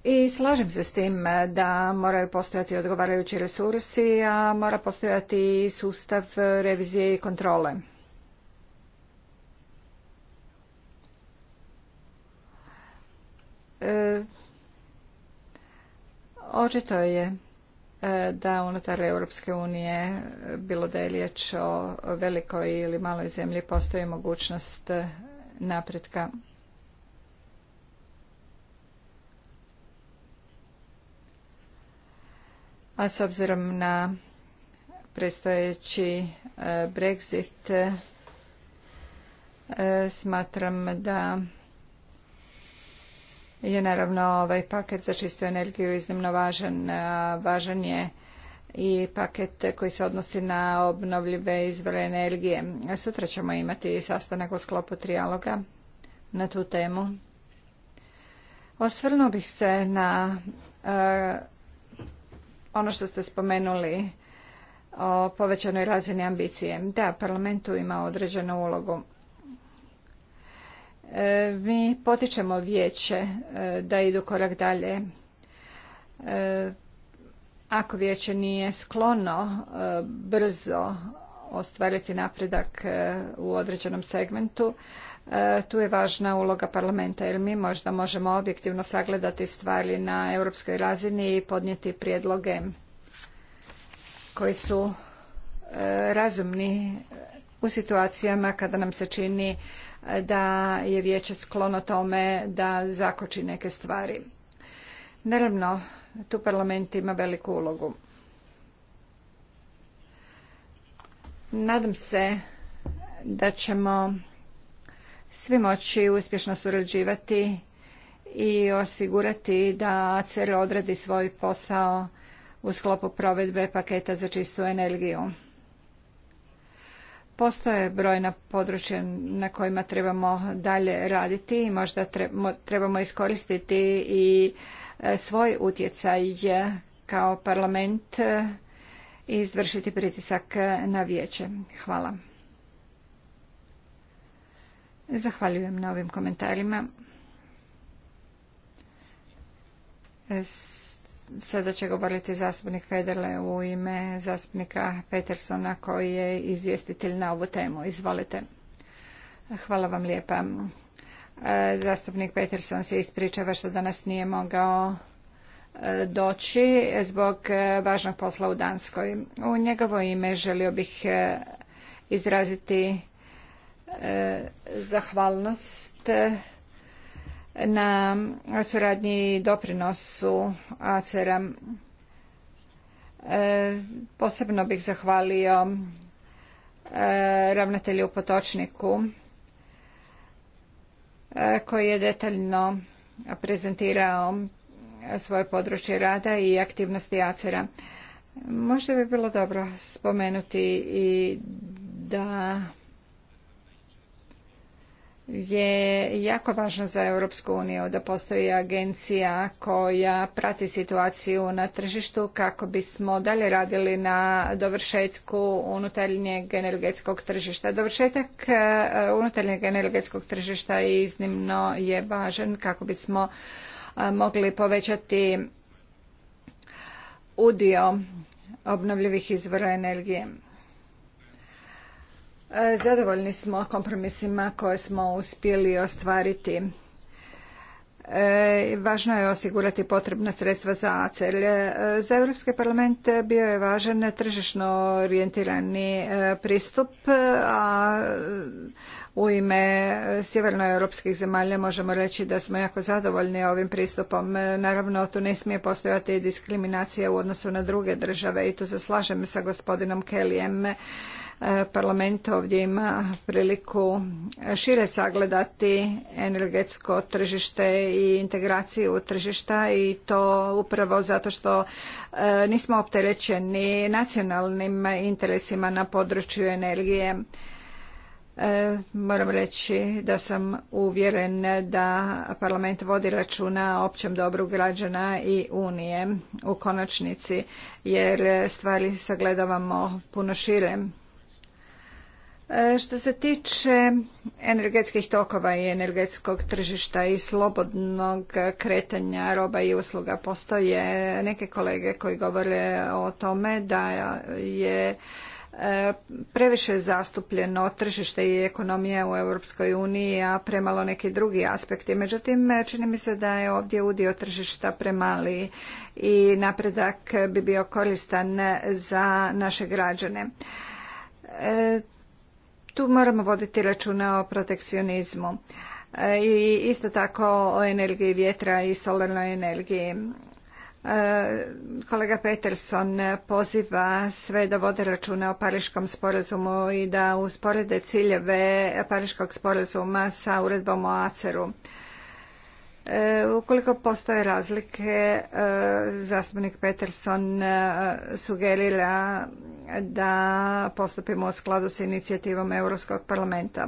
I slažem se s tim eh, da moraju postojati odgovarajući resursi, a mora postojati i sustav eh, revizije i kontrole. Eh, očito je da unutar Europske unije, bilo da je riječ o velikoj ili maloj zemlji, postoji mogućnost napretka a s obzirom na predstojeći e, Brexit e, smatram da je naravno ovaj paket za čistu energiju iznimno važan. Važan je i paket koji se odnosi na obnovljive izvore energije. Sutra ćemo imati sastanak u sklopu trijaloga na tu temu. Osvrnuo bih se na e, ono što ste spomenuli o povećanoj razini ambicije. Da, parlament tu ima određenu ulogu. E, mi potičemo vijeće e, da idu korak dalje. E, ako vijeće nije sklono brzo ostvariti napredak u određenom segmentu, E, tu je važna uloga parlamenta jer mi možda možemo objektivno sagledati stvari na europskoj razini i podnijeti prijedloge koji su e, razumni e, u situacijama kada nam se čini da je vijeće sklono tome da zakoči neke stvari. Naravno, tu parlament ima veliku ulogu. Nadam se da ćemo svi moći uspješno surađivati i osigurati da ACER odradi svoj posao u sklopu provedbe paketa za čistu energiju. Postoje brojna područja na kojima trebamo dalje raditi i možda trebamo iskoristiti i e, svoj utjecaj kao parlament e, i izvršiti pritisak na vijeće. Hvala. Zahvaljujem na ovim komentarima. E, sada će govoriti zastupnik Federle u ime zastupnika Petersona koji je izvjestitelj na ovu temu. Izvolite. Hvala vam lijepa. E, zastupnik Peterson se ispričava što danas nije mogao e, doći zbog važnog posla u Danskoj. U njegovo ime želio bih izraziti zahvalnost e, na suradnji i doprinosu ACER-a. E, posebno bih zahvalio e, ravnatelju Potočniku koji je detaljno prezentirao svoje područje rada i aktivnosti ACER-a. Možda bi bilo dobro spomenuti i da je jako važno za Europsku uniju da postoji agencija koja prati situaciju na tržištu kako bismo dalje radili na dovršetku unutarnjeg energetskog tržišta. Dovršetak e, unutarnjeg energetskog tržišta iznimno je važan kako bismo e, mogli povećati udio obnovljivih izvora energije. Zadovoljni smo kompromisima koje smo uspjeli ostvariti. E, važno je osigurati potrebna sredstva za ACEL. E, za Europski parlament bio je važan tržišno orijentirani e, pristup, a u ime sjevernoeuropskih zemalja možemo reći da smo jako zadovoljni ovim pristupom. Naravno, tu ne smije postojati diskriminacija u odnosu na druge države i tu se slažem sa gospodinom Kellyem Parlament ovdje ima priliku šire sagledati energetsko tržište i integraciju tržišta i to upravo zato što e, nismo opterećeni nacionalnim interesima na području energije. E, moram reći da sam uvjeren da parlament vodi računa o općem dobru građana i Unije u konačnici, jer stvari sagledavamo puno šire. E, što se tiče energetskih tokova i energetskog tržišta i slobodnog kretanja roba i usluga, postoje neke kolege koji govore o tome da je e, previše zastupljeno tržište i ekonomija u Europskoj uniji, a premalo neki drugi aspekti. Međutim, čini mi se da je ovdje udio tržišta premali i napredak bi bio koristan za naše građane e, tu moramo voditi računa o protekcionizmu e, i isto tako o energiji vjetra i solarnoj energiji. E, kolega Peterson poziva sve da vode računa o Pariškom sporazumu i da usporede ciljeve Pariškog sporazuma sa uredbom o acer E, ukoliko postoje razlike, e, zastupnik Peterson e, sugerira da postupimo u skladu s inicijativom Europskog parlamenta.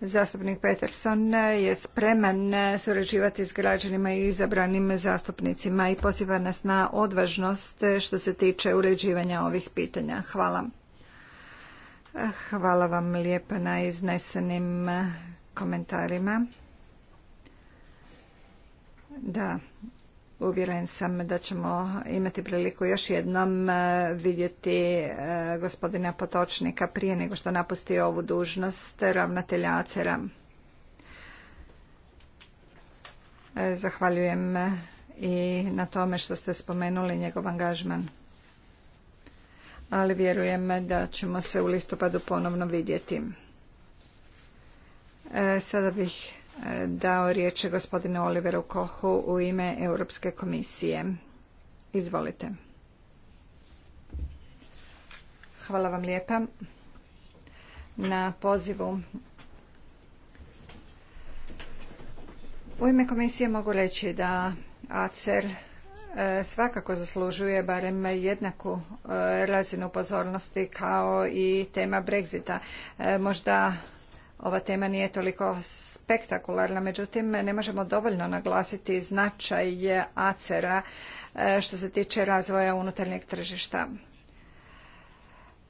Zastupnik Peterson je spreman surađivati s građanima i izabranim zastupnicima i poziva nas na odvažnost što se tiče uređivanja ovih pitanja. Hvala. Hvala vam lijepa na iznesenim komentarima. Da, uvjeren sam da ćemo imati priliku još jednom e, vidjeti e, gospodina Potočnika prije nego što napusti ovu dužnost ravnatelja Acera. E, zahvaljujem i na tome što ste spomenuli njegov angažman. Ali vjerujem da ćemo se u listopadu ponovno vidjeti. Sada bih dao riječ gospodinu Oliveru Kohu u ime Europske komisije. Izvolite. Hvala vam lijepa na pozivu. U ime komisije mogu reći da ACER e, svakako zaslužuje barem jednaku e, razinu pozornosti kao i tema Brexita. E, možda ova tema nije toliko spektakularna, međutim ne možemo dovoljno naglasiti značaj ACER-a e, što se tiče razvoja unutarnjeg tržišta.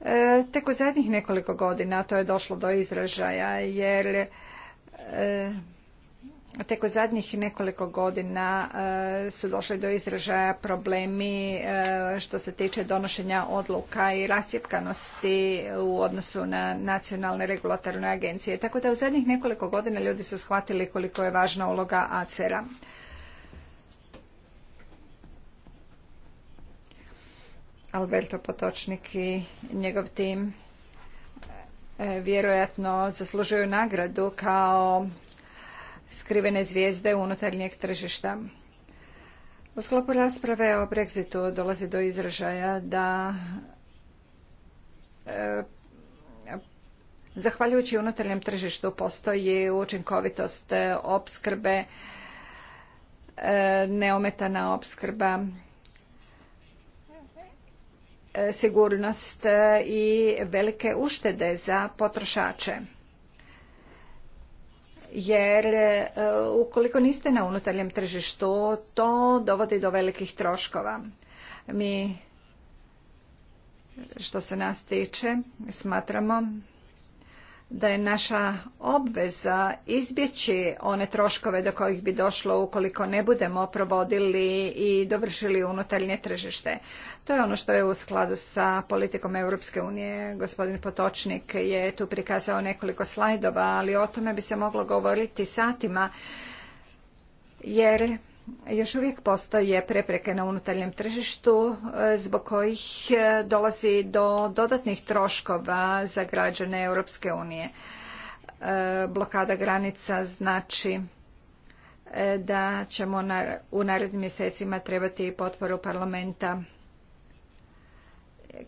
E, tek u zadnjih nekoliko godina to je došlo do izražaja jer e, tek u zadnjih nekoliko godina e, su došli do izražaja problemi e, što se tiče donošenja odluka i rascjepkanosti u odnosu na nacionalne regulatorne agencije. Tako da u zadnjih nekoliko godina ljudi su shvatili koliko je važna uloga ACER-a. Alberto Potočnik i njegov tim e, vjerojatno zaslužuju nagradu kao skrivene zvijezde unutarnjeg tržišta. U sklopu rasprave o Brexitu dolazi do izražaja da e, zahvaljujući unutarnjem tržištu postoji učinkovitost opskrbe, e, neometana opskrba, e, sigurnost i velike uštede za potrošače jer e, ukoliko niste na unutarnjem tržištu, to dovodi do velikih troškova. Mi, što se nas tiče, smatramo da je naša obveza izbjeći one troškove do kojih bi došlo ukoliko ne budemo provodili i dovršili unutarnje tržište. To je ono što je u skladu sa politikom Europske unije. Gospodin Potočnik je tu prikazao nekoliko slajdova, ali o tome bi se moglo govoriti satima jer još uvijek postoje prepreke na unutarnjem tržištu e, zbog kojih e, dolazi do dodatnih troškova za građane Europske unije. E, blokada granica znači da ćemo u narednim mjesecima trebati potporu parlamenta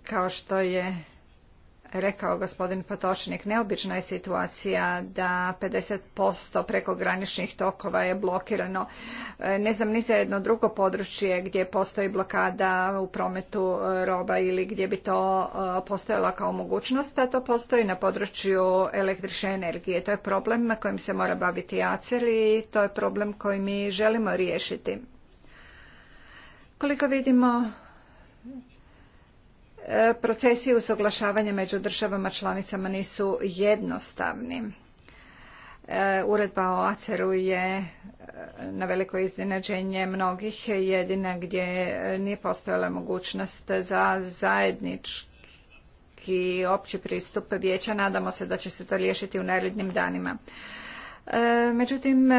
kao što je rekao gospodin Potočnik, neobična je situacija da 50% prekograničnih tokova je blokirano. E, ne znam ni za jedno drugo područje gdje postoji blokada u prometu e, roba ili gdje bi to e, postojala kao mogućnost, a to postoji na području električne energije. To je problem na kojim se mora baviti ACER i to je problem koji mi želimo riješiti. Koliko vidimo, procesi usoglašavanja među državama članicama nisu jednostavni. E, Uredba o ACER-u je e, na veliko iznenađenje mnogih jedina gdje nije postojala mogućnost za zajednički opći pristup vijeća. Nadamo se da će se to riješiti u narednim danima. E, međutim,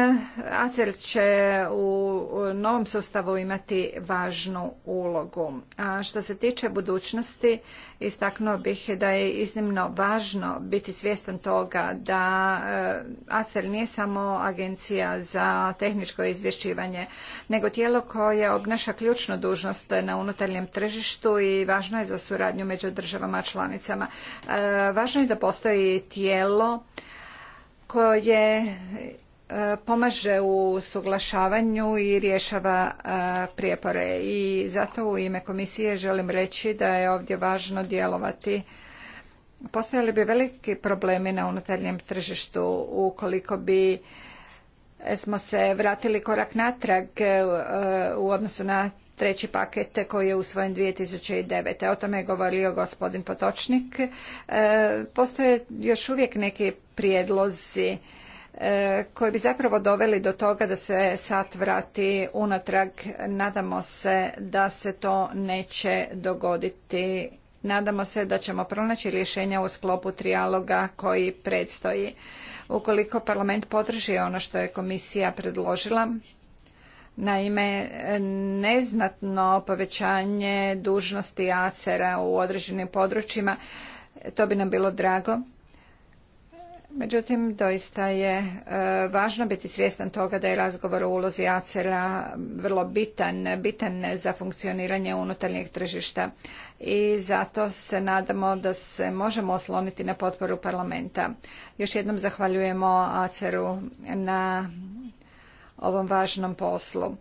ACER će u novom sustavu imati važnu ulogu. A što se tiče budućnosti, istaknuo bih da je iznimno važno biti svjestan toga da e, ACER nije samo agencija za tehničko izvješćivanje, nego tijelo koje obnaša ključnu dužnost na unutarnjem tržištu i važno je za suradnju među državama članicama. E, važno je da postoji tijelo koje e, pomaže u suglašavanju i rješava e, prijepore. I zato u ime komisije želim reći da je ovdje važno djelovati. Postojali bi veliki problemi na unutarnjem tržištu ukoliko bi e, smo se vratili korak natrag u odnosu na treći paket koji je usvojen 2009. O tome je govorio gospodin Potočnik. E, postoje još uvijek neki prijedlozi e, koji bi zapravo doveli do toga da se sat vrati unatrag. Nadamo se da se to neće dogoditi. Nadamo se da ćemo pronaći rješenja u sklopu trijaloga koji predstoji. Ukoliko parlament podrži ono što je komisija predložila, Naime, neznatno povećanje dužnosti acera u određenim područjima, to bi nam bilo drago. Međutim, doista je e, važno biti svjestan toga da je razgovor o ulozi ACER-a vrlo bitan, bitan za funkcioniranje unutarnjeg tržišta i zato se nadamo da se možemo osloniti na potporu parlamenta. Još jednom zahvaljujemo ACER-u na ovom važnom poslu.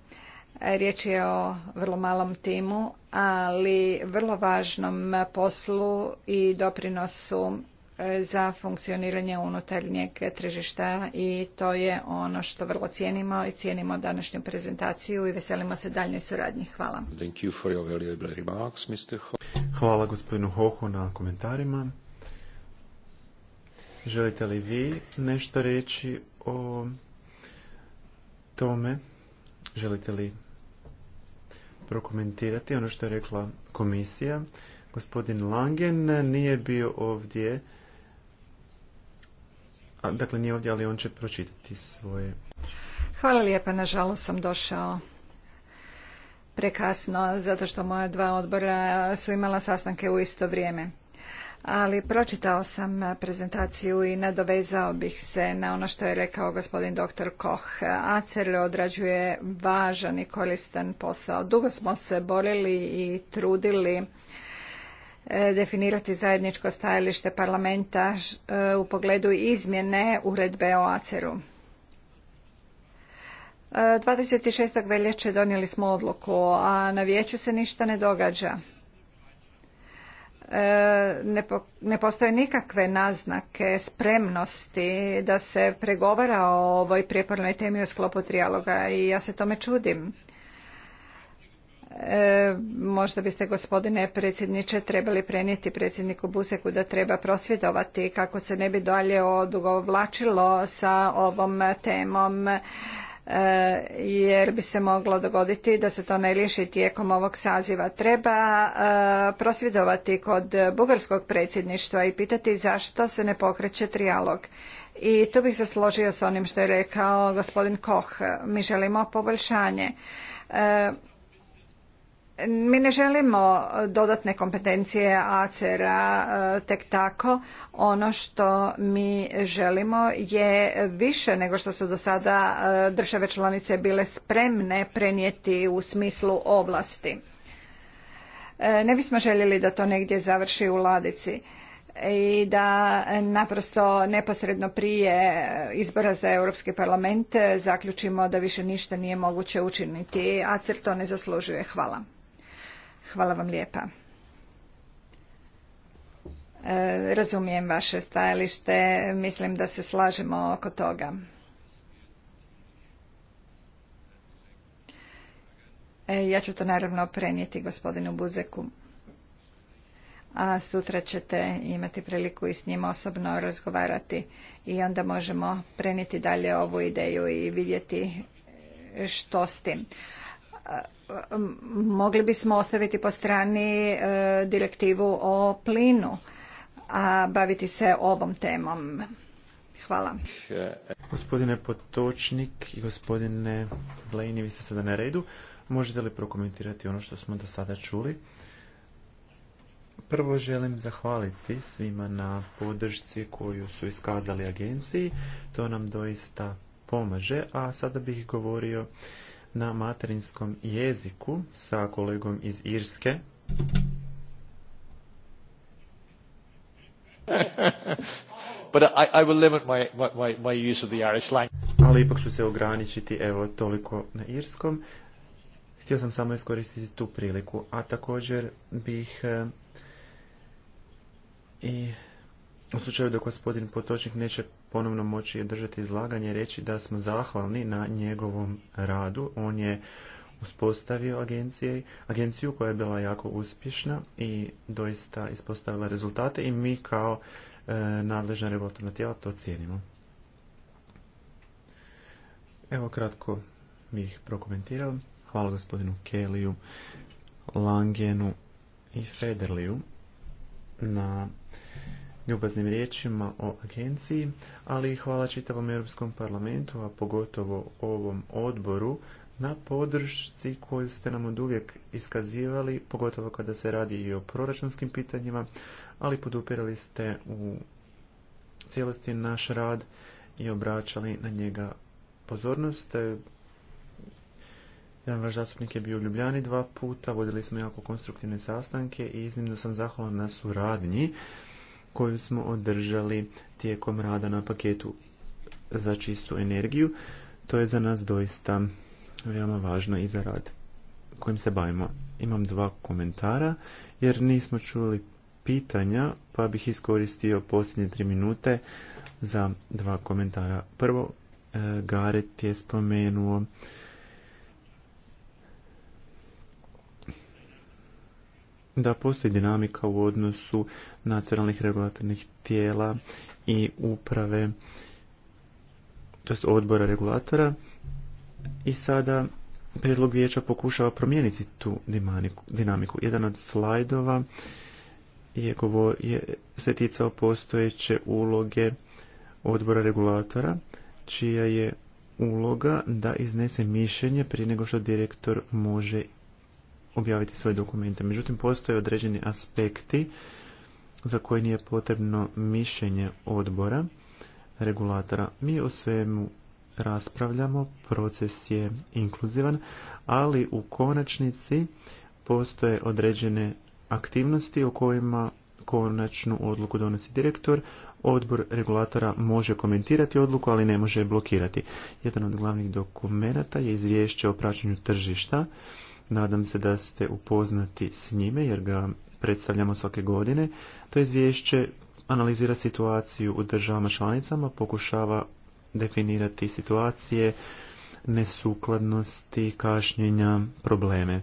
E, riječ je o vrlo malom timu, ali vrlo važnom poslu i doprinosu e, za funkcioniranje unutarnjeg tržišta i to je ono što vrlo cijenimo i cijenimo današnju prezentaciju i veselimo se daljnjoj suradnji. Hvala. Hvala gospodinu Hohu na komentarima. Želite li vi nešto reći o tome, želite li prokomentirati ono što je rekla komisija? Gospodin Langen nije bio ovdje, a, dakle nije ovdje, ali on će pročitati svoje. Hvala lijepa, nažalost sam došao prekasno, zato što moja dva odbora su imala sastanke u isto vrijeme ali pročitao sam prezentaciju i nadovezao bih se na ono što je rekao gospodin dr. Koch. ACER odrađuje važan i koristan posao. Dugo smo se borili i trudili e, definirati zajedničko stajalište parlamenta e, u pogledu izmjene uredbe o ACER-u. 26. E, veljače donijeli smo odluku, a na vijeću se ništa ne događa. E, ne postoje nikakve naznake spremnosti da se pregovara o ovoj prijepornoj temi u sklopu trijaloga i ja se tome čudim. E, možda biste gospodine predsjedniče trebali prenijeti predsjedniku Buseku da treba prosvjedovati kako se ne bi dalje odugovlačilo sa ovom temom. E, jer bi se moglo dogoditi da se to ne liješi tijekom ovog saziva. Treba e, prosvjedovati kod bugarskog predsjedništva i pitati zašto se ne pokreće trijalog. I tu bih se složio s onim što je rekao gospodin Koch. Mi želimo poboljšanje. E, mi ne želimo dodatne kompetencije ACR-a e, tek tako. Ono što mi želimo je više nego što su do sada e, države članice bile spremne prenijeti u smislu oblasti. E, ne bismo željeli da to negdje završi u ladici i da naprosto neposredno prije izbora za Europski parlament zaključimo da više ništa nije moguće učiniti. ACER to ne zaslužuje. Hvala. Hvala vam lijepa. E, razumijem vaše stajalište, mislim da se slažemo oko toga. E, ja ću to naravno prenijeti gospodinu Buzeku. A sutra ćete imati priliku i s njim osobno razgovarati i onda možemo prenijeti dalje ovu ideju i vidjeti što s tim mogli bismo ostaviti po strani e, direktivu o plinu, a baviti se ovom temom. Hvala. Gospodine Potočnik i gospodine Lejni, vi ste sada na redu. Možete li prokomentirati ono što smo do sada čuli? Prvo želim zahvaliti svima na podršci koju su iskazali agenciji. To nam doista pomaže, a sada bih govorio na materinskom jeziku sa kolegom iz Irske. But I, I will limit my, my, my use of the Irish language. Ali ipak ću se ograničiti, evo, toliko na irskom. Htio sam samo iskoristiti tu priliku, a također bih e, i u slučaju da gospodin Potočnik neće ponovno moći držati izlaganje i reći da smo zahvalni na njegovom radu. On je uspostavio agencije, agenciju koja je bila jako uspješna i doista ispostavila rezultate i mi kao e, nadležna regulatorna tijela to cijenimo. Evo kratko bih prokomentirao. Hvala gospodinu Keliju, Langenu i Federliju na ljubaznim riječima o agenciji, ali hvala čitavom Europskom parlamentu, a pogotovo ovom odboru, na podršci koju ste nam od uvijek iskazivali, pogotovo kada se radi i o proračunskim pitanjima, ali podupirali ste u cijelosti naš rad i obraćali na njega pozornost. Jedan vaš zastupnik je bio u Ljubljani dva puta, vodili smo jako konstruktivne sastanke i iznimno sam zahvalan na suradnji koju smo održali tijekom rada na paketu za čistu energiju. To je za nas doista veoma važno i za rad kojim se bavimo. Imam dva komentara jer nismo čuli pitanja pa bih iskoristio posljednje tri minute za dva komentara. Prvo, e, Garet je spomenuo da postoji dinamika u odnosu nacionalnih regulatornih tijela i uprave, to odbora regulatora i sada predlog vijeća pokušava promijeniti tu dinamiku. Jedan od slajdova je, je se ticao postojeće uloge odbora regulatora, čija je uloga da iznese mišljenje prije nego što direktor može objaviti svoje dokumente. Međutim, postoje određeni aspekti za koje nije potrebno mišljenje odbora, regulatora. Mi o svemu raspravljamo, proces je inkluzivan, ali u konačnici postoje određene aktivnosti o kojima konačnu odluku donosi direktor, odbor regulatora može komentirati odluku, ali ne može je blokirati. Jedan od glavnih dokumenata je izvješće o praćenju tržišta Nadam se da ste upoznati s njime jer ga predstavljamo svake godine. To izvješće analizira situaciju u državama članicama, pokušava definirati situacije, nesukladnosti, kašnjenja, probleme.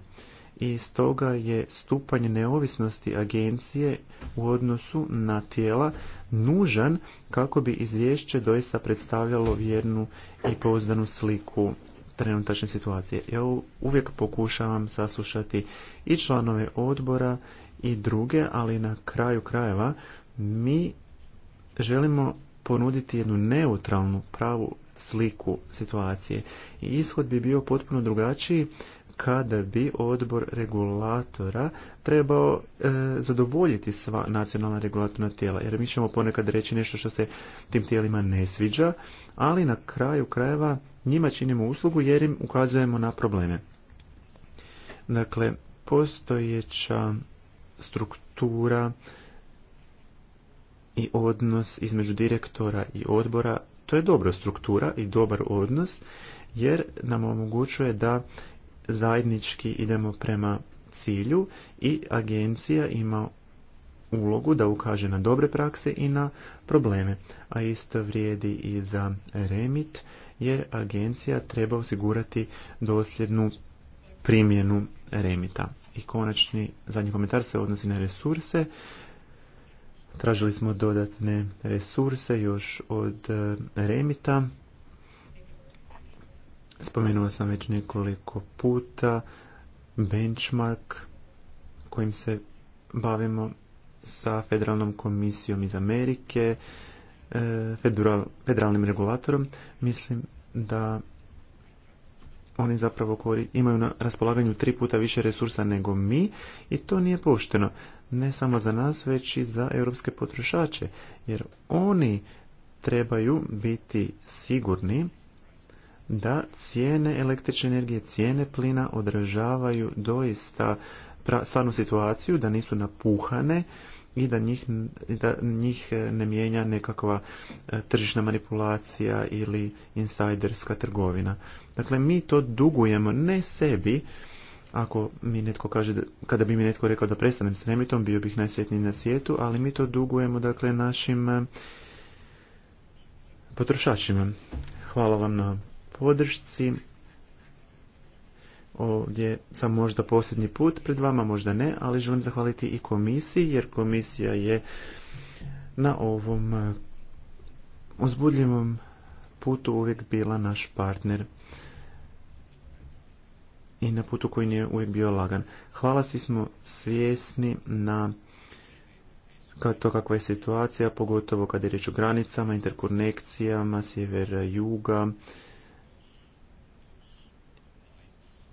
I stoga je stupanje neovisnosti agencije u odnosu na tijela nužan kako bi izvješće doista predstavljalo vjernu i pouzdanu sliku trenutačne situacije. Ja uvijek pokušavam saslušati i članove odbora i druge, ali na kraju krajeva mi želimo ponuditi jednu neutralnu pravu sliku situacije. I ishod bi bio potpuno drugačiji kada bi odbor regulatora trebao e, zadovoljiti sva nacionalna regulatorna tijela. Jer mi ćemo ponekad reći nešto što se tim tijelima ne sviđa, ali na kraju krajeva njima činimo uslugu jer im ukazujemo na probleme. Dakle, postojeća struktura i odnos između direktora i odbora, to je dobra struktura i dobar odnos jer nam omogućuje da zajednički idemo prema cilju i agencija ima ulogu da ukaže na dobre prakse i na probleme, a isto vrijedi i za remit jer agencija treba osigurati dosljednu primjenu remita. I konačni zadnji komentar se odnosi na resurse. Tražili smo dodatne resurse još od eh, remita Spomenuo sam već nekoliko puta benchmark kojim se bavimo sa Federalnom komisijom iz Amerike, e, federalnim regulatorom. Mislim da oni zapravo kori, imaju na raspolaganju tri puta više resursa nego mi i to nije pošteno. Ne samo za nas, već i za europske potrošače. Jer oni trebaju biti sigurni da cijene električne energije, cijene plina odražavaju doista stvarnu situaciju, da nisu napuhane i da njih, da njih e, ne mijenja nekakva e, tržišna manipulacija ili insajderska trgovina. Dakle, mi to dugujemo ne sebi, ako mi netko kaže, kada bi mi netko rekao da prestanem s remitom, bio bih najsjetniji na svijetu, ali mi to dugujemo dakle našim e, potrošačima. Hvala vam na podršci. Ovdje sam možda posljednji put pred vama, možda ne, ali želim zahvaliti i komisiji, jer komisija je na ovom eh, uzbudljivom putu uvijek bila naš partner i na putu koji nije uvijek bio lagan. Hvala svi smo svjesni na to kakva je situacija, pogotovo kad je riječ o granicama, interkonekcijama, sjever-juga,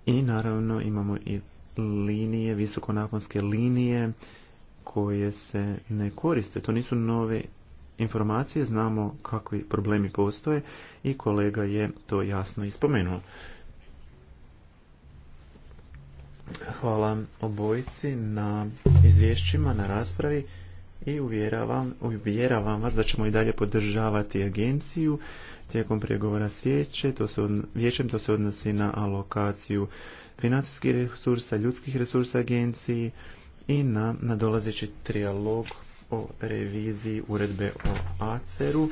I naravno imamo i linije, visokonaponske linije koje se ne koriste. To nisu nove informacije, znamo kakvi problemi postoje i kolega je to jasno ispomenuo. Hvala obojici na izvješćima, na raspravi i uvjeravam, uvjeravam vas da ćemo i dalje podržavati agenciju tijekom pregovora s vijećem, to se odnosi na alokaciju financijskih resursa, ljudskih resursa agenciji i na nadolazeći trijalog o reviziji uredbe o ACER-u,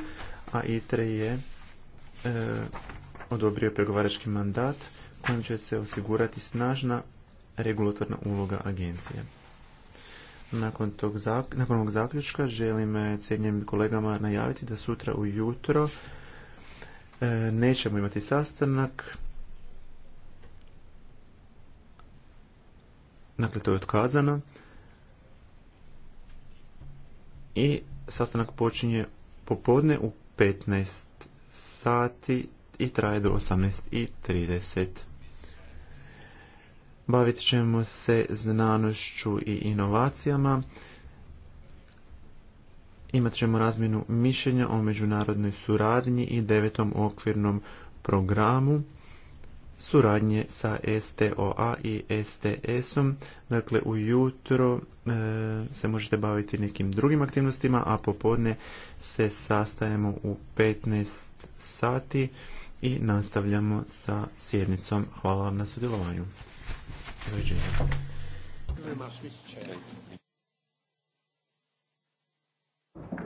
a ITRE je e, odobrio pregovarački mandat kojim će se osigurati snažna regulatorna uloga agencije. Nakon, tog, nakon ovog zaključka želim e, cijenjenim kolegama najaviti da sutra ujutro E, nećemo imati sastanak. Dakle, to je otkazano. I sastanak počinje popodne u 15 sati i traje do 18.30. Bavit ćemo se znanošću i inovacijama. Imat ćemo razmjenu mišljenja o međunarodnoj suradnji i devetom okvirnom programu suradnje sa STOA i STS-om. Dakle, ujutro e, se možete baviti nekim drugim aktivnostima, a popodne se sastajemo u 15 sati i nastavljamo sa sjednicom. Hvala vam na sudjelovanju. Hvala